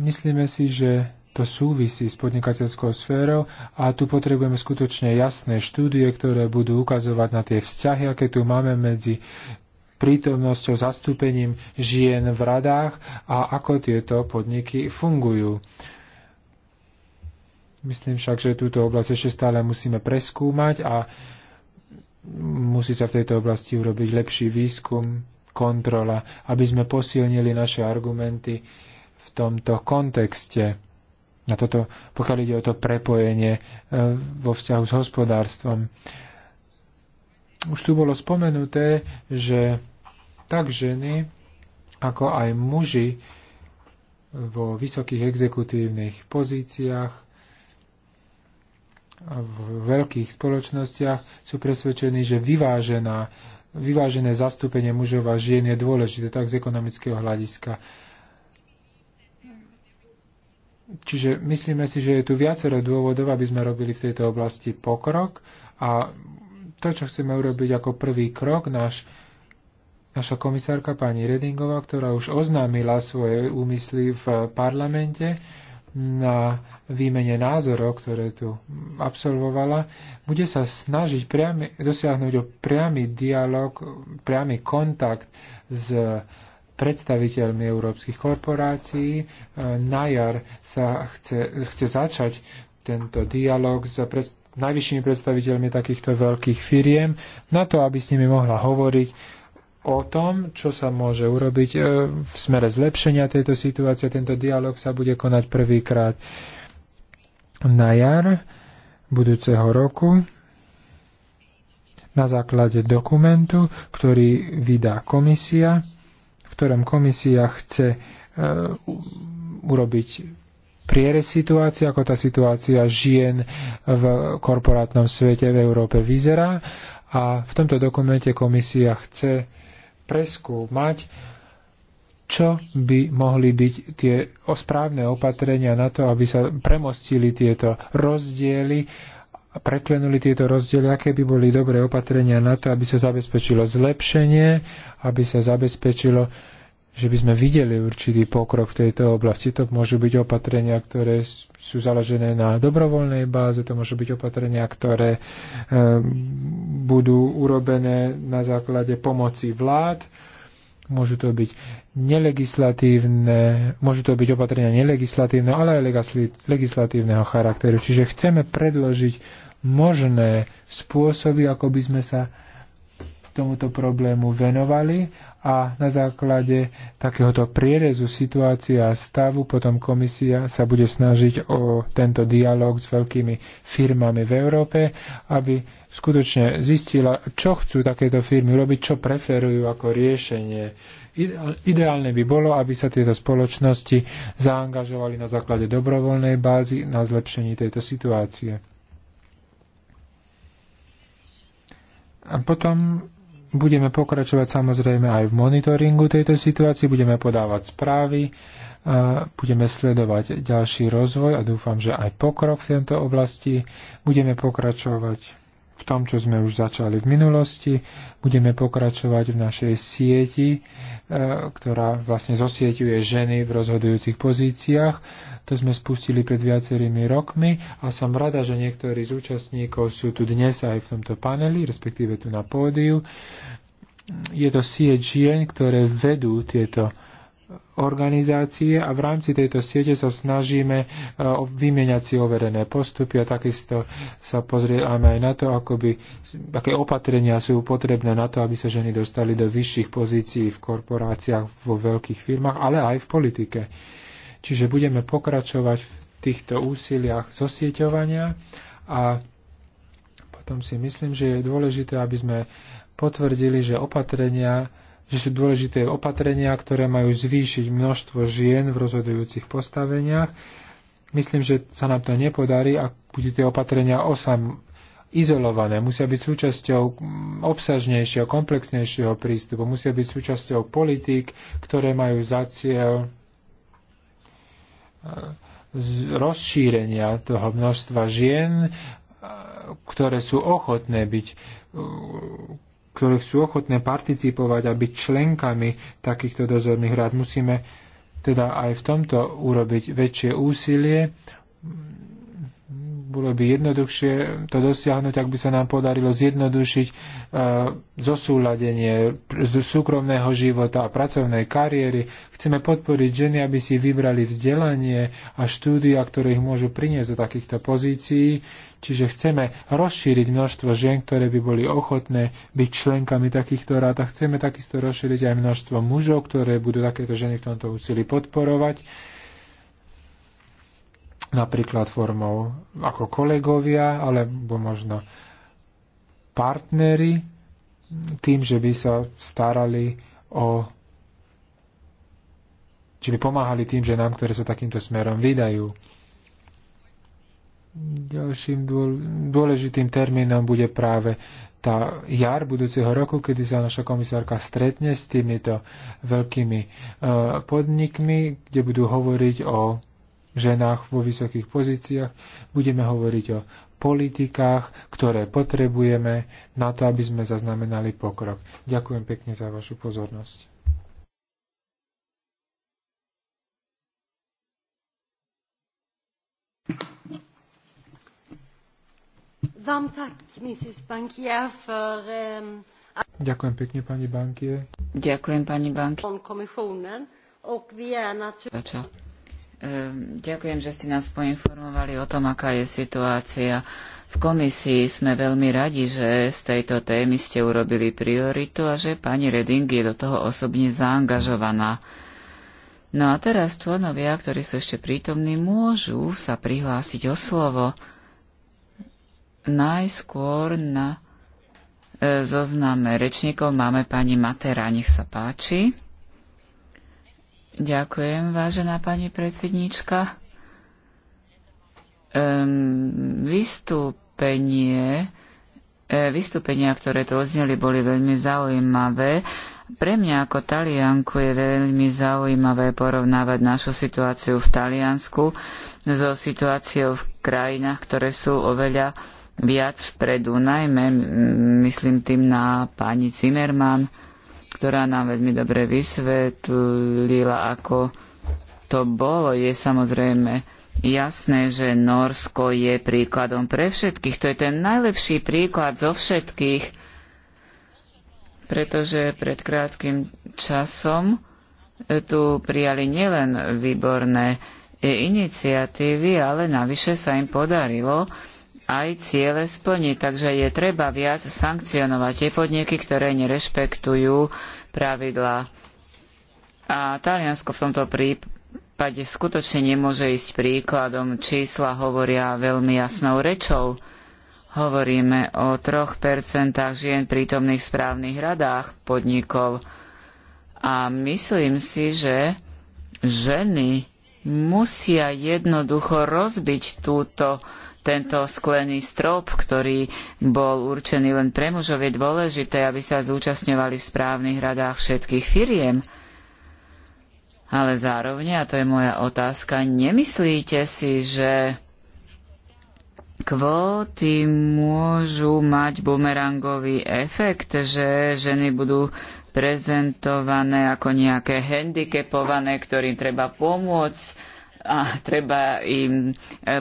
Myslíme si, že to súvisí s podnikateľskou sférou a tu potrebujeme skutočne jasné štúdie, ktoré budú ukazovať na tie vzťahy, aké tu máme medzi prítomnosťou, zastúpením žien v radách a ako tieto podniky fungujú. Myslím však, že túto oblasť ešte stále musíme preskúmať a musí sa v tejto oblasti urobiť lepší výskum, kontrola, aby sme posilnili naše argumenty v tomto kontexte na toto, pokiaľ ide o to prepojenie e, vo vzťahu s hospodárstvom. Už tu bolo spomenuté, že tak ženy, ako aj muži vo vysokých exekutívnych pozíciách a v veľkých spoločnostiach sú presvedčení, že vyvážená, vyvážené zastúpenie mužov a žien je dôležité tak z ekonomického hľadiska, Čiže myslíme si, že je tu viacero dôvodov, aby sme robili v tejto oblasti pokrok a to, čo chceme urobiť ako prvý krok, náš, naša komisárka pani Redingová, ktorá už oznámila svoje úmysly v parlamente na výmene názorov, ktoré tu absolvovala, bude sa snažiť priami, dosiahnuť priamy dialog, priamy kontakt s predstaviteľmi európskych korporácií. E, na jar sa chce, chce začať tento dialog s pred, najvyššími predstaviteľmi takýchto veľkých firiem na to, aby s nimi mohla hovoriť o tom, čo sa môže urobiť e, v smere zlepšenia tejto situácie. Tento dialog sa bude konať prvýkrát na jar budúceho roku na základe dokumentu, ktorý vydá komisia ktorom komisia chce e, urobiť priere situácie, ako tá situácia žien v korporátnom svete v Európe vyzerá. A v tomto dokumente komisia chce preskúmať, čo by mohli byť tie správne opatrenia na to, aby sa premostili tieto rozdiely a preklenuli tieto rozdiely, aké by boli dobré opatrenia na to, aby sa zabezpečilo zlepšenie, aby sa zabezpečilo, že by sme videli určitý pokrok v tejto oblasti. To môžu byť opatrenia, ktoré sú založené na dobrovoľnej báze, to môžu byť opatrenia, ktoré e, budú urobené na základe pomoci vlád, môžu to byť nelegislatívne, môžu to byť opatrenia nelegislatívne, ale aj legislatívneho charakteru. Čiže chceme predložiť možné spôsoby, ako by sme sa tomuto problému venovali a na základe takéhoto prierezu situácie a stavu potom komisia sa bude snažiť o tento dialog s veľkými firmami v Európe, aby skutočne zistila, čo chcú takéto firmy robiť, čo preferujú ako riešenie. Ideálne by bolo, aby sa tieto spoločnosti zaangažovali na základe dobrovoľnej bázy na zlepšení tejto situácie. A potom budeme pokračovať samozrejme aj v monitoringu tejto situácii, budeme podávať správy, budeme sledovať ďalší rozvoj a dúfam, že aj pokrok v tejto oblasti. Budeme pokračovať v tom, čo sme už začali v minulosti. Budeme pokračovať v našej sieti, e, ktorá vlastne zosieťuje ženy v rozhodujúcich pozíciách. To sme spustili pred viacerými rokmi a som rada, že niektorí z účastníkov sú tu dnes aj v tomto paneli, respektíve tu na pódiu. Je to sieť žien, ktoré vedú tieto organizácie a v rámci tejto siete sa snažíme e, vymieňať si overené postupy a takisto sa pozrieme aj na to, ako by, aké opatrenia sú potrebné na to, aby sa ženy dostali do vyšších pozícií v korporáciách, vo veľkých firmách, ale aj v politike. Čiže budeme pokračovať v týchto úsiliach zosieťovania a potom si myslím, že je dôležité, aby sme potvrdili, že opatrenia, že sú dôležité opatrenia, ktoré majú zvýšiť množstvo žien v rozhodujúcich postaveniach. Myslím, že sa nám to nepodarí, ak budú tie opatrenia osam izolované, musia byť súčasťou obsažnejšieho, komplexnejšieho prístupu, musia byť súčasťou politík, ktoré majú za cieľ e, rozšírenia toho množstva žien, e, ktoré sú ochotné byť e, ktoré sú ochotné participovať a byť členkami takýchto dozorných rád. Musíme teda aj v tomto urobiť väčšie úsilie bolo by jednoduchšie to dosiahnuť, ak by sa nám podarilo zjednodušiť uh, zosúladenie z súkromného života a pracovnej kariéry. Chceme podporiť ženy, aby si vybrali vzdelanie a štúdia, ktoré ich môžu priniesť do takýchto pozícií. Čiže chceme rozšíriť množstvo žien, ktoré by boli ochotné byť členkami takýchto rád a chceme takisto rozšíriť aj množstvo mužov, ktoré budú takéto ženy v tomto úsilí podporovať napríklad formou ako kolegovia, alebo možno partnery, tým, že by sa starali o či by pomáhali tým, že nám, ktoré sa takýmto smerom vydajú. Ďalším dôležitým termínom bude práve tá jar budúceho roku, kedy sa naša komisárka stretne s týmito veľkými eh, podnikmi, kde budú hovoriť o ženách vo vysokých pozíciách, budeme hovoriť o politikách, ktoré potrebujeme na to, aby sme zaznamenali pokrok. Ďakujem pekne za vašu pozornosť. Ďakujem pekne, pani Bankie. Ďakujem, pani Bankie. Ehm, ďakujem, že ste nás poinformovali o tom, aká je situácia. V komisii sme veľmi radi, že z tejto témy ste urobili prioritu a že pani Reding je do toho osobne zaangažovaná. No a teraz členovia, ktorí sú ešte prítomní, môžu sa prihlásiť o slovo najskôr na e, zozname rečníkov máme pani Matera, nech sa páči. Ďakujem, vážená pani predsedníčka. Um, vystúpenie, e, vystúpenia, ktoré tu ozneli, boli veľmi zaujímavé. Pre mňa ako Talianku je veľmi zaujímavé porovnávať našu situáciu v Taliansku so situáciou v krajinách, ktoré sú oveľa viac vpredu, najmä myslím tým na pani Zimmermann, ktorá nám veľmi dobre vysvetlila, ako to bolo. Je samozrejme jasné, že Norsko je príkladom pre všetkých. To je ten najlepší príklad zo všetkých, pretože pred krátkým časom tu prijali nielen výborné iniciatívy, ale navyše sa im podarilo aj ciele splniť. Takže je treba viac sankcionovať tie podniky, ktoré nerešpektujú pravidlá. A Taliansko v tomto prípade skutočne nemôže ísť príkladom. Čísla hovoria veľmi jasnou rečou. Hovoríme o 3% žien prítomných v správnych radách podnikov. A myslím si, že ženy musia jednoducho rozbiť túto tento sklený strop, ktorý bol určený len pre mužov, je dôležité, aby sa zúčastňovali v správnych radách všetkých firiem. Ale zároveň, a to je moja otázka, nemyslíte si, že kvóty môžu mať bumerangový efekt, že ženy budú prezentované ako nejaké handicapované, ktorým treba pomôcť, a treba im e,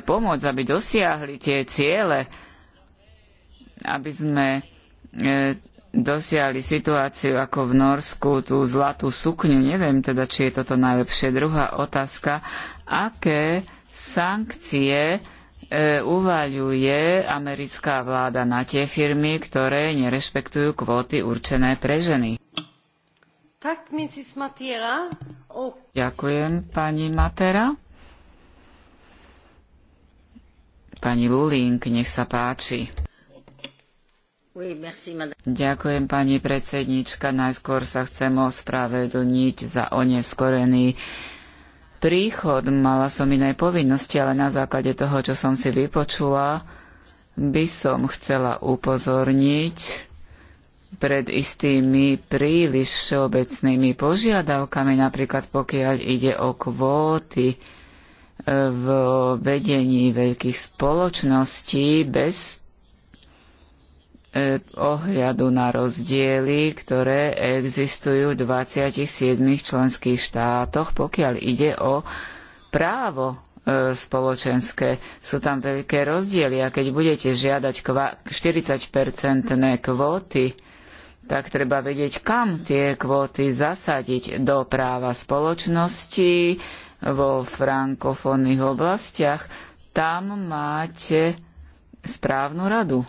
pomôcť, aby dosiahli tie ciele, aby sme e, dosiahli situáciu ako v Norsku, tú zlatú sukňu. Neviem teda, či je toto najlepšie. Druhá otázka, aké sankcie e, uvaľuje americká vláda na tie firmy, ktoré nerešpektujú kvóty určené pre ženy. Tak, Ďakujem, pani Matera. Pani Lulink, nech sa páči. Ďakujem, pani predsednička. Najskôr sa chcem ospravedlniť za oneskorený príchod. Mala som iné povinnosti, ale na základe toho, čo som si vypočula, by som chcela upozorniť pred istými príliš všeobecnými požiadavkami, napríklad pokiaľ ide o kvóty v vedení veľkých spoločností bez e, ohľadu na rozdiely, ktoré existujú v 27 členských štátoch, pokiaľ ide o právo e, spoločenské. Sú tam veľké rozdiely a keď budete žiadať 40-percentné kvóty, tak treba vedieť, kam tie kvóty zasadiť do práva spoločnosti, vo frankofónnych oblastiach, tam máte správnu radu.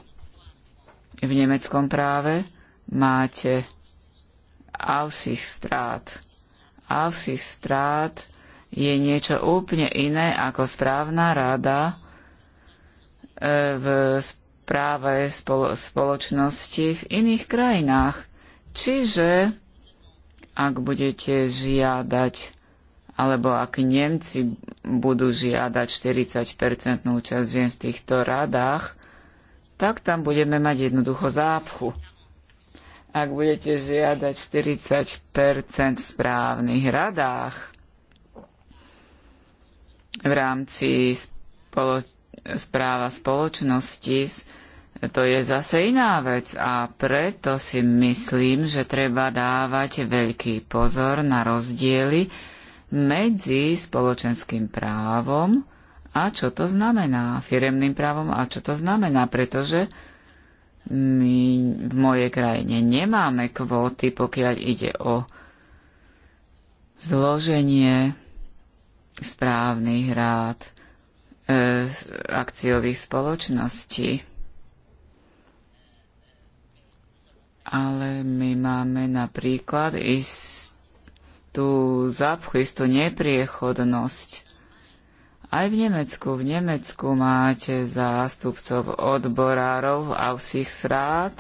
V nemeckom práve máte Aufsichtsrat. Aufsichtsrat je niečo úplne iné ako správna rada e, v práve spolo- spoločnosti v iných krajinách. Čiže ak budete žiadať alebo ak Nemci budú žiadať 40-percentnú účasť žien v týchto radách, tak tam budeme mať jednoducho zápchu. Ak budete žiadať 40% v správnych radách v rámci spolo- správa spoločnosti, to je zase iná vec a preto si myslím, že treba dávať veľký pozor na rozdiely, medzi spoločenským právom a čo to znamená, firemným právom a čo to znamená, pretože my v mojej krajine nemáme kvóty, pokiaľ ide o zloženie správnych rád e, akciových spoločností. Ale my máme napríklad ist tú zápchu, istú nepriechodnosť. Aj v Nemecku, v Nemecku máte zástupcov odborárov a vsich srát.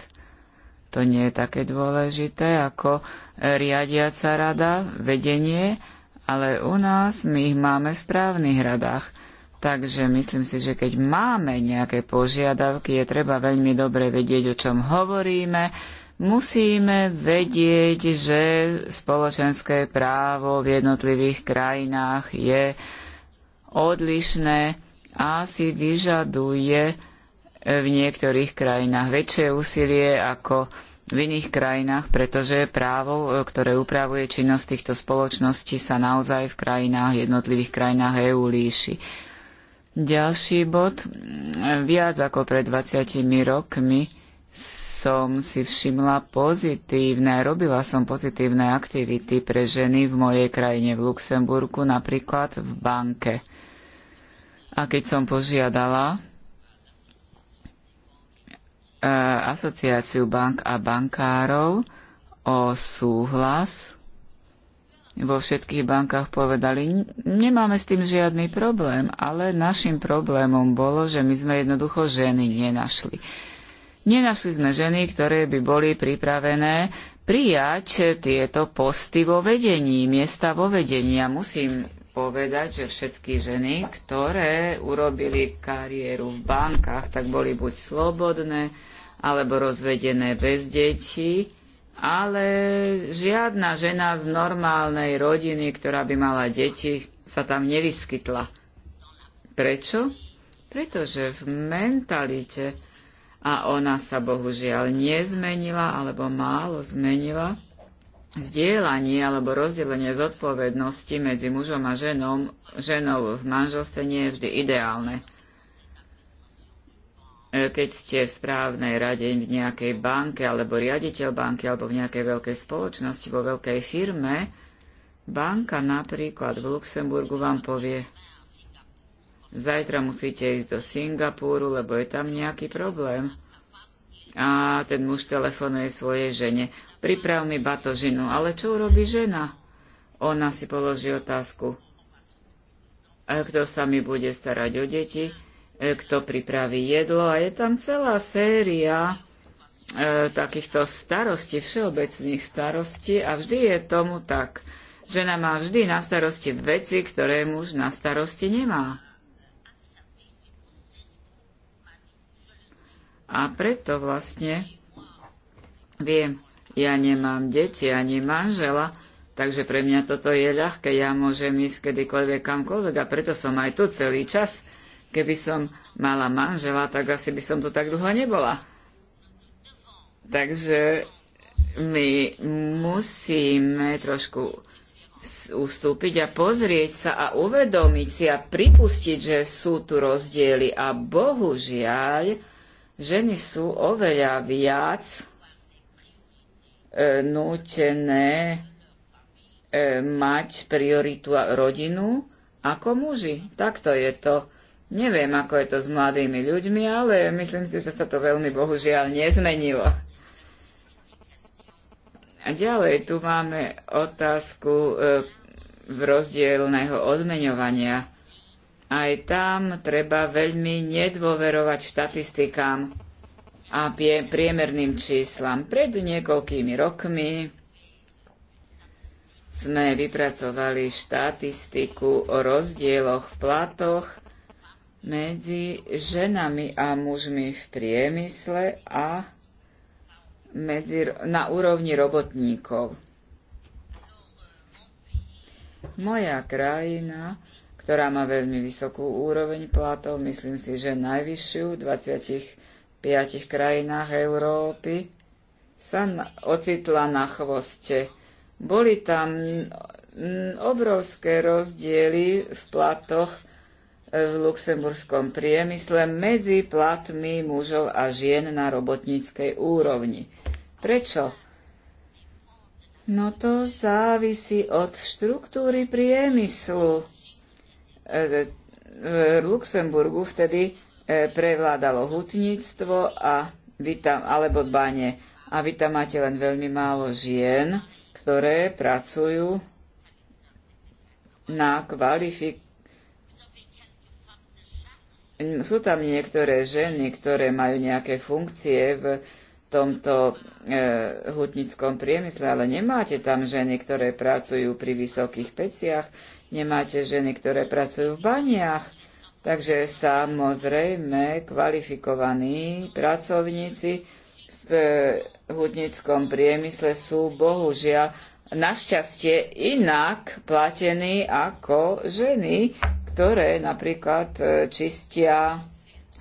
To nie je také dôležité ako riadiaca rada, vedenie, ale u nás my ich máme v správnych radách. Takže myslím si, že keď máme nejaké požiadavky, je treba veľmi dobre vedieť, o čom hovoríme, musíme vedieť, že spoločenské právo v jednotlivých krajinách je odlišné a si vyžaduje v niektorých krajinách väčšie úsilie ako v iných krajinách, pretože právo, ktoré upravuje činnosť týchto spoločností, sa naozaj v krajinách, jednotlivých krajinách EÚ líši. Ďalší bod. Viac ako pred 20 rokmi som si všimla pozitívne, robila som pozitívne aktivity pre ženy v mojej krajine v Luxemburgu, napríklad v banke. A keď som požiadala e, asociáciu bank a bankárov o súhlas, vo všetkých bankách povedali, nemáme s tým žiadny problém, ale našim problémom bolo, že my sme jednoducho ženy nenašli. Nenašli sme ženy, ktoré by boli pripravené prijať tieto posty vo vedení, miesta vo vedení. A musím povedať, že všetky ženy, ktoré urobili kariéru v bankách, tak boli buď slobodné, alebo rozvedené bez detí, ale žiadna žena z normálnej rodiny, ktorá by mala deti, sa tam nevyskytla. Prečo? Pretože v mentalite a ona sa bohužiaľ nezmenila alebo málo zmenila. Zdieľanie alebo rozdelenie zodpovednosti medzi mužom a ženom, ženou v manželstve nie je vždy ideálne. E, keď ste v správnej rade v nejakej banke alebo riaditeľ banky alebo v nejakej veľkej spoločnosti, vo veľkej firme, banka napríklad v Luxemburgu vám povie, zajtra musíte ísť do Singapúru, lebo je tam nejaký problém. A ten muž telefonuje svojej žene. Priprav mi batožinu. Ale čo urobí žena? Ona si položí otázku. A kto sa mi bude starať o deti? E, kto pripraví jedlo? A je tam celá séria e, takýchto starostí, všeobecných starostí. A vždy je tomu tak. Žena má vždy na starosti veci, ktoré muž na starosti nemá. A preto vlastne viem, ja nemám deti ani manžela, takže pre mňa toto je ľahké, ja môžem ísť kedykoľvek kamkoľvek a preto som aj tu celý čas. Keby som mala manžela, tak asi by som tu tak dlho nebola. Takže my musíme trošku ustúpiť a pozrieť sa a uvedomiť si a pripustiť, že sú tu rozdiely. A bohužiaľ, ženy sú oveľa viac e, nútené e, mať prioritu a rodinu ako muži. Takto je to. Neviem, ako je to s mladými ľuďmi, ale myslím si, že sa to veľmi bohužiaľ nezmenilo. A ďalej tu máme otázku e, v rozdielného odmeňovania. Aj tam treba veľmi nedôverovať štatistikám a priemerným číslam. Pred niekoľkými rokmi sme vypracovali štatistiku o rozdieloch v platoch medzi ženami a mužmi v priemysle a medzi, na úrovni robotníkov. Moja krajina ktorá má veľmi vysokú úroveň platov, myslím si, že najvyššiu v 25 krajinách Európy, sa ocitla na chvoste. Boli tam obrovské rozdiely v platoch e, v luxemburskom priemysle medzi platmi mužov a žien na robotníckej úrovni. Prečo? No to závisí od štruktúry priemyslu v Luxemburgu vtedy e, prevládalo hutníctvo a vy tam, alebo bane. A vy tam máte len veľmi málo žien, ktoré pracujú na kvalifik... Sú tam niektoré ženy, ktoré majú nejaké funkcie v tomto e, hutnickom priemysle, ale nemáte tam ženy, ktoré pracujú pri vysokých peciach, nemáte ženy, ktoré pracujú v baniach. Takže samozrejme kvalifikovaní pracovníci v hudnickom priemysle sú bohužiaľ našťastie inak platení ako ženy, ktoré napríklad e, čistia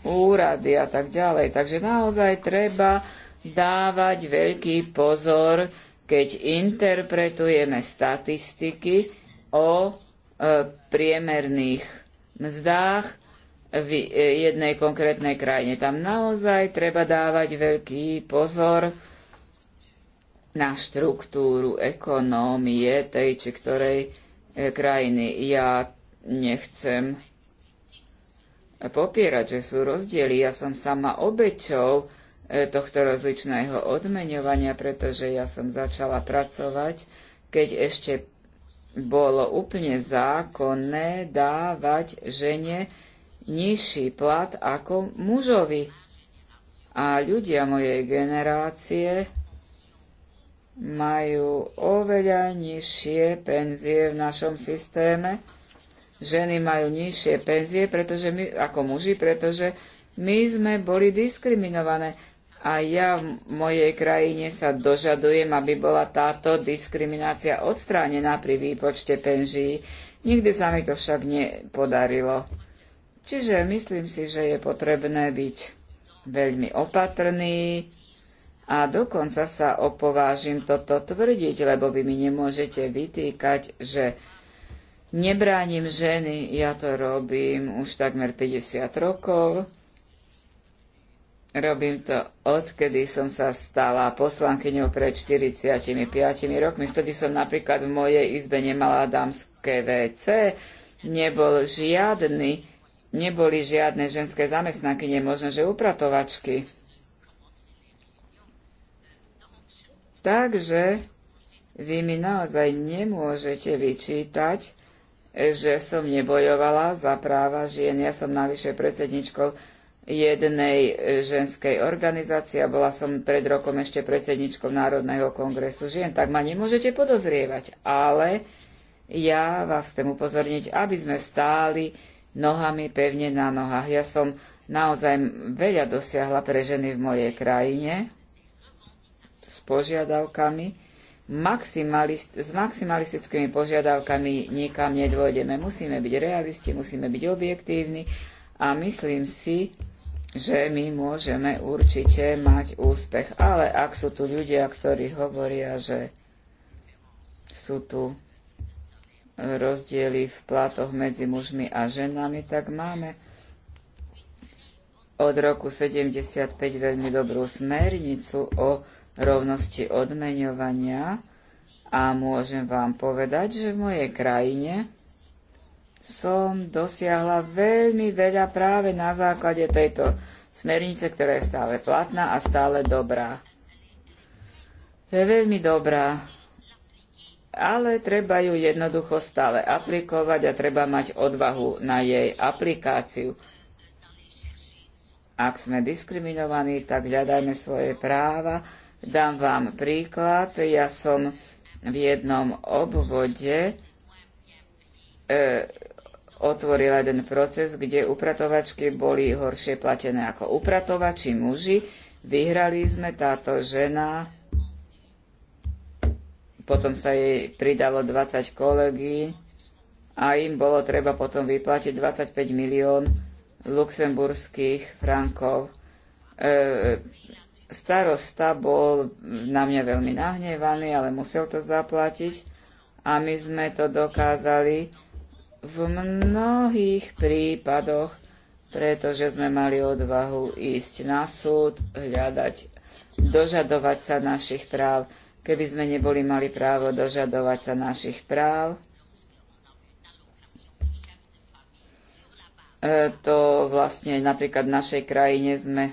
úrady a tak ďalej. Takže naozaj treba dávať veľký pozor, keď interpretujeme statistiky o E, priemerných mzdách v e, jednej konkrétnej krajine. Tam naozaj treba dávať veľký pozor na štruktúru ekonómie tej či ktorej e, krajiny. Ja nechcem popierať, že sú rozdiely. Ja som sama obeťou tohto rozličného odmeňovania, pretože ja som začala pracovať, keď ešte bolo úplne zákonné dávať žene nižší plat ako mužovi. A ľudia mojej generácie majú oveľa nižšie penzie v našom systéme. Ženy majú nižšie penzie, pretože my, ako muži, pretože my sme boli diskriminované. A ja v mojej krajine sa dožadujem, aby bola táto diskriminácia odstránená pri výpočte penžií. Nikdy sa mi to však nepodarilo. Čiže myslím si, že je potrebné byť veľmi opatrný a dokonca sa opovážim toto tvrdiť, lebo vy mi nemôžete vytýkať, že nebránim ženy, ja to robím už takmer 50 rokov Robím to odkedy som sa stala poslankyňou pred 45 rokmi. Vtedy som napríklad v mojej izbe nemala dámske WC, nebol žiadny, neboli žiadne ženské zamestnanky, možno, že upratovačky. Takže vy mi naozaj nemôžete vyčítať, že som nebojovala za práva žien. Ja som navyše predsedničkou jednej e, ženskej organizácie a bola som pred rokom ešte predsedničkou Národného kongresu žien, tak ma nemôžete podozrievať. Ale ja vás chcem upozorniť, aby sme stáli nohami pevne na nohách. Ja som naozaj veľa dosiahla pre ženy v mojej krajine s požiadavkami. Maximalist, s maximalistickými požiadavkami nikam nedôjdeme. Musíme byť realisti, musíme byť objektívni a myslím si, že my môžeme určite mať úspech. Ale ak sú tu ľudia, ktorí hovoria, že sú tu rozdiely v platoch medzi mužmi a ženami, tak máme od roku 75 veľmi dobrú smernicu o rovnosti odmeňovania a môžem vám povedať, že v mojej krajine som dosiahla veľmi veľa práve na základe tejto smernice, ktorá je stále platná a stále dobrá. Je veľmi dobrá, ale treba ju jednoducho stále aplikovať a treba mať odvahu na jej aplikáciu. Ak sme diskriminovaní, tak hľadajme svoje práva. Dám vám príklad. Ja som v jednom obvode e, otvorila jeden proces, kde upratovačky boli horšie platené ako upratovači muži. Vyhrali sme táto žena, potom sa jej pridalo 20 kolegy a im bolo treba potom vyplatiť 25 milión luxemburských frankov. E, starosta bol na mňa veľmi nahnevaný, ale musel to zaplatiť a my sme to dokázali v mnohých prípadoch, pretože sme mali odvahu ísť na súd, hľadať, dožadovať sa našich práv. Keby sme neboli mali právo dožadovať sa našich práv, e, to vlastne napríklad v našej krajine sme,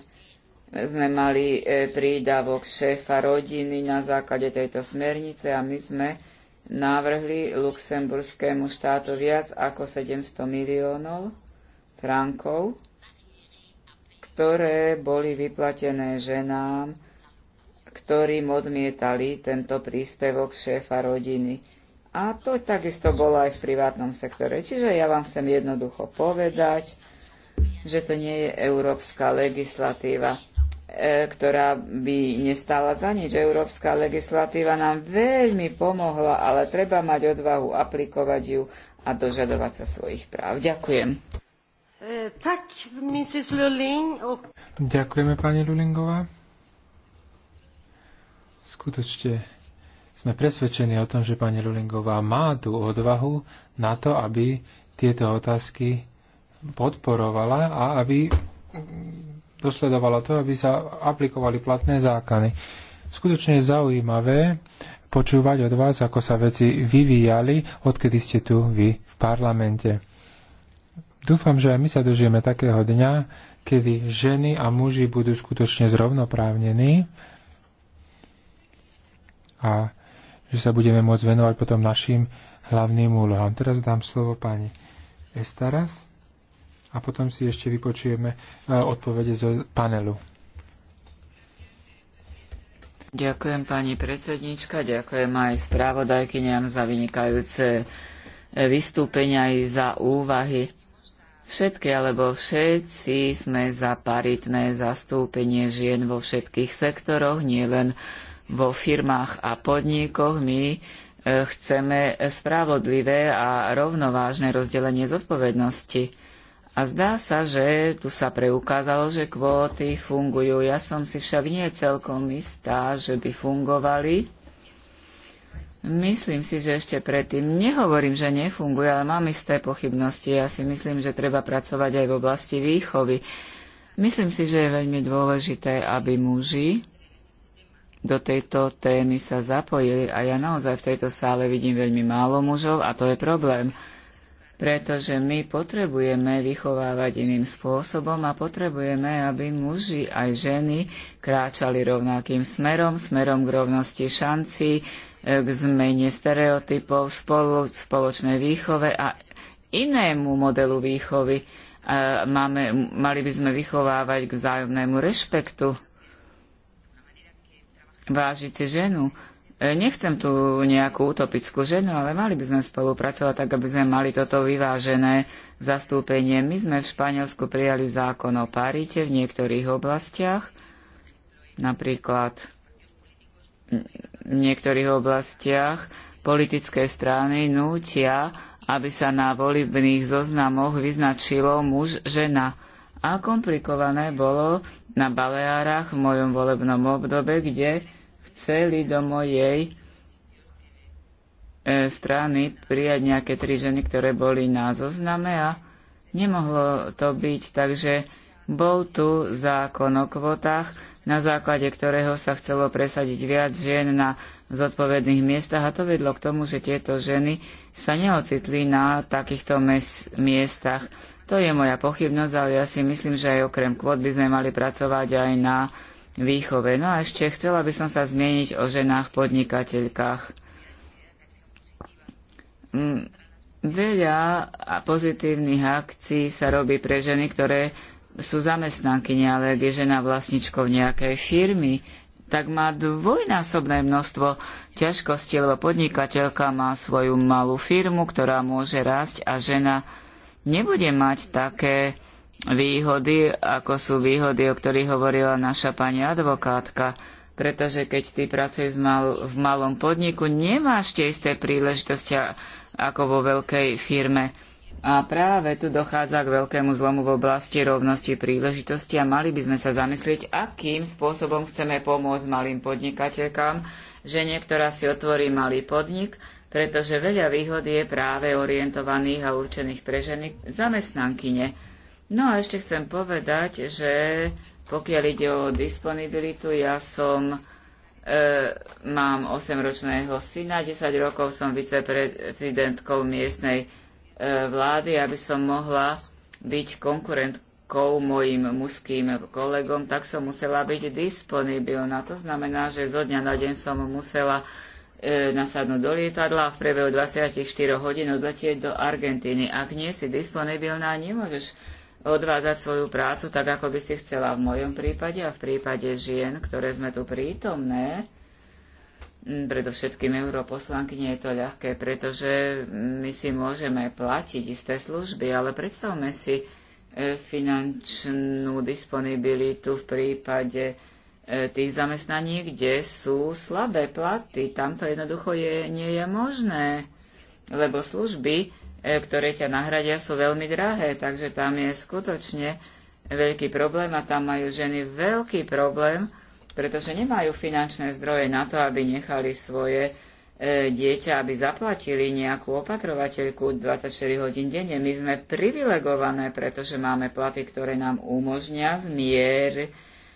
sme mali e, prídavok šéfa rodiny na základe tejto smernice a my sme navrhli luxemburskému štátu viac ako 700 miliónov frankov, ktoré boli vyplatené ženám, ktorým odmietali tento príspevok šéfa rodiny. A to takisto bolo aj v privátnom sektore. Čiže ja vám chcem jednoducho povedať, že to nie je európska legislatíva. E, ktorá by nestála za nič. Európska legislatíva nám veľmi pomohla, ale treba mať odvahu aplikovať ju a dožadovať sa svojich práv. Ďakujem. E, Ďakujeme, pani Lulingová. Skutočne sme presvedčení o tom, že pani Lulingová má tú odvahu na to, aby tieto otázky podporovala a aby dosledovala to, aby sa aplikovali platné zákony. Skutočne je zaujímavé počúvať od vás, ako sa veci vyvíjali, odkedy ste tu vy v parlamente. Dúfam, že aj my sa dožijeme takého dňa, kedy ženy a muži budú skutočne zrovnoprávnení a že sa budeme môcť venovať potom našim hlavným úlohám. Teraz dám slovo pani Estaras a potom si ešte vypočujeme e, odpovede z panelu. Ďakujem pani predsednička, ďakujem aj správodajkyniam za vynikajúce e, vystúpenia aj za úvahy. Všetky alebo všetci sme za paritné zastúpenie žien vo všetkých sektoroch, nielen vo firmách a podnikoch. My e, chceme spravodlivé a rovnovážne rozdelenie zodpovednosti a zdá sa, že tu sa preukázalo, že kvóty fungujú. Ja som si však nie celkom istá, že by fungovali. Myslím si, že ešte predtým nehovorím, že nefunguje, ale mám isté pochybnosti. Ja si myslím, že treba pracovať aj v oblasti výchovy. Myslím si, že je veľmi dôležité, aby muži do tejto témy sa zapojili a ja naozaj v tejto sále vidím veľmi málo mužov a to je problém pretože my potrebujeme vychovávať iným spôsobom a potrebujeme, aby muži aj ženy kráčali rovnakým smerom, smerom k rovnosti šanci, e, k zmene stereotypov, spolu, spoločnej výchove a inému modelu výchovy. E, máme, mali by sme vychovávať k vzájomnému rešpektu, vážiť si ženu Nechcem tu nejakú utopickú ženu, ale mali by sme spolupracovať tak, aby sme mali toto vyvážené zastúpenie. My sme v Španielsku prijali zákon o parite v niektorých oblastiach, napríklad v niektorých oblastiach politické strany nútia, aby sa na volebných zoznamoch vyznačilo muž, žena. A komplikované bolo na Baleárach v mojom volebnom obdobe, kde chceli do mojej e, strany prijať nejaké tri ženy, ktoré boli na zozname a nemohlo to byť, takže bol tu zákon o kvotách, na základe ktorého sa chcelo presadiť viac žien na zodpovedných miestach a to vedlo k tomu, že tieto ženy sa neocitli na takýchto mes- miestach. To je moja pochybnosť, ale ja si myslím, že aj okrem kvót by sme mali pracovať aj na výchove. No a ešte chcela by som sa zmieniť o ženách podnikateľkách. Mm, veľa pozitívnych akcií sa robí pre ženy, ktoré sú zamestnankyne, ale ak je žena vlastničkou nejakej firmy, tak má dvojnásobné množstvo ťažkostí, lebo podnikateľka má svoju malú firmu, ktorá môže rásť a žena nebude mať také výhody, ako sú výhody, o ktorých hovorila naša pani advokátka. Pretože keď ty pracuješ mal, v malom podniku, nemáš tie isté príležitosti ako vo veľkej firme. A práve tu dochádza k veľkému zlomu v oblasti rovnosti príležitosti a mali by sme sa zamyslieť, akým spôsobom chceme pomôcť malým podnikateľkám, že niektorá si otvorí malý podnik, pretože veľa výhod je práve orientovaných a určených pre ženy zamestnankyne. No a ešte chcem povedať, že pokiaľ ide o disponibilitu, ja som, e, mám 8-ročného syna, 10 rokov som viceprezidentkou miestnej e, vlády, aby som mohla byť konkurentkou mojim mužským kolegom, tak som musela byť disponibilná. To znamená, že zo dňa na deň som musela e, nasadnúť do lietadla a v priebehu 24 hodín odletieť do Argentíny. Ak nie si disponibilná, nemôžeš odvádzať svoju prácu tak, ako by si chcela v mojom prípade a v prípade žien, ktoré sme tu prítomné, mm, predovšetkým nie je to ľahké, pretože my si môžeme platiť isté služby, ale predstavme si e, finančnú disponibilitu v prípade e, tých zamestnaní, kde sú slabé platy. Tam to jednoducho je, nie je možné, lebo služby E, ktoré ťa nahradia, sú veľmi drahé, takže tam je skutočne veľký problém a tam majú ženy veľký problém, pretože nemajú finančné zdroje na to, aby nechali svoje e, dieťa, aby zaplatili nejakú opatrovateľku 24 hodín denne. My sme privilegované, pretože máme platy, ktoré nám umožnia zmier, e,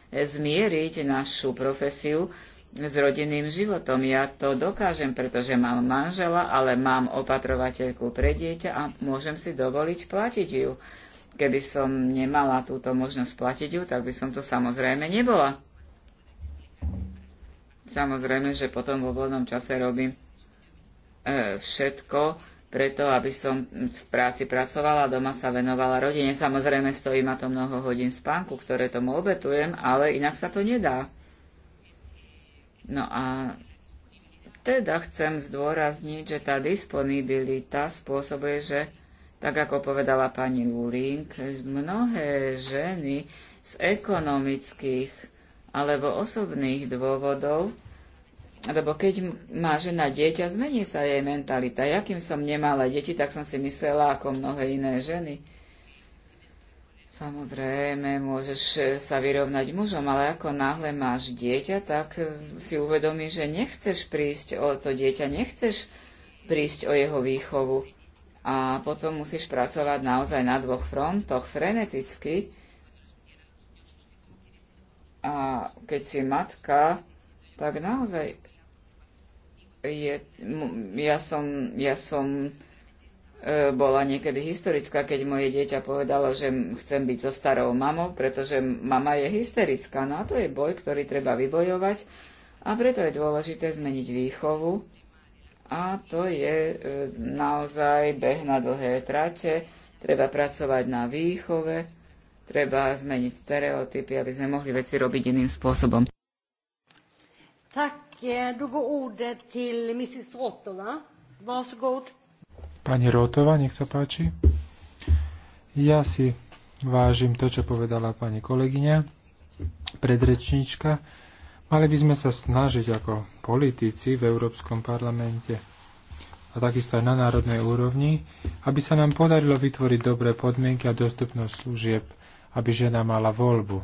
zmieriť našu profesiu s rodinným životom. Ja to dokážem, pretože mám manžela, ale mám opatrovateľku pre dieťa a môžem si dovoliť platiť ju. Keby som nemala túto možnosť platiť ju, tak by som to samozrejme nebola. Samozrejme, že potom vo voľnom čase robím e, všetko preto, aby som v práci pracovala, doma sa venovala rodine. Samozrejme, stojí ma to mnoho hodín spánku, ktoré tomu obetujem, ale inak sa to nedá. No a teda chcem zdôrazniť, že tá disponibilita spôsobuje, že tak ako povedala pani Lulink, mnohé ženy z ekonomických alebo osobných dôvodov, lebo keď má žena dieťa, zmení sa jej mentalita. Ja kým som nemala deti, tak som si myslela ako mnohé iné ženy, Samozrejme, môžeš eh, sa vyrovnať mužom, ale ako náhle máš dieťa, tak si uvedomí, že nechceš prísť o to dieťa, nechceš prísť o jeho výchovu. A potom musíš pracovať naozaj na dvoch frontoch, freneticky. A keď si matka, tak naozaj je, ja som, ja som bola niekedy historická, keď moje dieťa povedalo, že chcem byť so starou mamou, pretože mama je hysterická. No a to je boj, ktorý treba vybojovať a preto je dôležité zmeniť výchovu. A to je e, naozaj beh na dlhé trate, treba pracovať na výchove, treba zmeniť stereotypy, aby sme mohli veci robiť iným spôsobom. Tak, ja dugo ordet till Mrs Rotova. Varsågod. Pani Rótova, nech sa páči. Ja si vážim to, čo povedala pani kolegyňa, predrečníčka. Mali by sme sa snažiť ako politici v Európskom parlamente a takisto aj na národnej úrovni, aby sa nám podarilo vytvoriť dobré podmienky a dostupnosť služieb, aby žena mala voľbu.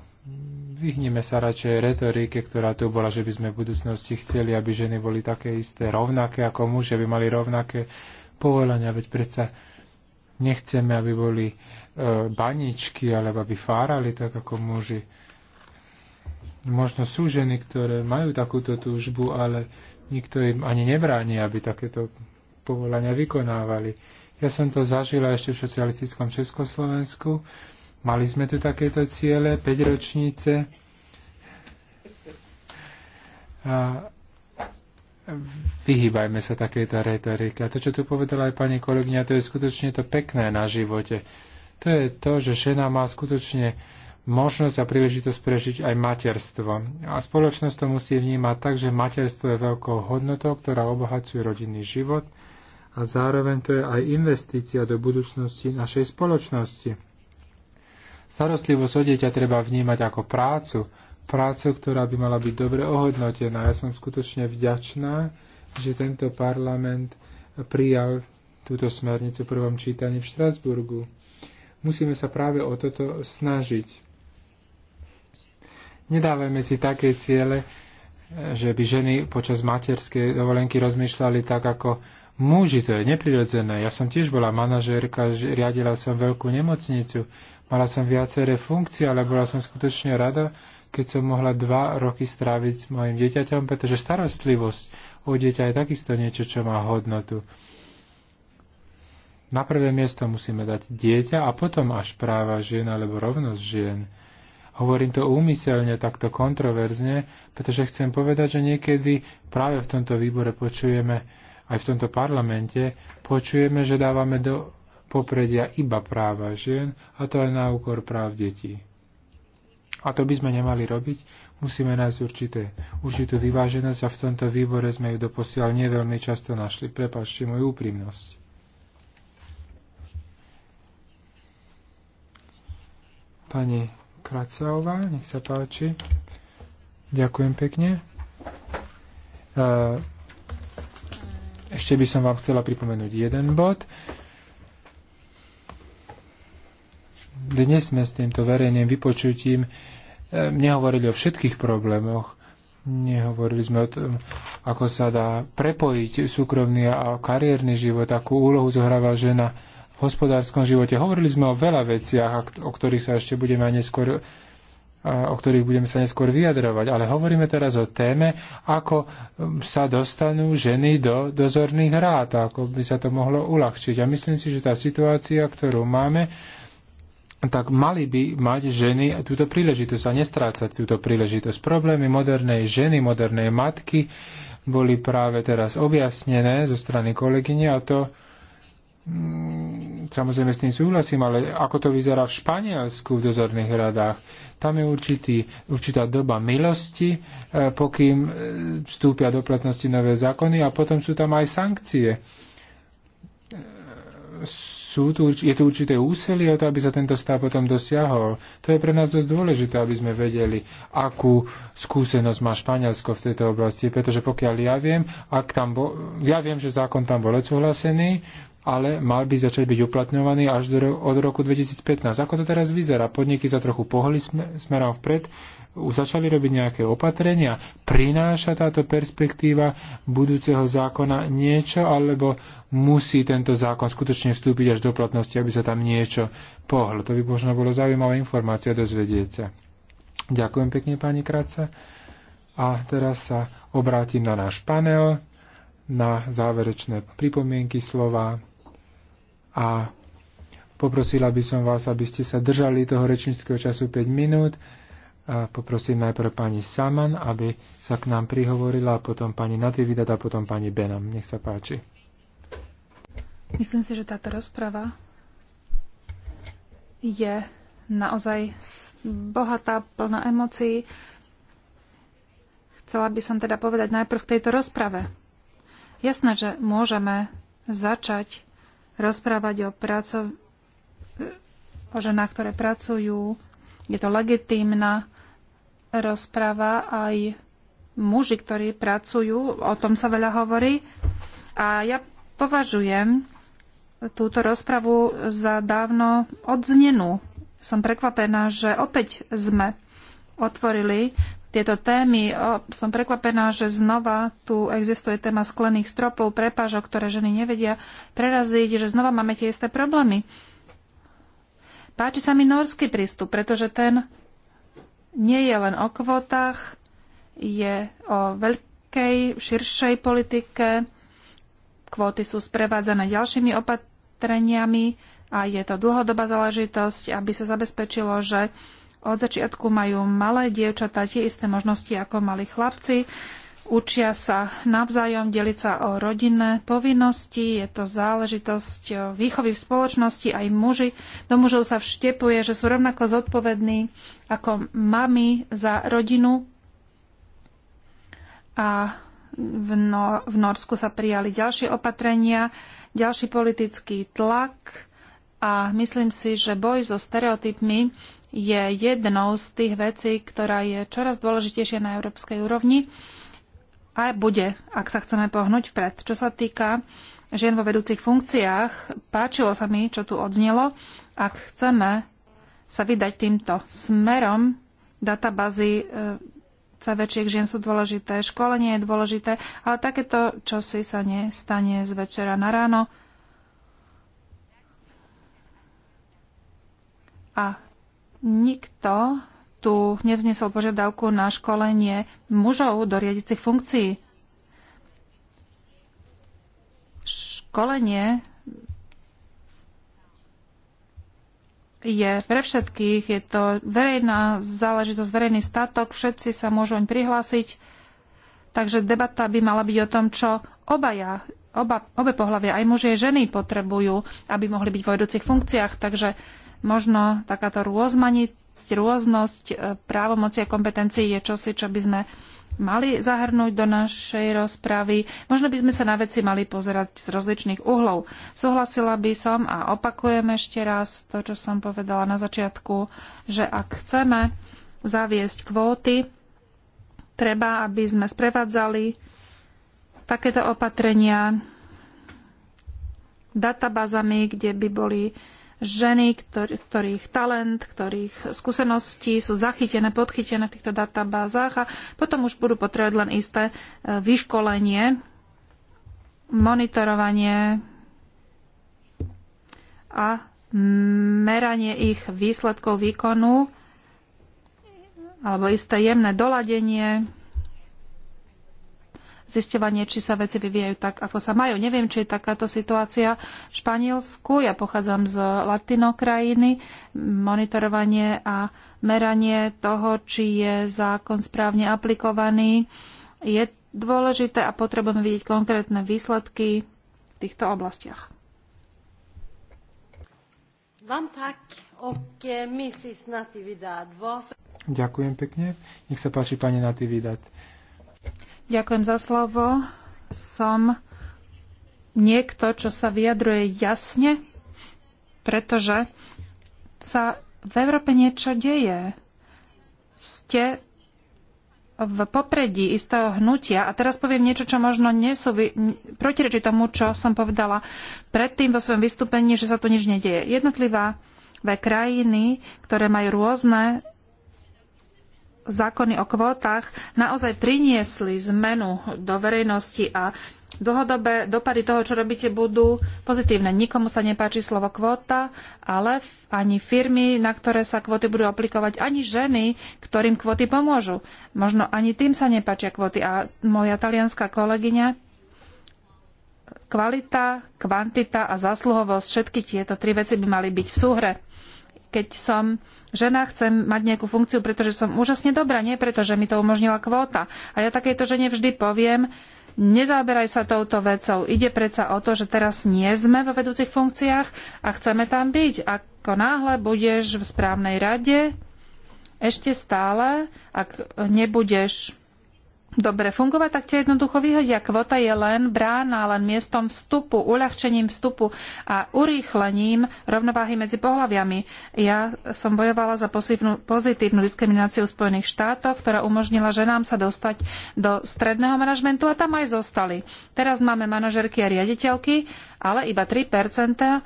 Vyhneme sa radšej retorike, ktorá tu bola, že by sme v budúcnosti chceli, aby ženy boli také isté, rovnaké ako muži, aby mali rovnaké povolania, veď predsa nechceme, aby boli e, baničky alebo aby fárali tak ako muži. Možno sú ženy, ktoré majú takúto túžbu, ale nikto im ani nebráni, aby takéto povolania vykonávali. Ja som to zažila ešte v socialistickom Československu. Mali sme tu takéto ciele, 5 ročnice. A vyhýbajme sa takéto retorike. A to, čo tu povedala aj pani kolegyňa, to je skutočne to pekné na živote. To je to, že žena má skutočne možnosť a príležitosť prežiť aj materstvo. A spoločnosť to musí vnímať tak, že materstvo je veľkou hodnotou, ktorá obohacuje rodinný život a zároveň to je aj investícia do budúcnosti našej spoločnosti. Starostlivosť o dieťa treba vnímať ako prácu, prácu, ktorá by mala byť dobre ohodnotená. Ja som skutočne vďačná, že tento parlament prijal túto smernicu v prvom čítaní v Štrasburgu. Musíme sa práve o toto snažiť. Nedávajme si také ciele, že by ženy počas materskej dovolenky rozmýšľali tak ako muži, to je neprirodzené. Ja som tiež bola manažérka, riadila som veľkú nemocnicu, mala som viaceré funkcie, ale bola som skutočne rada, keď som mohla dva roky stráviť s mojim dieťaťom, pretože starostlivosť o dieťa je takisto niečo, čo má hodnotu. Na prvé miesto musíme dať dieťa a potom až práva žien alebo rovnosť žien. Hovorím to úmyselne, takto kontroverzne, pretože chcem povedať, že niekedy práve v tomto výbore počujeme, aj v tomto parlamente, počujeme, že dávame do popredia iba práva žien a to aj na úkor práv detí. A to by sme nemali robiť. Musíme nájsť určité, určitú vyváženosť a v tomto výbore sme ju doposiaľ neveľmi často našli. Prepačte moju úprimnosť. Pani Kracová, nech sa páči. Ďakujem pekne. E, ešte by som vám chcela pripomenúť jeden bod. dnes sme s týmto verejným vypočutím ehm, nehovorili o všetkých problémoch, nehovorili sme o tom, ako sa dá prepojiť súkromný a kariérny život, akú úlohu zohráva žena v hospodárskom živote. Hovorili sme o veľa veciach, o ktorých sa ešte budeme aj neskôr o ktorých budeme sa neskôr vyjadrovať, ale hovoríme teraz o téme, ako ehm, sa dostanú ženy do dozorných rád, ako by sa to mohlo uľahčiť. A myslím si, že tá situácia, ktorú máme, tak mali by mať ženy túto príležitosť a nestrácať túto príležitosť. Problémy modernej ženy, modernej matky boli práve teraz objasnené zo strany kolegyne a to mm, samozrejme s tým súhlasím, ale ako to vyzerá v Španielsku v dozorných radách, tam je určitý, určitá doba milosti, e, pokým e, vstúpia do platnosti nové zákony a potom sú tam aj sankcie sú tu, je tu určité úsilie o to, aby sa tento stav potom dosiahol. To je pre nás dosť dôležité, aby sme vedeli, akú skúsenosť má Španielsko v tejto oblasti, pretože pokiaľ ja viem, ak tam bol, ja viem, že zákon tam bol odsúhlasený, ale mal by začať byť uplatňovaný až do, od roku 2015. Ako to teraz vyzerá? Podniky sa trochu pohli smerom vpred, začali robiť nejaké opatrenia? Prináša táto perspektíva budúceho zákona niečo, alebo musí tento zákon skutočne vstúpiť až do platnosti, aby sa tam niečo pohlo? To by možno bolo zaujímavá informácia dozvedieť sa. Ďakujem pekne, pani Kratca. A teraz sa obrátim na náš panel, na záverečné pripomienky slova a Poprosila by som vás, aby ste sa držali toho rečníckého času 5 minút. Poprosím najprv pani Saman, aby sa k nám prihovorila, a potom pani Natividad a potom pani Benam. Nech sa páči. Myslím si, že táto rozprava je naozaj bohatá, plná emócií. Chcela by som teda povedať najprv k tejto rozprave. Jasné, že môžeme začať rozprávať o, pracov... o ženách, ktoré pracujú. Je to legitímna rozpráva aj muži, ktorí pracujú, o tom sa veľa hovorí. A ja považujem túto rozpravu za dávno odznenú. Som prekvapená, že opäť sme otvorili tieto témy. Som prekvapená, že znova tu existuje téma sklených stropov, prepážok, ktoré ženy nevedia preraziť, že znova máme tie isté problémy. Páči sa mi norský prístup, pretože ten nie je len o kvótach, je o veľkej, širšej politike. Kvóty sú sprevádzané ďalšími opatreniami a je to dlhodobá záležitosť, aby sa zabezpečilo, že od začiatku majú malé dievčatá tie isté možnosti ako mali chlapci Učia sa navzájom deliť sa o rodinné povinnosti, je to záležitosť eh, výchovy v spoločnosti, aj muži. Do mužov sa vštepuje, že sú rovnako zodpovední ako mami za rodinu. A v, no- v Norsku sa prijali ďalšie opatrenia, ďalší politický tlak a myslím si, že boj so stereotypmi je jednou z tých vecí, ktorá je čoraz dôležitejšia na európskej úrovni a bude, ak sa chceme pohnúť vpred. Čo sa týka žien vo vedúcich funkciách, páčilo sa mi, čo tu odznelo. Ak chceme sa vydať týmto smerom, databázy e, sa väčšiek žien sú dôležité, školenie je dôležité, ale takéto čosi sa nestane z večera na ráno. A nikto tu nevznesol požiadavku na školenie mužov do riadicich funkcií. Školenie je pre všetkých, je to verejná záležitosť, verejný statok, všetci sa môžu oň prihlásiť. Takže debata by mala byť o tom, čo obaja, oba, obe pohľavia, aj muži, aj ženy potrebujú, aby mohli byť v vojdúcich funkciách. Takže možno takáto rôzmanit rôznosť e, právomoci a kompetencií je čosi, čo by sme mali zahrnúť do našej rozpravy. Možno by sme sa na veci mali pozerať z rozličných uhlov. Súhlasila by som a opakujem ešte raz to, čo som povedala na začiatku, že ak chceme zaviesť kvóty, treba, aby sme sprevádzali takéto opatrenia databázami, kde by boli ženy, ktorý, ktorých talent, ktorých skúsenosti sú zachytené, podchytené v týchto databázach a potom už budú potrebovať len isté e, vyškolenie, monitorovanie a meranie ich výsledkov výkonu alebo isté jemné doladenie zistovanie, či sa veci vyvíjajú tak, ako sa majú. Neviem, či je takáto situácia v Španielsku. Ja pochádzam z latinokrajiny. Monitorovanie a meranie toho, či je zákon správne aplikovaný, je dôležité a potrebujeme vidieť konkrétne výsledky v týchto oblastiach. Ďakujem pekne. Nech sa páči, pani Natividad. Ďakujem za slovo. Som niekto, čo sa vyjadruje jasne, pretože sa v Európe niečo deje. Ste v popredí istého hnutia a teraz poviem niečo, čo možno nesúvi, protirečí tomu, čo som povedala predtým vo svojom vystúpení, že sa tu nič nedeje. Jednotlivá krajiny, ktoré majú rôzne zákony o kvótach naozaj priniesli zmenu do verejnosti a dlhodobé dopady toho, čo robíte, budú pozitívne. Nikomu sa nepáči slovo kvóta, ale ani firmy, na ktoré sa kvóty budú aplikovať, ani ženy, ktorým kvóty pomôžu. Možno ani tým sa nepáčia kvóty. A moja talianská kolegyňa, kvalita, kvantita a zásluhovosť, všetky tieto tri veci by mali byť v súhre keď som žena, chcem mať nejakú funkciu, pretože som úžasne dobrá, nie preto, že mi to umožnila kvóta. A ja takejto žene vždy poviem, nezáberaj sa touto vecou. Ide predsa o to, že teraz nie sme vo vedúcich funkciách a chceme tam byť. Ako náhle budeš v správnej rade, ešte stále, ak nebudeš dobre fungovať, tak ťa jednoducho vyhodia. Kvota je len brána, len miestom vstupu, uľahčením vstupu a urýchlením rovnováhy medzi pohľaviami. Ja som bojovala za pozitívnu diskrimináciu v Spojených štátoch, ktorá umožnila ženám sa dostať do stredného manažmentu a tam aj zostali. Teraz máme manažerky a riaditeľky, ale iba 3% eh,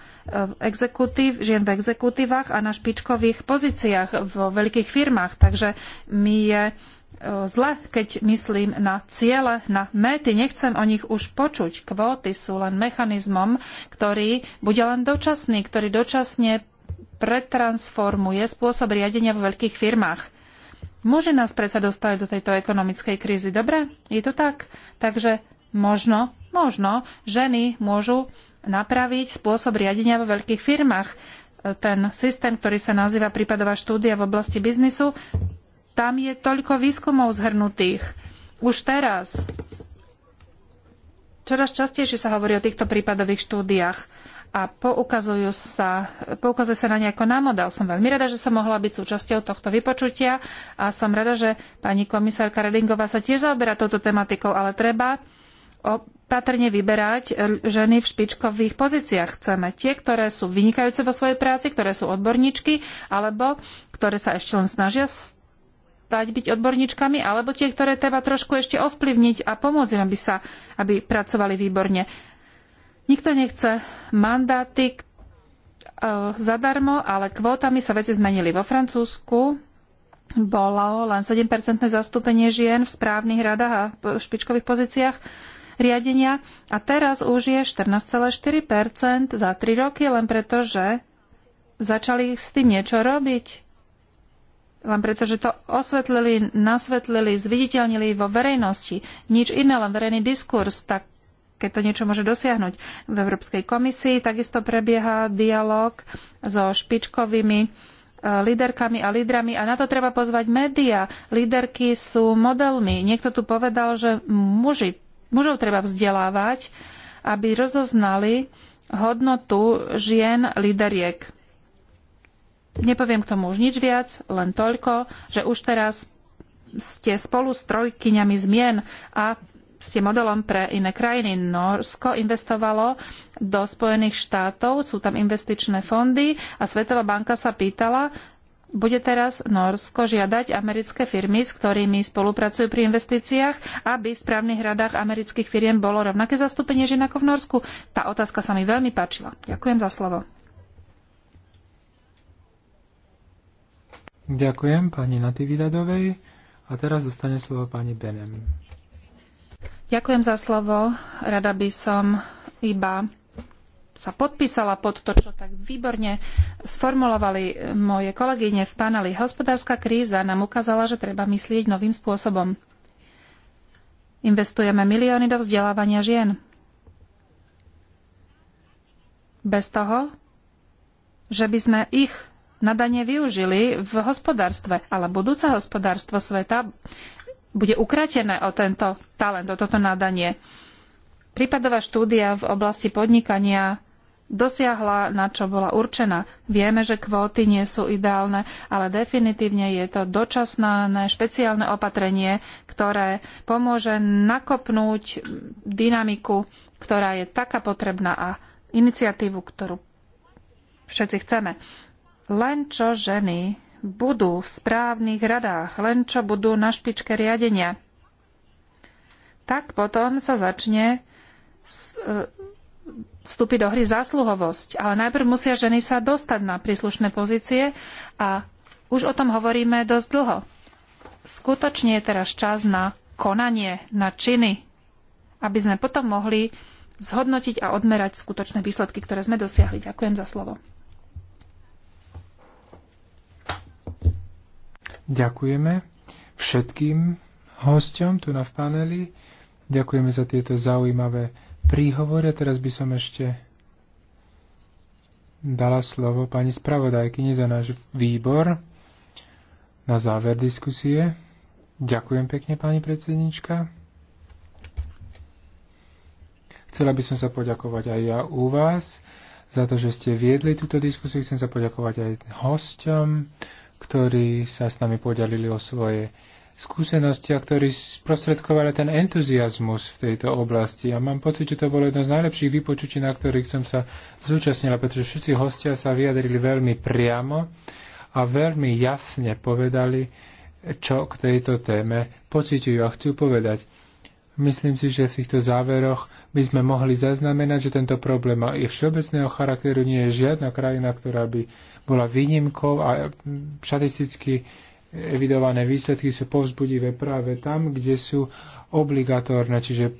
exekutív, žien v exekutívach a na špičkových pozíciách vo veľkých firmách. Takže my je E, zle, keď myslím na ciele, na méty. Nechcem o nich už počuť. Kvóty sú len mechanizmom, ktorý bude len dočasný, ktorý dočasne pretransformuje spôsob riadenia vo veľkých firmách. Môže nás predsa dostať do tejto ekonomickej krízy, dobre? Je to tak? Takže možno, možno ženy môžu napraviť spôsob riadenia vo veľkých firmách. E, ten systém, ktorý sa nazýva prípadová štúdia v oblasti biznisu, tam je toľko výskumov zhrnutých. Už teraz. Čoraz častejšie sa hovorí o týchto prípadových štúdiách a poukazujú sa, poukazuje sa na ne ako na model. Som veľmi rada, že som mohla byť súčasťou tohto vypočutia a som rada, že pani komisárka Redingová sa tiež zaoberá touto tematikou, ale treba opatrne vyberať ženy v špičkových pozíciách. Chceme tie, ktoré sú vynikajúce vo svojej práci, ktoré sú odborníčky, alebo ktoré sa ešte len snažia stať byť odborníčkami, alebo tie, ktoré treba trošku ešte ovplyvniť a pomôcť im, aby, sa, aby pracovali výborne. Nikto nechce mandáty e, zadarmo, ale kvótami sa veci zmenili vo Francúzsku. Bolo len 7-percentné zastúpenie žien v správnych radách a špičkových pozíciách riadenia a teraz už je 14,4% za 3 roky, len preto, že začali s tým niečo robiť len preto, že to osvetlili, nasvetlili, zviditeľnili vo verejnosti. Nič iné, len verejný diskurs, tak keď to niečo môže dosiahnuť. V Európskej komisii takisto prebieha dialog so špičkovými e, líderkami a lídrami a na to treba pozvať médiá. Líderky sú modelmi. Niekto tu povedal, že muži, mužov treba vzdelávať, aby rozoznali hodnotu žien líderiek. Nepoviem k tomu už nič viac, len toľko, že už teraz ste spolu s trojkyňami zmien a ste modelom pre iné krajiny. Norsko investovalo do Spojených štátov, sú tam investičné fondy a Svetová banka sa pýtala, bude teraz Norsko žiadať americké firmy, s ktorými spolupracujú pri investíciách, aby v správnych radách amerických firiem bolo rovnaké zastúpenie žien ako v Norsku? Tá otázka sa mi veľmi páčila. Ďakujem za slovo. Ďakujem pani Natividadovej a teraz dostane slovo pani Benem. Ďakujem za slovo. Rada by som iba sa podpísala pod to, čo tak výborne sformulovali moje kolegyne v paneli. Hospodárska kríza nám ukázala, že treba myslieť novým spôsobom. Investujeme milióny do vzdelávania žien. Bez toho, že by sme ich nadanie využili v hospodárstve. Ale budúce hospodárstvo sveta bude ukratené o tento talent, o toto nadanie. Prípadová štúdia v oblasti podnikania dosiahla, na čo bola určená. Vieme, že kvóty nie sú ideálne, ale definitívne je to dočasné špeciálne opatrenie, ktoré pomôže nakopnúť dynamiku, ktorá je taká potrebná a iniciatívu, ktorú všetci chceme len čo ženy budú v správnych radách, len čo budú na špičke riadenia, tak potom sa začne e, vstúpiť do hry zásluhovosť. Ale najprv musia ženy sa dostať na príslušné pozície a už o tom hovoríme dosť dlho. Skutočne je teraz čas na konanie, na činy, aby sme potom mohli zhodnotiť a odmerať skutočné výsledky, ktoré sme dosiahli. Ďakujem za slovo. Ďakujeme všetkým hostom tu na v paneli. Ďakujeme za tieto zaujímavé príhovory. Teraz by som ešte dala slovo pani spravodajkyni za náš výbor na záver diskusie. Ďakujem pekne, pani predsednička. Chcela by som sa poďakovať aj ja u vás za to, že ste viedli túto diskusiu. Chcem sa poďakovať aj hostom ktorí sa s nami podelili o svoje skúsenosti a ktorí sprostredkovali ten entuziasmus v tejto oblasti. A mám pocit, že to bolo jedno z najlepších vypočutí, na ktorých som sa zúčastnila, pretože všetci hostia sa vyjadrili veľmi priamo a veľmi jasne povedali, čo k tejto téme pociťujú a chcú povedať. Myslím si, že v týchto záveroch by sme mohli zaznamenať, že tento problém je všeobecného charakteru, nie je žiadna krajina, ktorá by bola výnimkou a štatisticky evidované výsledky sú povzbudivé práve tam, kde sú obligatórne, čiže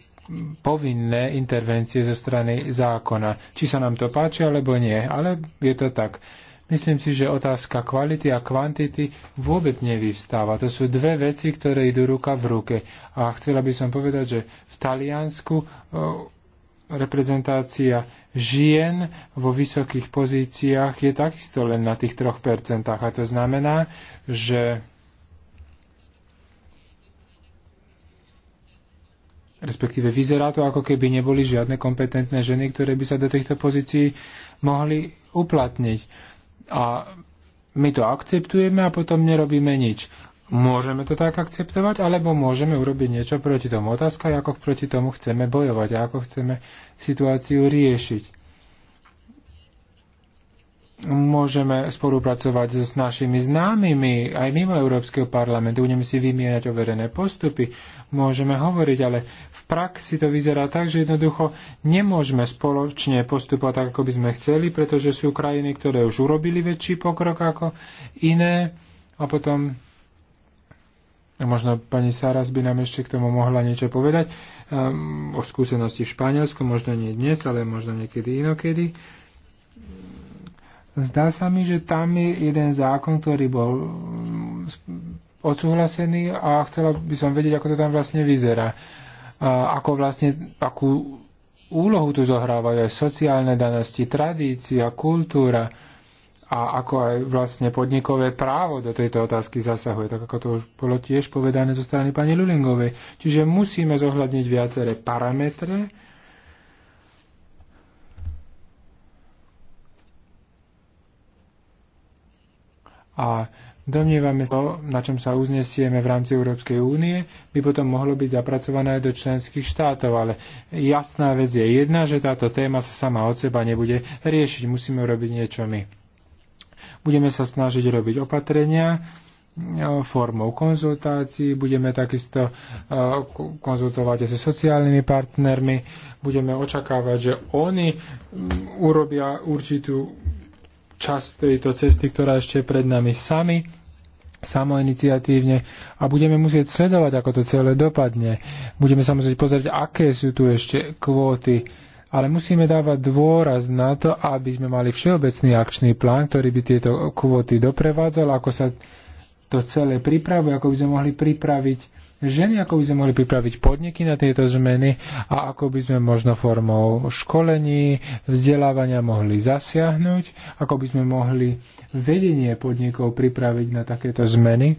povinné intervencie zo strany zákona. Či sa nám to páči alebo nie, ale je to tak. Myslím si, že otázka kvality a kvantity vôbec nevystáva. To sú dve veci, ktoré idú ruka v ruke. A chcela by som povedať, že v Taliansku reprezentácia žien vo vysokých pozíciách je takisto len na tých 3%. A to znamená, že respektíve vyzerá to, ako keby neboli žiadne kompetentné ženy, ktoré by sa do týchto pozícií mohli uplatniť. A my to akceptujeme a potom nerobíme nič. Môžeme to tak akceptovať, alebo môžeme urobiť niečo proti tomu. Otázka je, ako proti tomu chceme bojovať ako chceme situáciu riešiť. Môžeme spolupracovať s našimi známymi aj mimo Európskeho parlamentu, budeme si vymieňať overené postupy, môžeme hovoriť, ale v praxi to vyzerá tak, že jednoducho nemôžeme spoločne postupovať tak, ako by sme chceli, pretože sú krajiny, ktoré už urobili väčší pokrok ako iné a potom Možno pani Saras by nám ešte k tomu mohla niečo povedať um, o skúsenosti v Španielsku, možno nie dnes, ale možno niekedy inokedy. Zdá sa mi, že tam je jeden zákon, ktorý bol um, odsúhlasený a chcela by som vedieť, ako to tam vlastne vyzerá. A ako vlastne, akú úlohu tu zohrávajú aj sociálne danosti, tradícia, kultúra a ako aj vlastne podnikové právo do tejto otázky zasahuje, tak ako to už bolo tiež povedané zo strany pani Lulingovej. Čiže musíme zohľadniť viaceré parametre, A domnievame to, na čom sa uznesieme v rámci Európskej únie, by potom mohlo byť zapracované aj do členských štátov. Ale jasná vec je jedna, že táto téma sa sama od seba nebude riešiť. Musíme urobiť niečo my. Budeme sa snažiť robiť opatrenia e, formou konzultácií, budeme takisto e, konzultovať aj so sociálnymi partnermi, budeme očakávať, že oni urobia určitú časť tejto cesty, ktorá ešte je pred nami sami, samoiniciatívne a budeme musieť sledovať, ako to celé dopadne. Budeme sa musieť pozrieť, aké sú tu ešte kvóty, ale musíme dávať dôraz na to, aby sme mali všeobecný akčný plán, ktorý by tieto kvóty doprevádzal, ako sa to celé pripravuje, ako by sme mohli pripraviť ženy, ako by sme mohli pripraviť podniky na tieto zmeny a ako by sme možno formou školení, vzdelávania mohli zasiahnuť, ako by sme mohli vedenie podnikov pripraviť na takéto zmeny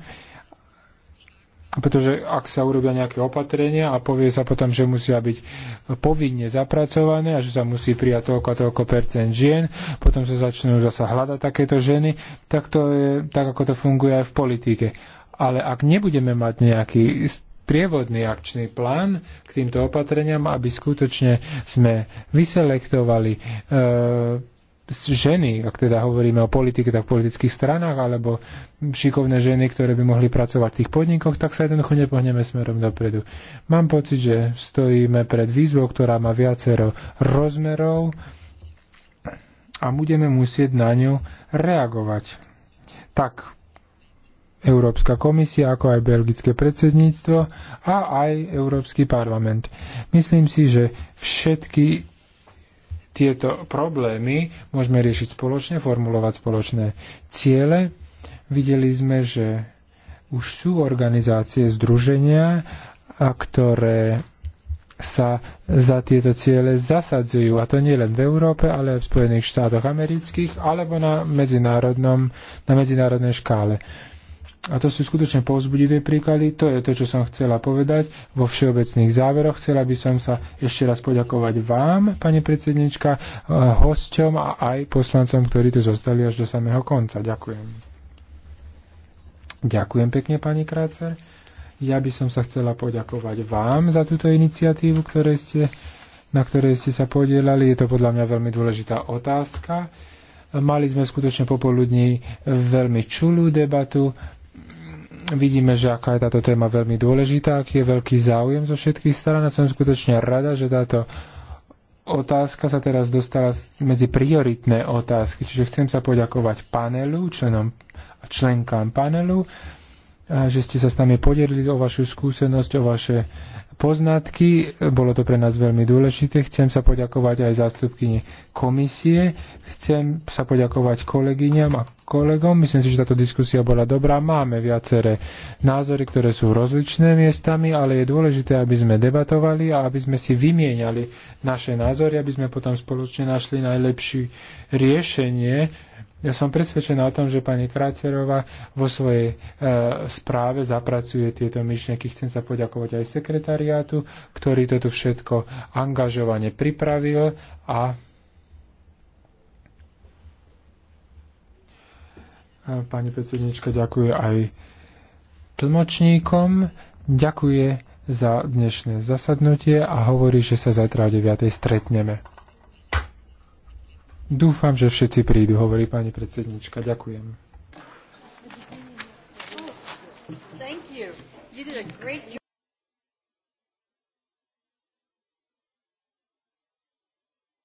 pretože ak sa urobia nejaké opatrenia a povie sa potom, že musia byť povinne zapracované a že sa musí prijať toľko a toľko percent žien, potom sa začnú zasa hľadať takéto ženy, tak to je tak, ako to funguje aj v politike. Ale ak nebudeme mať nejaký prievodný akčný plán k týmto opatreniam, aby skutočne sme vyselektovali e, ženy, ak teda hovoríme o politike, tak v politických stranách, alebo šikovné ženy, ktoré by mohli pracovať v tých podnikoch, tak sa jednoducho nepohneme smerom dopredu. Mám pocit, že stojíme pred výzvou, ktorá má viacero rozmerov a budeme musieť na ňu reagovať. Tak Európska komisia, ako aj belgické predsedníctvo a aj Európsky parlament. Myslím si, že všetky tieto problémy môžeme riešiť spoločne, formulovať spoločné ciele. Videli sme, že už sú organizácie, združenia, a ktoré sa za tieto ciele zasadzujú, a to nie len v Európe, ale aj v Spojených štátoch amerických, alebo na, medzinárodnom, na medzinárodnej škále. A to sú skutočne povzbudivé príklady, to je to, čo som chcela povedať. Vo všeobecných záveroch chcela by som sa ešte raz poďakovať vám, pani predsednička, eh, hosťom a aj poslancom, ktorí tu zostali až do samého konca. Ďakujem. Ďakujem pekne, pani Krácer. Ja by som sa chcela poďakovať vám za túto iniciatívu, ktoré ste, na ktorej ste sa podielali. Je to podľa mňa veľmi dôležitá otázka. Mali sme skutočne popoludní veľmi čulú debatu vidíme, že aká je táto téma veľmi dôležitá, aký je veľký záujem zo všetkých stran a som skutočne rada, že táto otázka sa teraz dostala medzi prioritné otázky. Čiže chcem sa poďakovať panelu, členom a členkám panelu, že ste sa s nami podelili o vašu skúsenosť, o vaše poznatky. Bolo to pre nás veľmi dôležité. Chcem sa poďakovať aj zástupkyni komisie. Chcem sa poďakovať kolegyňam a kolegom. Myslím si, že táto diskusia bola dobrá. Máme viaceré názory, ktoré sú rozličné miestami, ale je dôležité, aby sme debatovali a aby sme si vymieniali naše názory, aby sme potom spoločne našli najlepšie riešenie ja som presvedčená o tom, že pani Krácerová vo svojej e, správe zapracuje tieto myšlienky. Chcem sa poďakovať aj sekretariátu, ktorý toto všetko angažovane pripravil a e, Pani predsednička ďakuje aj tlmočníkom, ďakuje za dnešné zasadnutie a hovorí, že sa zajtra o 9. stretneme. Dúfam, že všetci prídu, hovorí pani predsednička. Ďakujem.